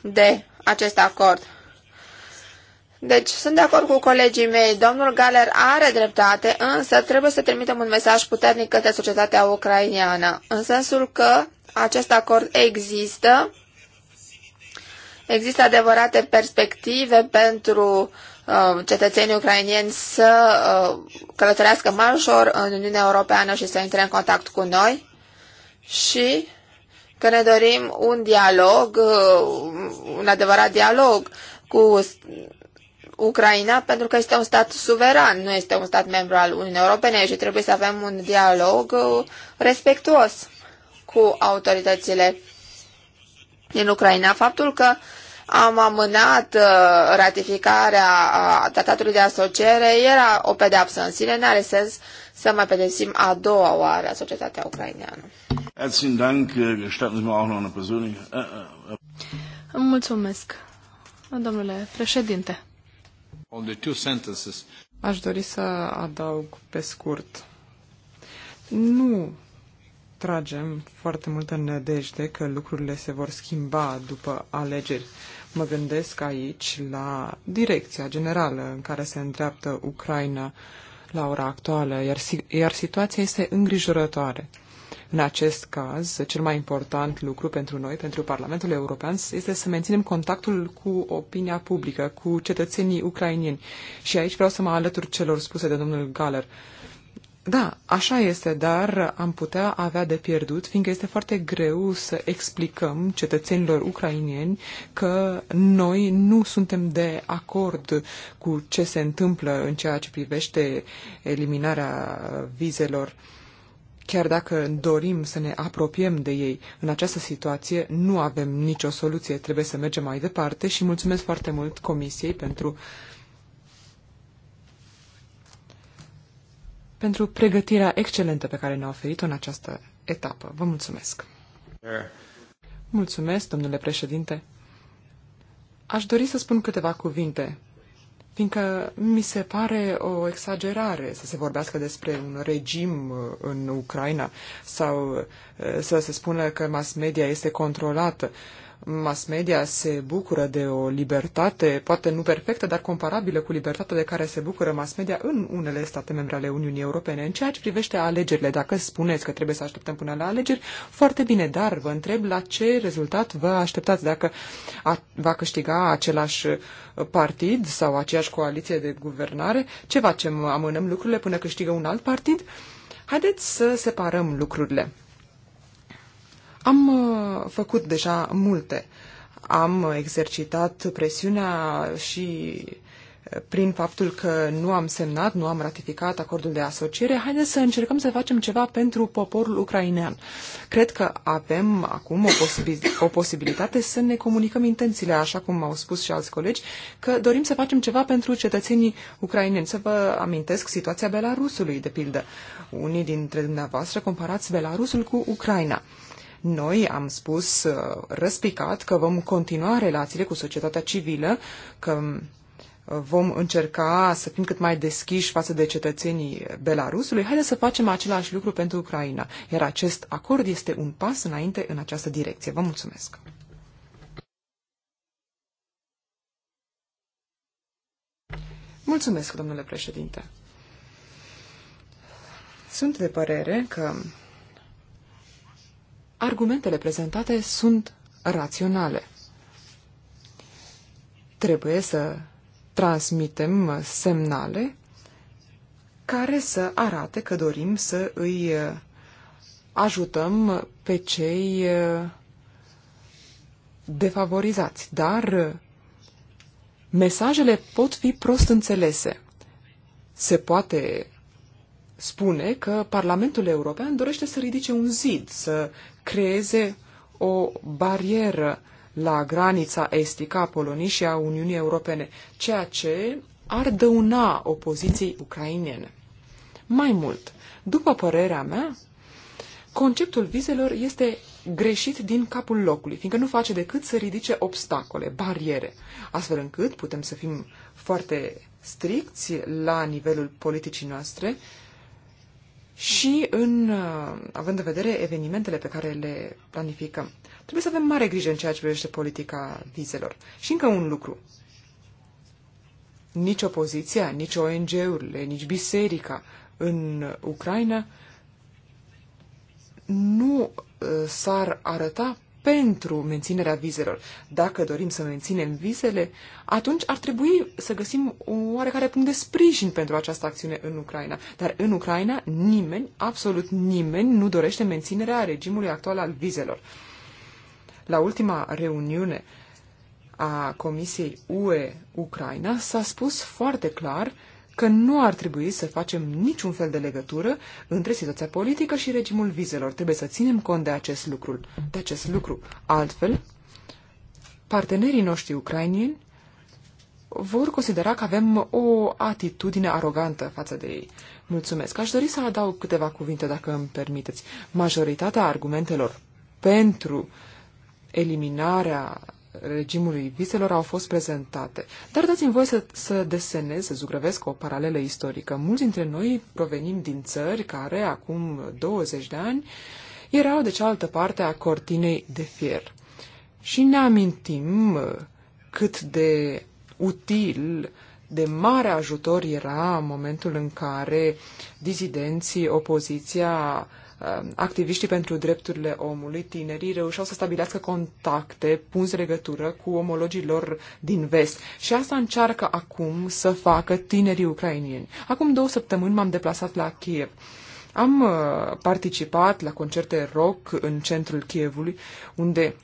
de acest acord. Deci sunt de acord cu colegii mei, domnul Galer are dreptate, însă trebuie să trimitem un mesaj puternic către societatea ucrainiană, în sensul că acest acord există, Există adevărate perspective pentru uh, cetățenii ucrainieni să uh, călătorească călătorească major în Uniunea Europeană și să intre în contact cu noi și că ne dorim un dialog, uh, un adevărat dialog cu Ucraina pentru că este un stat suveran, nu este un stat membru al Uniunii Europene și trebuie să avem un dialog respectuos cu autoritățile din Ucraina. Faptul că am amânat uh, ratificarea tratatului de asociere, era o pedeapsă în sine, n-are sens să mai pedepsim a doua oară societatea ucraineană. Äh, äh, äh. Mulțumesc, domnule președinte. Aș dori să adaug pe scurt. Nu tragem foarte multă nădejde că lucrurile se vor schimba după alegeri. Mă gândesc aici la direcția generală în care se îndreaptă Ucraina la ora actuală, iar, iar situația este îngrijorătoare. În acest caz, cel mai important lucru pentru noi, pentru Parlamentul European, este să menținem contactul cu opinia publică, cu cetățenii ucrainieni. Și aici vreau să mă alătur celor spuse de domnul Galer. Uh, da, așa este, dar am putea avea de pierdut, fiindcă este foarte greu să explicăm cetățenilor ucrainieni că noi nu suntem de acord cu ce se întâmplă în ceea ce privește eliminarea vizelor. Chiar dacă dorim să ne apropiem de ei în această situație, nu avem nicio soluție, trebuie să mergem mai departe și mulțumesc foarte mult Comisiei pentru uh, pentru pregătirea excelentă pe care ne-a oferit-o în această etapă. Vă mulțumesc! Mulțumesc, domnule președinte! Aș dori să spun câteva cuvinte, fiindcă mi se pare o exagerare să se vorbească despre un regim uh, în Ucraina sau uh, să se spună că mass media este controlată. Uh, mass media se bucură de o libertate, poate nu perfectă, dar comparabilă cu libertatea de care se bucură mass media în unele state membre ale Uniunii Europene. În ceea ce privește alegerile, dacă spuneți că trebuie să așteptăm până la alegeri, foarte bine, dar vă întreb la ce rezultat vă așteptați, dacă a, va câștiga același uh, partid sau aceeași coaliție de guvernare, ce facem, amânăm lucrurile până câștigă un alt partid? Haideți să separăm lucrurile. Am uh, făcut deja multe. Am exercitat presiunea și uh, prin faptul că nu am semnat, nu am ratificat acordul de asociere, haideți să încercăm să facem ceva pentru poporul ucrainean. Cred că avem acum o, posibil- o posibilitate să ne comunicăm intențiile, așa cum au spus și alți colegi, că dorim să facem ceva pentru cetățenii ucraineni. Să vă amintesc situația Belarusului, de pildă. Unii dintre dumneavoastră comparați Belarusul cu Ucraina. Uh, noi am spus uh, răspicat că vom continua relațiile cu societatea civilă, că uh, vom încerca să fim cât mai deschiși față de cetățenii Belarusului. Haideți să facem același lucru pentru Ucraina. Iar acest acord este un pas înainte în această direcție. Vă mulțumesc! Mulțumesc, domnule președinte. Sunt de părere că argumentele prezentate sunt raționale. Trebuie să transmitem semnale care să arate că dorim să îi uh, ajutăm pe cei uh, defavorizați, dar uh, mesajele pot fi prost înțelese. Se poate spune că Parlamentul European dorește să ridice un zid, să creeze o barieră la granița estică a Poloniei și a Uniunii Europene, ceea ce ar dăuna opoziției ucrainene. Mai mult, după părerea mea, conceptul vizelor este greșit din capul locului, fiindcă nu face decât să ridice obstacole, bariere, astfel încât putem să fim foarte stricți la nivelul politicii noastre și în, uh, având în vedere evenimentele pe care le planificăm. Trebuie să avem mare grijă în ceea ce privește politica vizelor. Și încă un lucru. Nici opoziția, nici ONG-urile, nici biserica în Ucraina nu uh, s-ar arăta pentru menținerea vizelor. Dacă dorim să menținem vizele, atunci ar trebui să găsim oarecare punct de sprijin pentru această acțiune în Ucraina. Dar în Ucraina nimeni, absolut nimeni, nu dorește menținerea regimului actual al vizelor. La ultima reuniune a Comisiei UE Ucraina s-a spus foarte clar uh, că nu ar trebui să facem niciun fel de legătură între situația politică și regimul vizelor. Trebuie să ținem cont de acest lucru. De acest lucru. Altfel, partenerii noștri ucrainieni vor considera că avem o atitudine arogantă față de ei. Mulțumesc. Aș dori să adaug câteva cuvinte, dacă îmi permiteți. Majoritatea argumentelor pentru eliminarea regimului viselor au fost prezentate. Dar dați-mi voi să, să desenez, să zugrăvesc o paralelă istorică. Mulți dintre noi provenim din țări care, acum 20 de ani, erau de cealaltă parte a cortinei de fier. Și ne amintim uh, cât de util, de mare ajutor era momentul în care dizidenții, opoziția, uh, Um, activiștii pentru drepturile omului, tinerii, reușeau să stabilească contacte, punți legătură cu omologii lor din vest. Și asta încearcă acum să facă tinerii ucrainieni. Acum două săptămâni m-am deplasat la Kiev. Am uh, participat la concerte rock în centrul Kievului, unde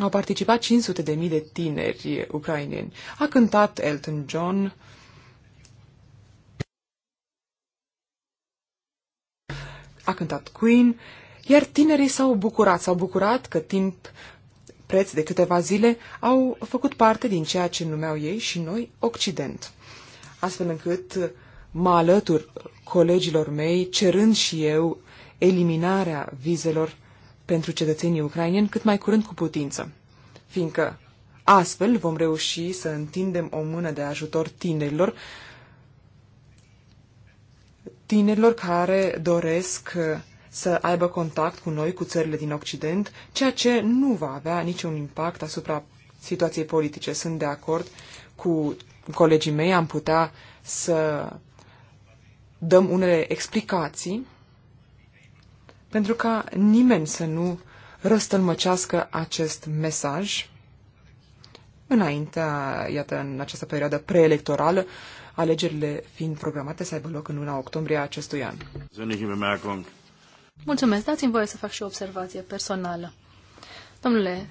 au participat 500.000 de tineri ucraineni. A cântat Elton John, a cântat Queen, iar tinerii s-au bucurat, s-au bucurat că timp preț de câteva zile au făcut parte din ceea ce numeau ei și noi Occident. Astfel încât mă alătur colegilor mei, cerând și eu eliminarea vizelor pentru cetățenii ucrainieni cât mai curând cu putință, fiindcă astfel vom reuși să întindem o mână de ajutor tinerilor tinerilor care doresc uh, să aibă contact cu noi, cu țările din Occident, ceea ce nu va avea niciun impact asupra situației politice. Sunt de acord cu colegii mei, am putea să dăm unele explicații pentru ca nimeni să nu răstălmăcească acest mesaj înaintea, iată, în această perioadă preelectorală, alegerile fiind programate să aibă loc în luna octombrie a acestui an. Mulțumesc, dați-mi voie să fac și o observație personală. Domnule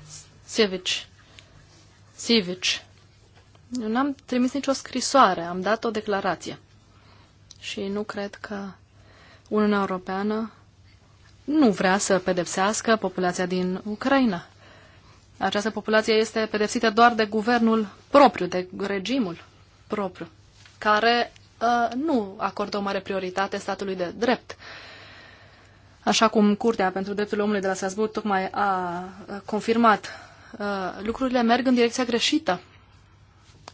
Sivici, Sivici, eu n-am trimis nicio scrisoare, am dat o declarație. Și nu cred că Uniunea Europeană nu vrea să pedepsească populația din Ucraina. Această populație este pedepsită doar de guvernul propriu, de regimul propriu care uh, nu acordă o mare prioritate statului de drept. Așa cum Curtea pentru Drepturile Omului de la Strasburg tocmai a confirmat, uh, lucrurile merg în direcția greșită.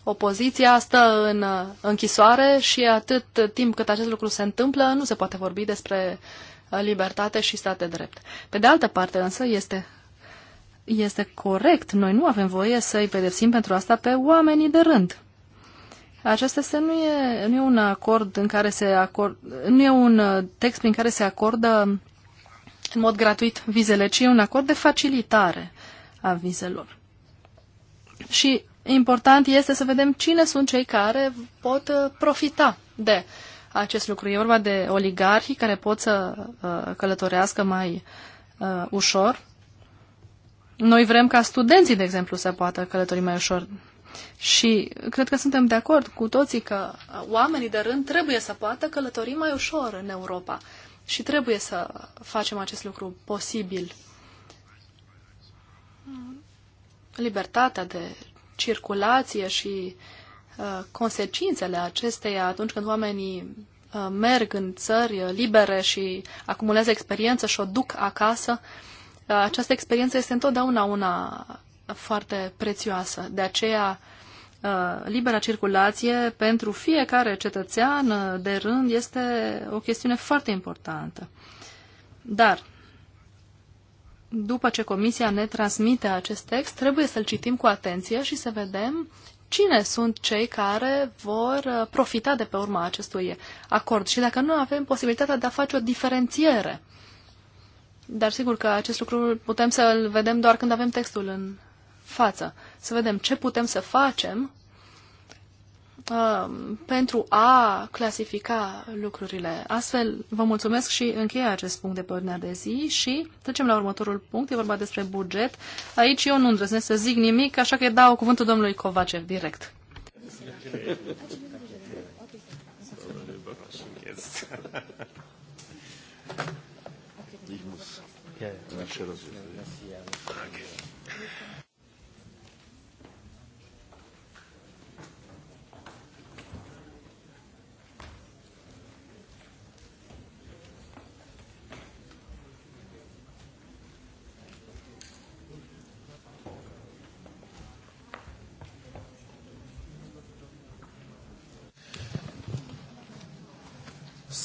Opoziția stă în ă, închisoare și atât timp cât acest lucru se întâmplă, nu se poate vorbi despre libertate și stat de drept. Pe de altă parte, însă, este este corect. Noi nu avem voie să îi pedepsim pentru asta pe oamenii de rând. Aceasta este, nu, e, nu e un acord în care se acord, nu e un uh, text prin care se acordă în mod gratuit vizele, ci e un acord de facilitare a vizelor. Și important este să vedem cine sunt cei care pot uh, profita de acest lucru. E vorba de oligarhi care pot să uh, călătorească mai ușor. Noi vrem ca studenții, de exemplu, să poată călători mai ușor și cred că suntem de acord cu toții că oamenii de rând trebuie să poată călători mai ușor în Europa și trebuie să facem acest lucru posibil. Libertatea de circulație și uh, consecințele acesteia atunci când oamenii uh, merg în țări uh, libere și acumulează experiență și o duc acasă, uh, această experiență este întotdeauna una foarte prețioasă. De aceea, uh, libera circulație pentru fiecare cetățean uh, de rând este o chestiune foarte importantă. Dar, după ce Comisia ne transmite acest text, trebuie să-l citim cu atenție și să vedem cine sunt cei care vor uh, profita de pe urma acestui acord și dacă nu avem posibilitatea de a face o diferențiere. Dar sigur că acest lucru putem să-l vedem doar când avem textul în față, să vedem ce putem să facem um, pentru a clasifica lucrurile. Astfel, vă mulțumesc și încheia acest punct de pe ordinea de zi și trecem la următorul punct, e vorba despre buget. Aici eu nu îndrăznesc să zic nimic, așa că dau cuvântul domnului Covacev direct. Ich muss. Ja, ja.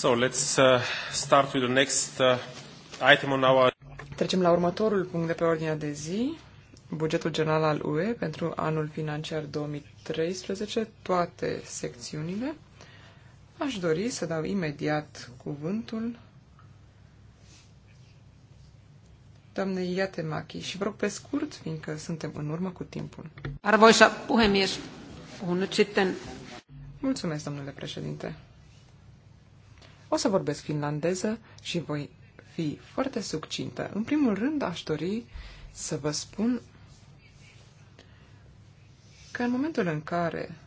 So let's uh, start with the next uh, item on our... Trecem la următorul punct de pe ordinea de zi, bugetul general al UE pentru anul financiar 2013, toate secțiunile. Aș dori să dau imediat cuvântul doamnei Iatemachi și vă rog pe scurt, fiindcă suntem în urmă cu timpul. Arvoisa puhemies, unu sitten... Mulțumesc, domnule președinte. O să vorbesc finlandeză și voi fi foarte succintă. În primul rând, aș dori să vă spun că în momentul în care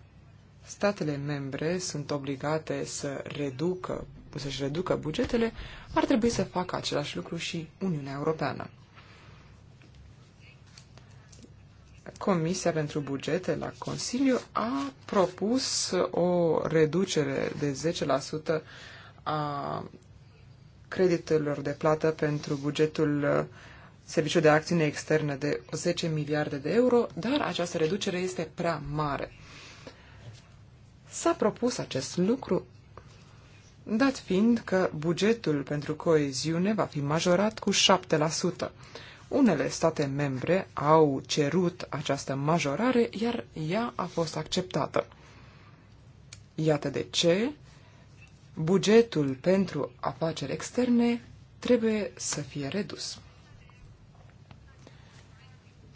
statele membre sunt obligate să reducă, să-și reducă bugetele, ar trebui să facă același lucru și Uniunea Europeană. Comisia pentru bugete la Consiliu a propus o reducere de 10% a creditelor de plată pentru bugetul uh, Serviciul de Acțiune Externă de 10 miliarde de euro, dar această reducere este prea mare. S-a propus acest lucru dat fiind că bugetul pentru coeziune va fi majorat cu 7%. Unele state membre au cerut această majorare, iar ea a fost acceptată. Iată de ce bugetul pentru afaceri externe trebuie să fie redus.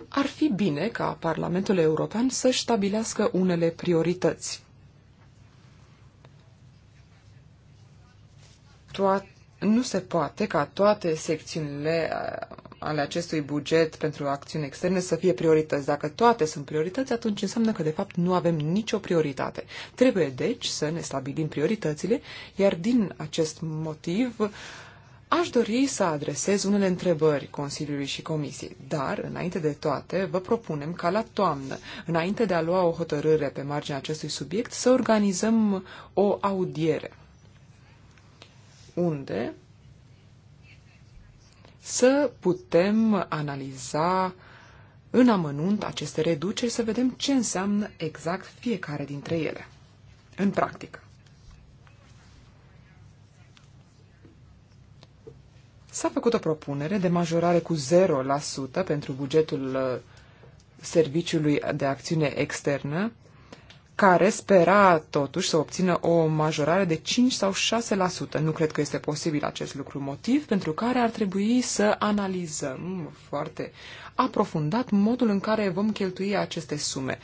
Ar fi bine ca Parlamentul European să-și stabilească unele priorități. Toat, nu se poate ca toate secțiunile ale acestui buget pentru acțiuni externe să fie priorități. Dacă toate sunt priorități, atunci înseamnă că, de fapt, nu avem nicio prioritate. Trebuie, deci, să ne stabilim prioritățile, iar din acest motiv aș dori să adresez unele întrebări Consiliului și Comisiei. Dar, înainte de toate, vă propunem ca la toamnă, înainte de a lua o hotărâre pe marginea acestui subiect, să organizăm o audiere unde să putem analiza în amănunt aceste reduceri, să vedem ce înseamnă exact fiecare dintre ele, în practică. S-a făcut o propunere de majorare cu 0% pentru bugetul uh, serviciului de acțiune externă care spera totuși să obțină o majorare de 5 sau 6%. Nu cred că este posibil acest lucru, motiv pentru care ar trebui să analizăm foarte aprofundat modul în care vom cheltui aceste sume.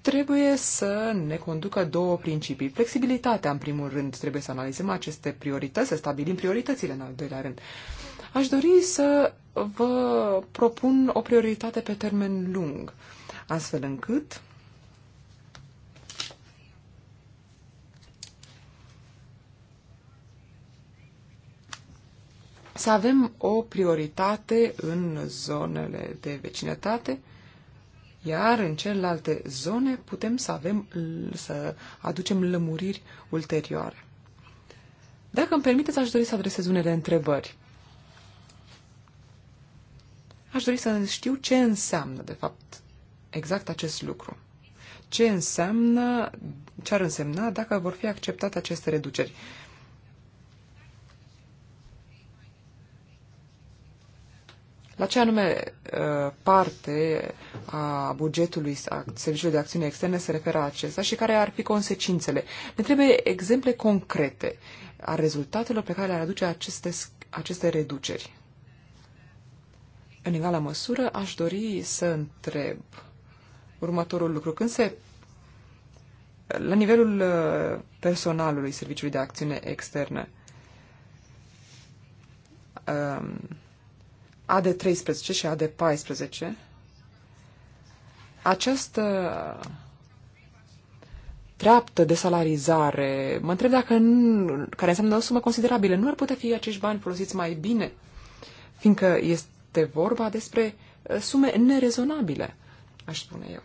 Trebuie să ne conducă două principii. Flexibilitatea, în primul rând, trebuie să analizăm aceste priorități, să stabilim prioritățile, în al doilea rând. Aș dori să vă propun o prioritate pe termen lung, astfel încât să avem o prioritate în zonele de vecinătate, iar în celelalte zone putem să, avem, să aducem lămuriri ulterioare. Dacă îmi permiteți, aș dori să adresez unele întrebări. Aș dori să știu ce înseamnă, de fapt, exact acest lucru. Ce înseamnă, ce ar însemna dacă vor fi acceptate aceste reduceri. Uh, La ce anume uh, parte a bugetului a Serviciului de Acțiune Externe se referă acesta și care ar fi consecințele? Ne trebuie exemple concrete a rezultatelor pe care le-ar aduce aceste, aceste reduceri. În egală măsură, aș dori să întreb următorul lucru. Când se la nivelul uh, personalului Serviciului de Acțiune Externă, um, AD13 și AD14, această treaptă de salarizare, mă întreb dacă, în, care înseamnă o sumă considerabilă, nu ar putea fi acești bani folosiți mai bine, fiindcă este vorba despre uh, sume nerezonabile, aș spune eu.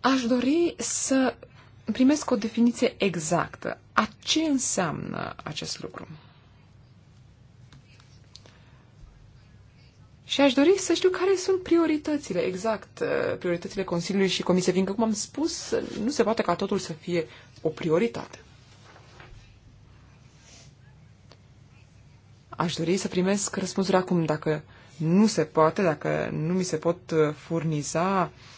Aș dori să primesc o definiție exactă a ce înseamnă acest lucru. Și aș dori să știu care sunt prioritățile, exact, uh, prioritățile Consiliului și Comisiei, fiindcă, cum am spus, nu se poate ca totul să fie o prioritate. Aș dori să primesc răspunsuri acum, dacă nu se poate, dacă nu mi se pot uh, furniza uh,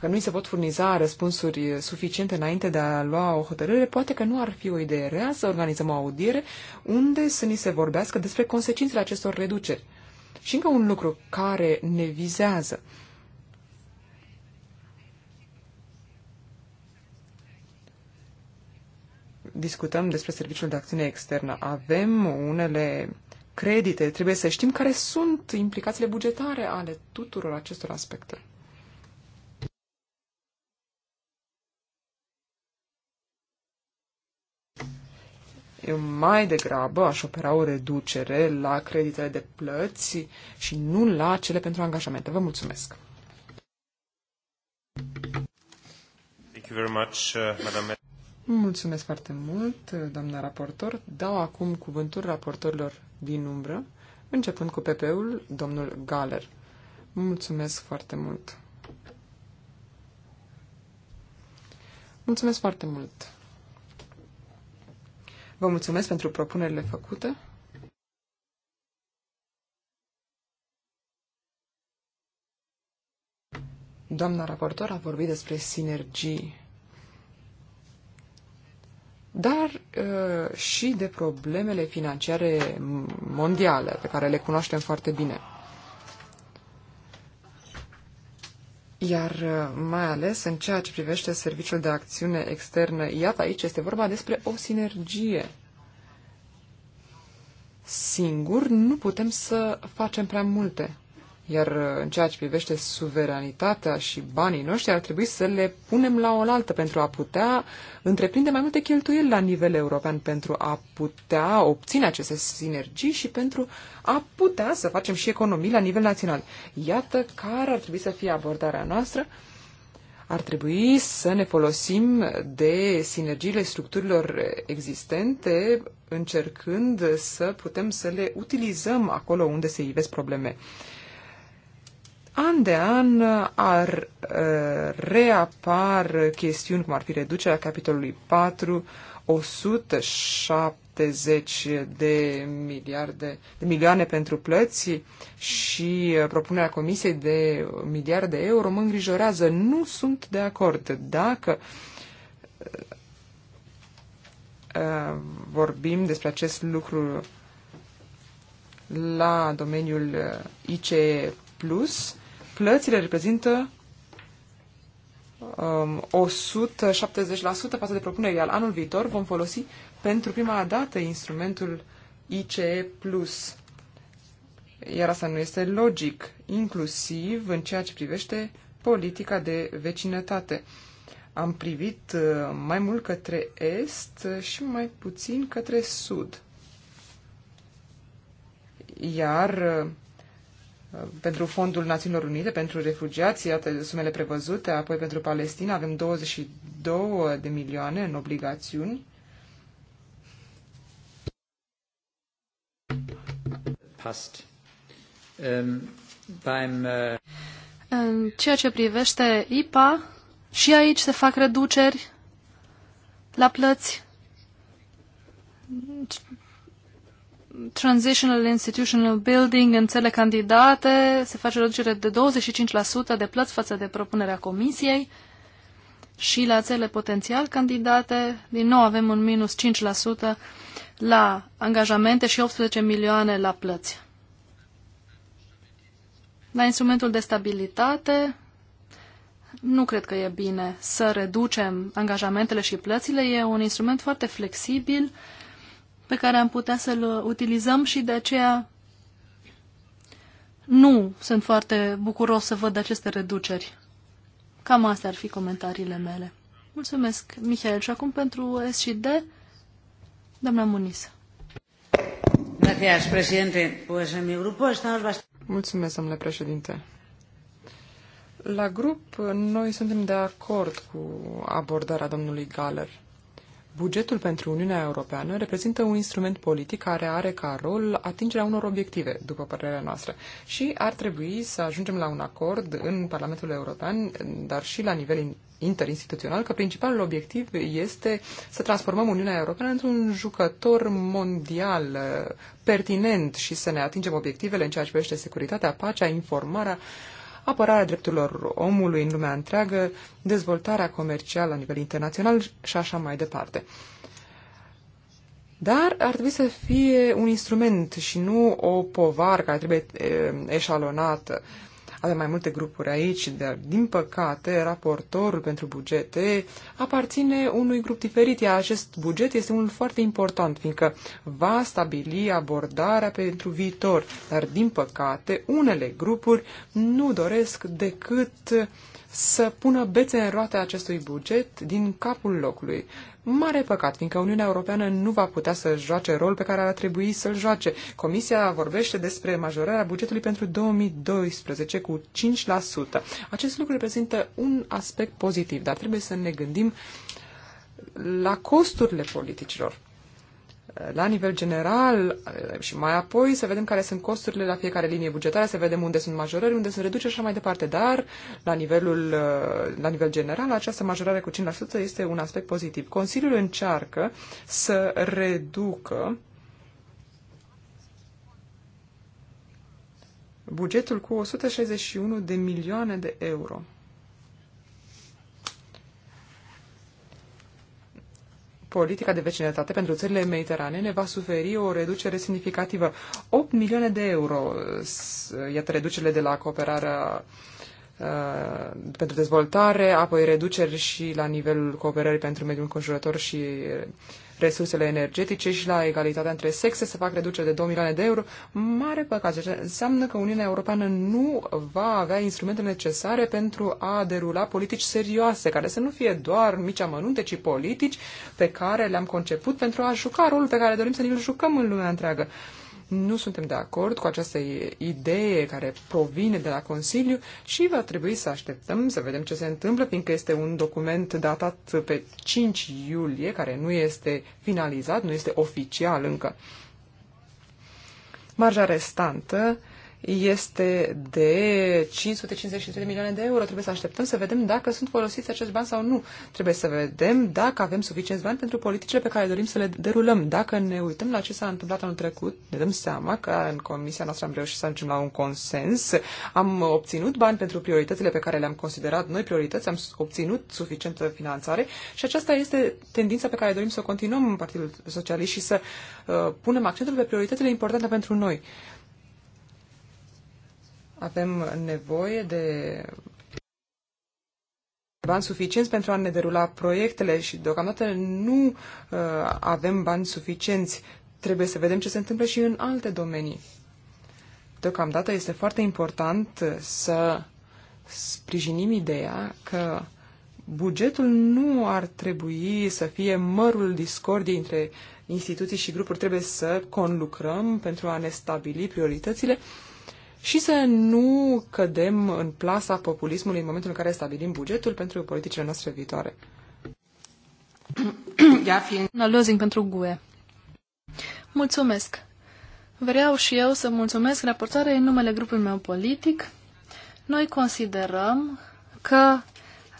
dacă nu îi se pot furniza răspunsuri suficiente înainte de a lua o hotărâre, poate că nu ar fi o idee rea să organizăm o audiere unde să ni se vorbească despre consecințele acestor reduceri. Și încă un lucru care ne vizează. Discutăm despre Serviciul de Acțiune Externă. Avem unele credite, trebuie să știm care sunt implicațiile bugetare ale tuturor acestor aspecte. mai degrabă aș opera o reducere la creditele de plăți și nu la cele pentru angajamente. Vă mulțumesc! Thank you very much, uh, Madame. Mulțumesc foarte mult, doamna raportor. Dau acum cuvântul raportorilor din umbră, începând cu PP-ul, domnul Galer. Mulțumesc foarte mult! Mulțumesc foarte mult! Vă mulțumesc pentru propunerile făcute. Doamna raportor a vorbit despre sinergii, dar uh, și de problemele financiare mondiale, pe care le cunoaștem foarte bine. Iar uh, mai ales în ceea ce privește serviciul de acțiune externă, iată aici este vorba despre o sinergie. Singur nu putem să facem prea multe. Iar uh, în ceea ce privește suveranitatea și banii noștri, ar trebui să le punem la oaltă pentru a putea întreprinde mai multe cheltuieli la nivel european, pentru a putea obține aceste sinergii și pentru a putea să facem și economii la nivel național. Iată care ar trebui să fie abordarea noastră. Ar trebui să ne folosim de sinergiile structurilor existente, încercând să putem să le utilizăm acolo unde se ivesc probleme an de an ar uh, reapar chestiuni cum ar fi reducerea capitolului 4, 170 de miliarde de milioane pentru plăți și uh, propunerea comisiei de miliarde de euro mă îngrijorează. Nu sunt de acord. Dacă uh, vorbim despre acest lucru la domeniul ICE Plus, Plățile reprezintă um, 170% față de propunere, iar anul viitor vom folosi pentru prima dată instrumentul ICE+. Iar asta nu este logic, inclusiv în ceea ce privește politica de vecinătate. Am privit uh, mai mult către est și mai puțin către sud. Iar uh, pentru Fondul Națiunilor Unite, pentru refugiați, iată sumele prevăzute, apoi pentru Palestina avem 22 de milioane în obligațiuni. Past. Um, În ceea ce privește IPA, și aici se fac reduceri la plăți Transitional Institutional Building în țele candidate se face o reducere de 25% de plăți față de propunerea comisiei și la țele potențial candidate, din nou avem un minus 5% la angajamente și 18 milioane la plăți. La instrumentul de stabilitate, nu cred că e bine să reducem angajamentele și plățile. E un instrument foarte flexibil uh, pe care am putea să-l utilizăm și de aceea nu sunt foarte bucuros să văd aceste reduceri. Cam astea ar fi comentariile mele. Mulțumesc, Mihail. Și acum pentru S și D, doamna Muniz. Mulțumesc, domnule președinte. La grup, noi suntem de acord cu abordarea domnului Galler. Bugetul pentru Uniunea Europeană reprezintă un instrument politic care are ca rol atingerea unor obiective, după părerea noastră, și ar trebui să ajungem la un acord în Parlamentul European, dar și la nivel interinstituțional, că principalul obiectiv este să transformăm Uniunea Europeană într-un jucător mondial uh, pertinent și să ne atingem obiectivele în ceea ce privește securitatea, pacea, informarea, apărarea drepturilor omului în lumea întreagă, dezvoltarea comercială la nivel internațional și așa mai departe. Dar ar trebui să fie un instrument și nu o povară care trebuie eh, eșalonată. Uh, avem mai multe grupuri aici, dar din păcate raportorul pentru bugete aparține unui grup diferit, iar acest buget este unul foarte important, fiindcă va stabili abordarea pentru viitor, dar din păcate unele grupuri nu doresc decât să pună bețe în roate acestui buget din capul locului. Mare păcat, fiindcă Uniunea Europeană nu va putea să joace rol pe care ar trebui să-l joace. Comisia vorbește despre majorarea bugetului pentru 2012 cu 5%. Acest lucru reprezintă un aspect pozitiv, dar trebuie să ne gândim la costurile politicilor la nivel general uh, și mai apoi să vedem care sunt costurile la fiecare linie bugetară, să vedem unde sunt majorări, unde sunt reduceri și așa mai departe. Dar, la, nivelul, uh, la nivel general, această majorare cu 5% este un aspect pozitiv. Consiliul încearcă să reducă bugetul cu 161 de milioane de euro. politica de vecinătate pentru țările mediteranene va suferi o reducere semnificativă. 8 milioane de euro, iată reducerile de la cooperarea uh, pentru dezvoltare, apoi reduceri și la nivelul cooperării pentru mediul înconjurător și resursele energetice și la egalitatea între sexe se fac reduceri de 2 milioane de euro. Mare păcat. ce înseamnă că Uniunea Europeană nu va avea instrumentele necesare pentru a derula politici serioase, care să nu fie doar mici amănunte, ci politici pe care le-am conceput pentru a juca rolul pe care dorim să ne-l jucăm în lumea întreagă. Nu suntem de acord cu această idee care provine de la Consiliu și va trebui să așteptăm să vedem ce se întâmplă, fiindcă este un document datat pe 5 iulie, care nu este finalizat, nu este oficial încă. Marja restantă este de 553 de milioane de euro. Trebuie să așteptăm să vedem dacă sunt folosiți acești bani sau nu. Trebuie să vedem dacă avem suficienți bani pentru politicile pe care dorim să le derulăm. Dacă ne uităm la ce s-a întâmplat anul trecut, ne dăm seama că în comisia noastră am reușit să ajungem la un consens. Am obținut bani pentru prioritățile pe care le-am considerat noi priorități, am obținut suficientă finanțare și aceasta este tendința pe care dorim să o continuăm în Partidul Socialist și să uh, punem accentul pe prioritățile importante pentru noi. Avem nevoie de bani suficienți pentru a ne derula proiectele și deocamdată nu uh, avem bani suficienți. Trebuie să vedem ce se întâmplă și în alte domenii. Deocamdată este foarte important să sprijinim ideea că bugetul nu ar trebui să fie mărul discordiei între instituții și grupuri. Trebuie să conlucrăm pentru a ne stabili prioritățile uh, și să nu cădem în plasa populismului în momentul în care stabilim bugetul pentru politicile noastre viitoare. (clears throat) Ia pentru GUE. Mulțumesc! Vreau și eu să mulțumesc raportoarei în numele grupului meu politic. Noi considerăm că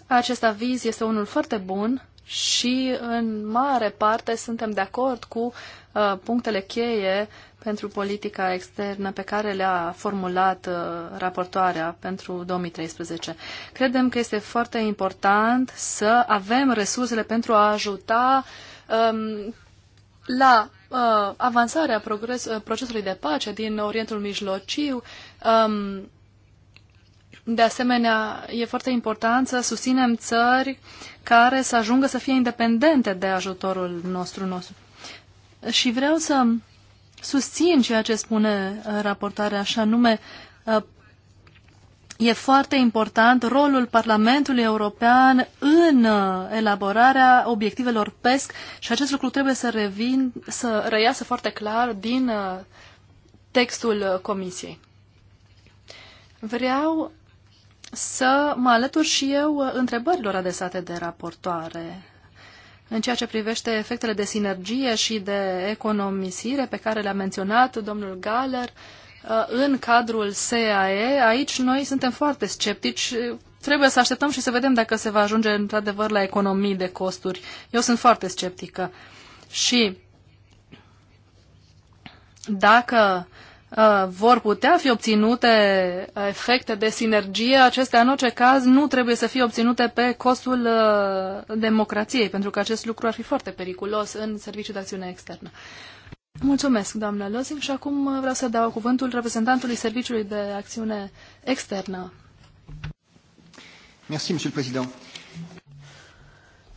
acest aviz este unul foarte bun și în mare parte suntem de acord cu uh, punctele cheie pentru politica externă pe care le-a formulat uh, raportoarea pentru 2013. Credem că este foarte important să avem resursele pentru a ajuta um, la uh, avansarea progres, uh, procesului de pace din Orientul Mijlociu, um, de asemenea, e foarte important să susținem țări care să ajungă să fie independente de ajutorul nostru nostru. Și vreau să susțin ceea ce spune uh, raportarea, așa nume, uh, e foarte important rolul Parlamentului European în uh, elaborarea obiectivelor PESC și acest lucru trebuie să, revin, să reiasă foarte clar din textul Comisiei. Vreau să mă alătur și eu întrebărilor adesate de raportoare în ceea ce privește efectele de sinergie și de economisire pe care le-a menționat domnul Galler uh, în cadrul SAE. Aici noi suntem foarte sceptici. Trebuie să așteptăm și să vedem dacă se va ajunge într-adevăr la economii de costuri. Eu sunt foarte sceptică. Și dacă uh, Uh, vor putea fi obținute efecte de sinergie, acestea în orice caz nu trebuie să fie obținute pe costul uh, democrației, pentru că acest lucru ar fi foarte periculos în serviciul de acțiune externă. Mulțumesc, doamnă Lozing, și acum vreau să dau cuvântul reprezentantului Serviciului de Acțiune Externă. Merci, monsieur le président.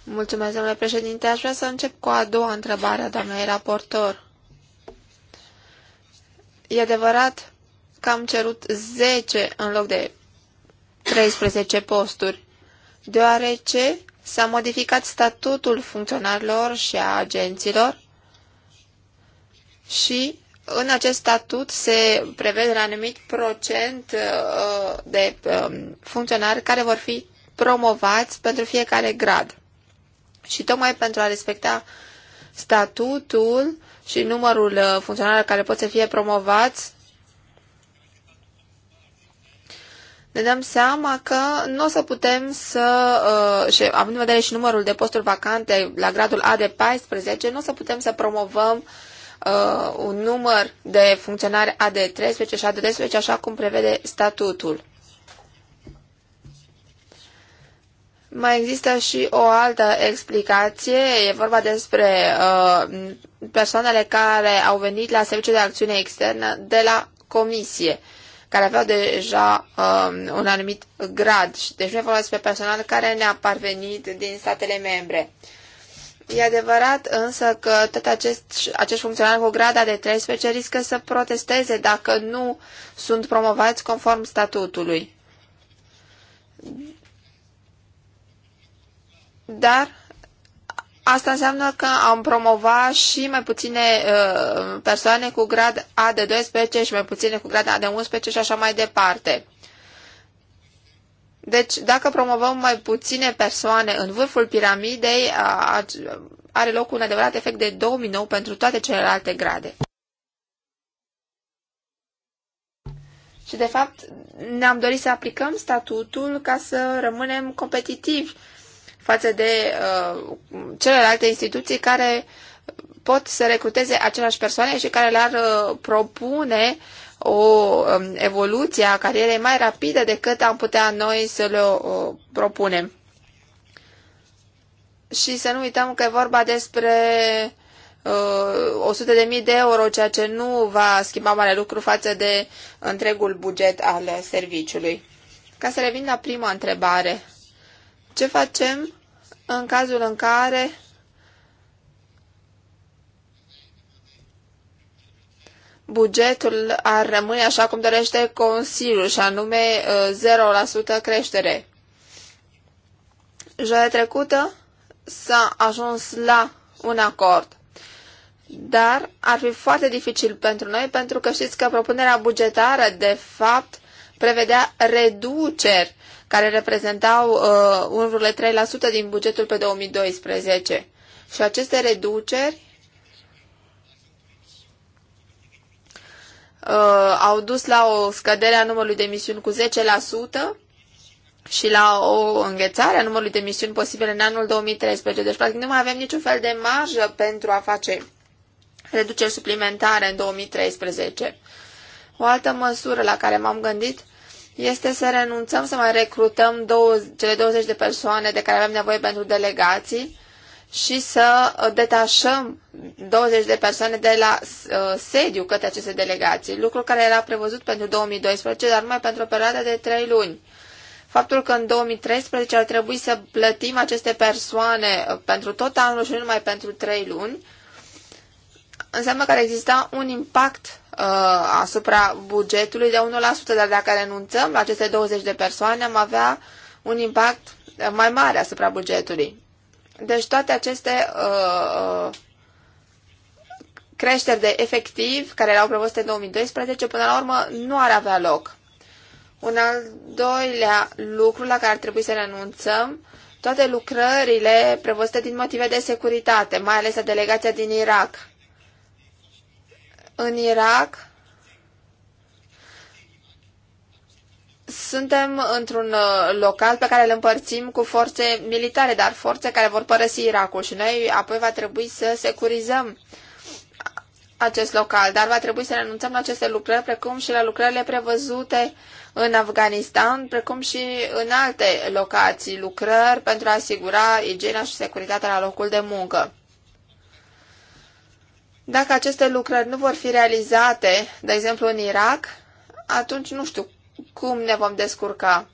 Mulțumesc, domnule președinte. Aș vrea să încep cu a doua întrebare a doamnei raportor. E adevărat că am cerut 10 în loc de 13 posturi, deoarece s-a modificat statutul funcționarilor și a agenților și în acest statut se prevede un anumit procent uh, de um, funcționari care vor fi promovați pentru fiecare grad. Și tocmai pentru a respecta statutul, și numărul uh, funcționarilor care pot să fie promovați, ne dăm seama că nu o să putem să, uh, și având în vedere și numărul de posturi vacante la gradul A de 14, nu o să putem să promovăm uh, un număr de funcționari A de 13 și A de 12, așa cum prevede statutul. Mai există și o altă explicație, e vorba despre uh, persoanele care au venit la serviciul de acțiune externă de la comisie, care aveau deja uh, un anumit grad. Deci nu e vorba despre personal care ne-a parvenit din statele membre. E adevărat însă că tot acest, acest funcționar cu grada de 13 riscă să protesteze dacă nu sunt promovați conform statutului dar asta înseamnă că am promova și mai puține uh, persoane cu grad A de 12 și mai puține cu grad A de 11 și așa mai departe. Deci, dacă promovăm mai puține persoane în vârful piramidei, are loc un adevărat efect de 2009 pentru toate celelalte grade. Și, de fapt, ne-am dorit să aplicăm statutul ca să rămânem competitivi față de uh, celelalte instituții care pot să recruteze aceleași persoane și care le-ar uh, propune o um, evoluție a carierei mai rapidă decât am putea noi să le uh, propunem. Și să nu uităm că e vorba despre 100 uh, de mii de euro, ceea ce nu va schimba mare lucru față de întregul buget al serviciului. Ca să revin la prima întrebare. Ce facem în cazul în care bugetul ar rămâne așa cum dorește Consiliul, și anume 0% uh, creștere. Joia trecută s-a ajuns la un acord. Dar ar fi foarte dificil pentru noi, pentru că știți că propunerea bugetară, de fapt, prevedea reduceri care reprezentau uh, 1,3% din bugetul pe 2012. Și aceste reduceri uh, au dus la o scădere a numărului de misiuni cu 10% și la o înghețare a numărului de misiuni posibile în anul 2013. Deci, practic, nu mai avem niciun fel de marjă pentru a face reduceri suplimentare în 2013. O altă măsură la care m-am gândit este să renunțăm să mai recrutăm 20, cele 20 de persoane de care avem nevoie pentru delegații și să uh, detașăm 20 de persoane de la uh, sediu către aceste delegații, lucru care era prevăzut pentru 2012, dar numai pentru o perioadă de 3 luni. Faptul că în 2013 ar trebui să plătim aceste persoane uh, pentru tot anul și nu numai pentru 3 luni, înseamnă că ar exista un impact Uh, asupra bugetului de 1%, dar dacă renunțăm la aceste 20 de persoane, am avea un impact uh, mai mare asupra bugetului. Deci toate aceste uh, uh creșteri de efectiv, care erau prevăzute în 2012, până la urmă nu ar avea loc. Un al doilea lucru la care ar trebui să renunțăm, toate lucrările prevăzute din motive de securitate, mai ales a delegația din Irak, în Irak suntem într-un uh, local pe care îl împărțim cu forțe militare, dar forțe care vor părăsi Irakul și noi apoi va trebui să securizăm acest local, dar va trebui să renunțăm la aceste lucrări, precum și la lucrările prevăzute în Afganistan, precum și în alte locații, lucrări pentru a asigura igiena și securitatea la locul de muncă. Dacă aceste lucrări nu vor fi realizate, de exemplu în Irak, atunci nu știu cum ne vom descurca.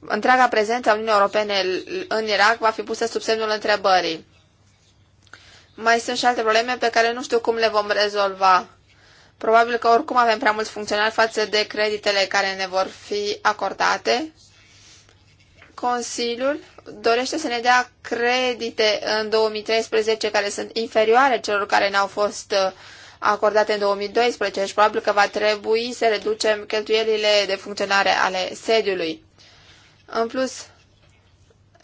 Întreaga prezență a Uniunii Europene în Irak va fi pusă sub semnul întrebării. Mai sunt și alte probleme pe care nu știu cum le vom rezolva. Probabil că oricum avem prea mulți funcționari față de creditele care ne vor fi acordate. Consiliul dorește să ne dea credite în 2013 care sunt inferioare celor care ne-au fost uh, acordate în 2012 și deci probabil că va trebui să reducem cheltuielile de funcționare ale sediului. În plus,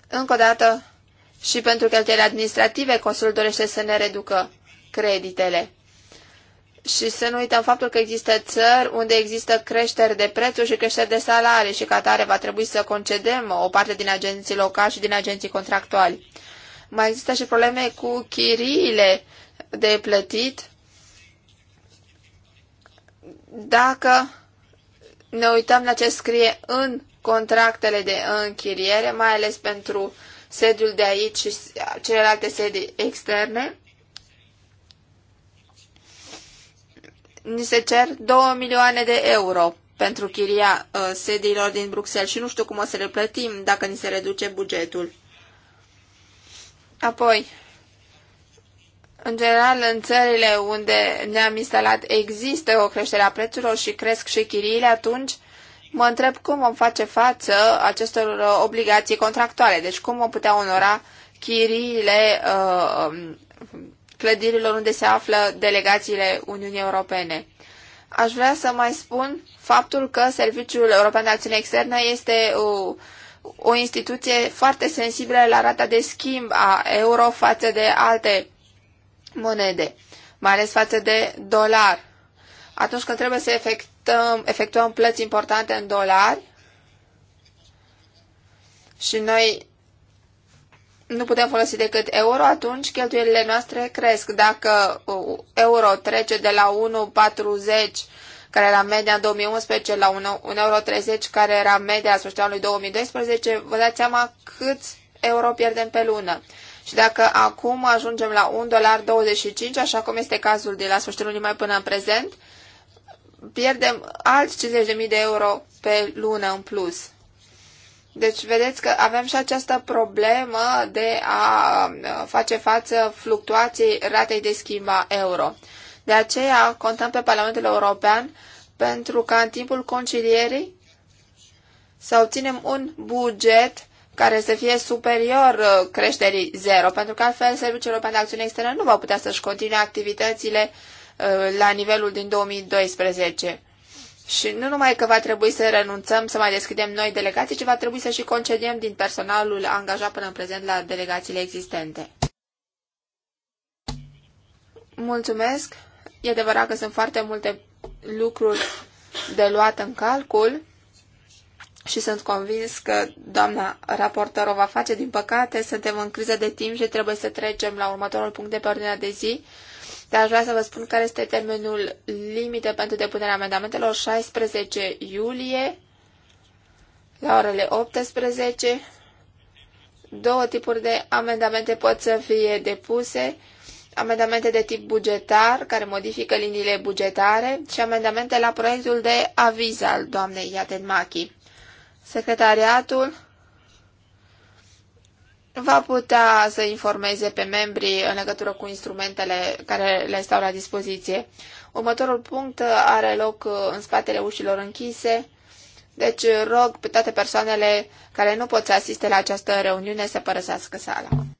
încă o dată, și pentru cheltuielile administrative, Consiliul dorește să ne reducă creditele și să nu uităm faptul că există țări unde există creșteri de prețuri și creșteri de salarii și ca tare va trebui să concedem o parte din agenții locali și din agenții contractuali. Mai există și probleme cu chiriile de plătit. Dacă ne uităm la ce scrie în contractele de închiriere, mai ales pentru sediul de aici și celelalte sedii externe, ni se cer 2 milioane de euro pentru chiria uh, sediilor din Bruxelles și nu știu cum o să le plătim dacă ni se reduce bugetul. Apoi, în general, în țările unde ne-am instalat există o creștere a prețurilor și cresc și chiriile, atunci mă întreb cum vom face față acestor uh, obligații contractuale, deci cum vom putea onora chiriile uh, um, clădirilor unde se află delegațiile Uniunii Europene. Aș vrea să mai spun faptul că Serviciul European de Acțiune Externă este o, uh, o instituție foarte sensibilă la rata de schimb a euro față de alte monede, mai ales față de dolar. Atunci când trebuie să efectăm, efectuăm plăți importante în dolari și noi nu putem folosi decât euro, atunci cheltuielile noastre cresc. Dacă uh, euro trece de la 1,40 care era media în 2011 la 1,30 euro care era media la sfârșitul anului 2012, vă dați seama câți euro pierdem pe lună. Și dacă acum ajungem la 1,25 așa cum este cazul de la sfârșitul lunii mai până în prezent, pierdem alți 50.000 de euro pe lună în plus. Deci vedeți că avem și această problemă de a uh, face față fluctuației ratei de schimb a euro. De aceea contăm pe Parlamentul European pentru ca în timpul concilierii să obținem un buget care să fie superior uh, creșterii zero, pentru că altfel Serviciul European de Acțiune Externă nu va putea să-și continue activitățile uh, la nivelul din 2012. Și nu numai că va trebui să renunțăm să mai deschidem noi delegații, ci va trebui să și concediem din personalul angajat până în prezent la delegațiile existente. Mulțumesc! E adevărat că sunt foarte multe lucruri de luat în calcul și sunt convins că doamna raportor o va face. Din păcate, suntem în criză de timp și trebuie să trecem la următorul punct de pe ordinea de zi dar aș vrea să vă spun care este termenul limită pentru depunerea amendamentelor, 16 iulie, la orele 18. Două tipuri de amendamente pot să fie depuse, amendamente de tip bugetar, care modifică liniile bugetare, și amendamente la proiectul de aviz al doamnei Machi. Secretariatul va putea să informeze pe membrii în legătură cu instrumentele care le stau la dispoziție. Următorul punct are loc în spatele ușilor închise, deci rog pe toate persoanele care nu pot să asiste la această reuniune să părăsească sala.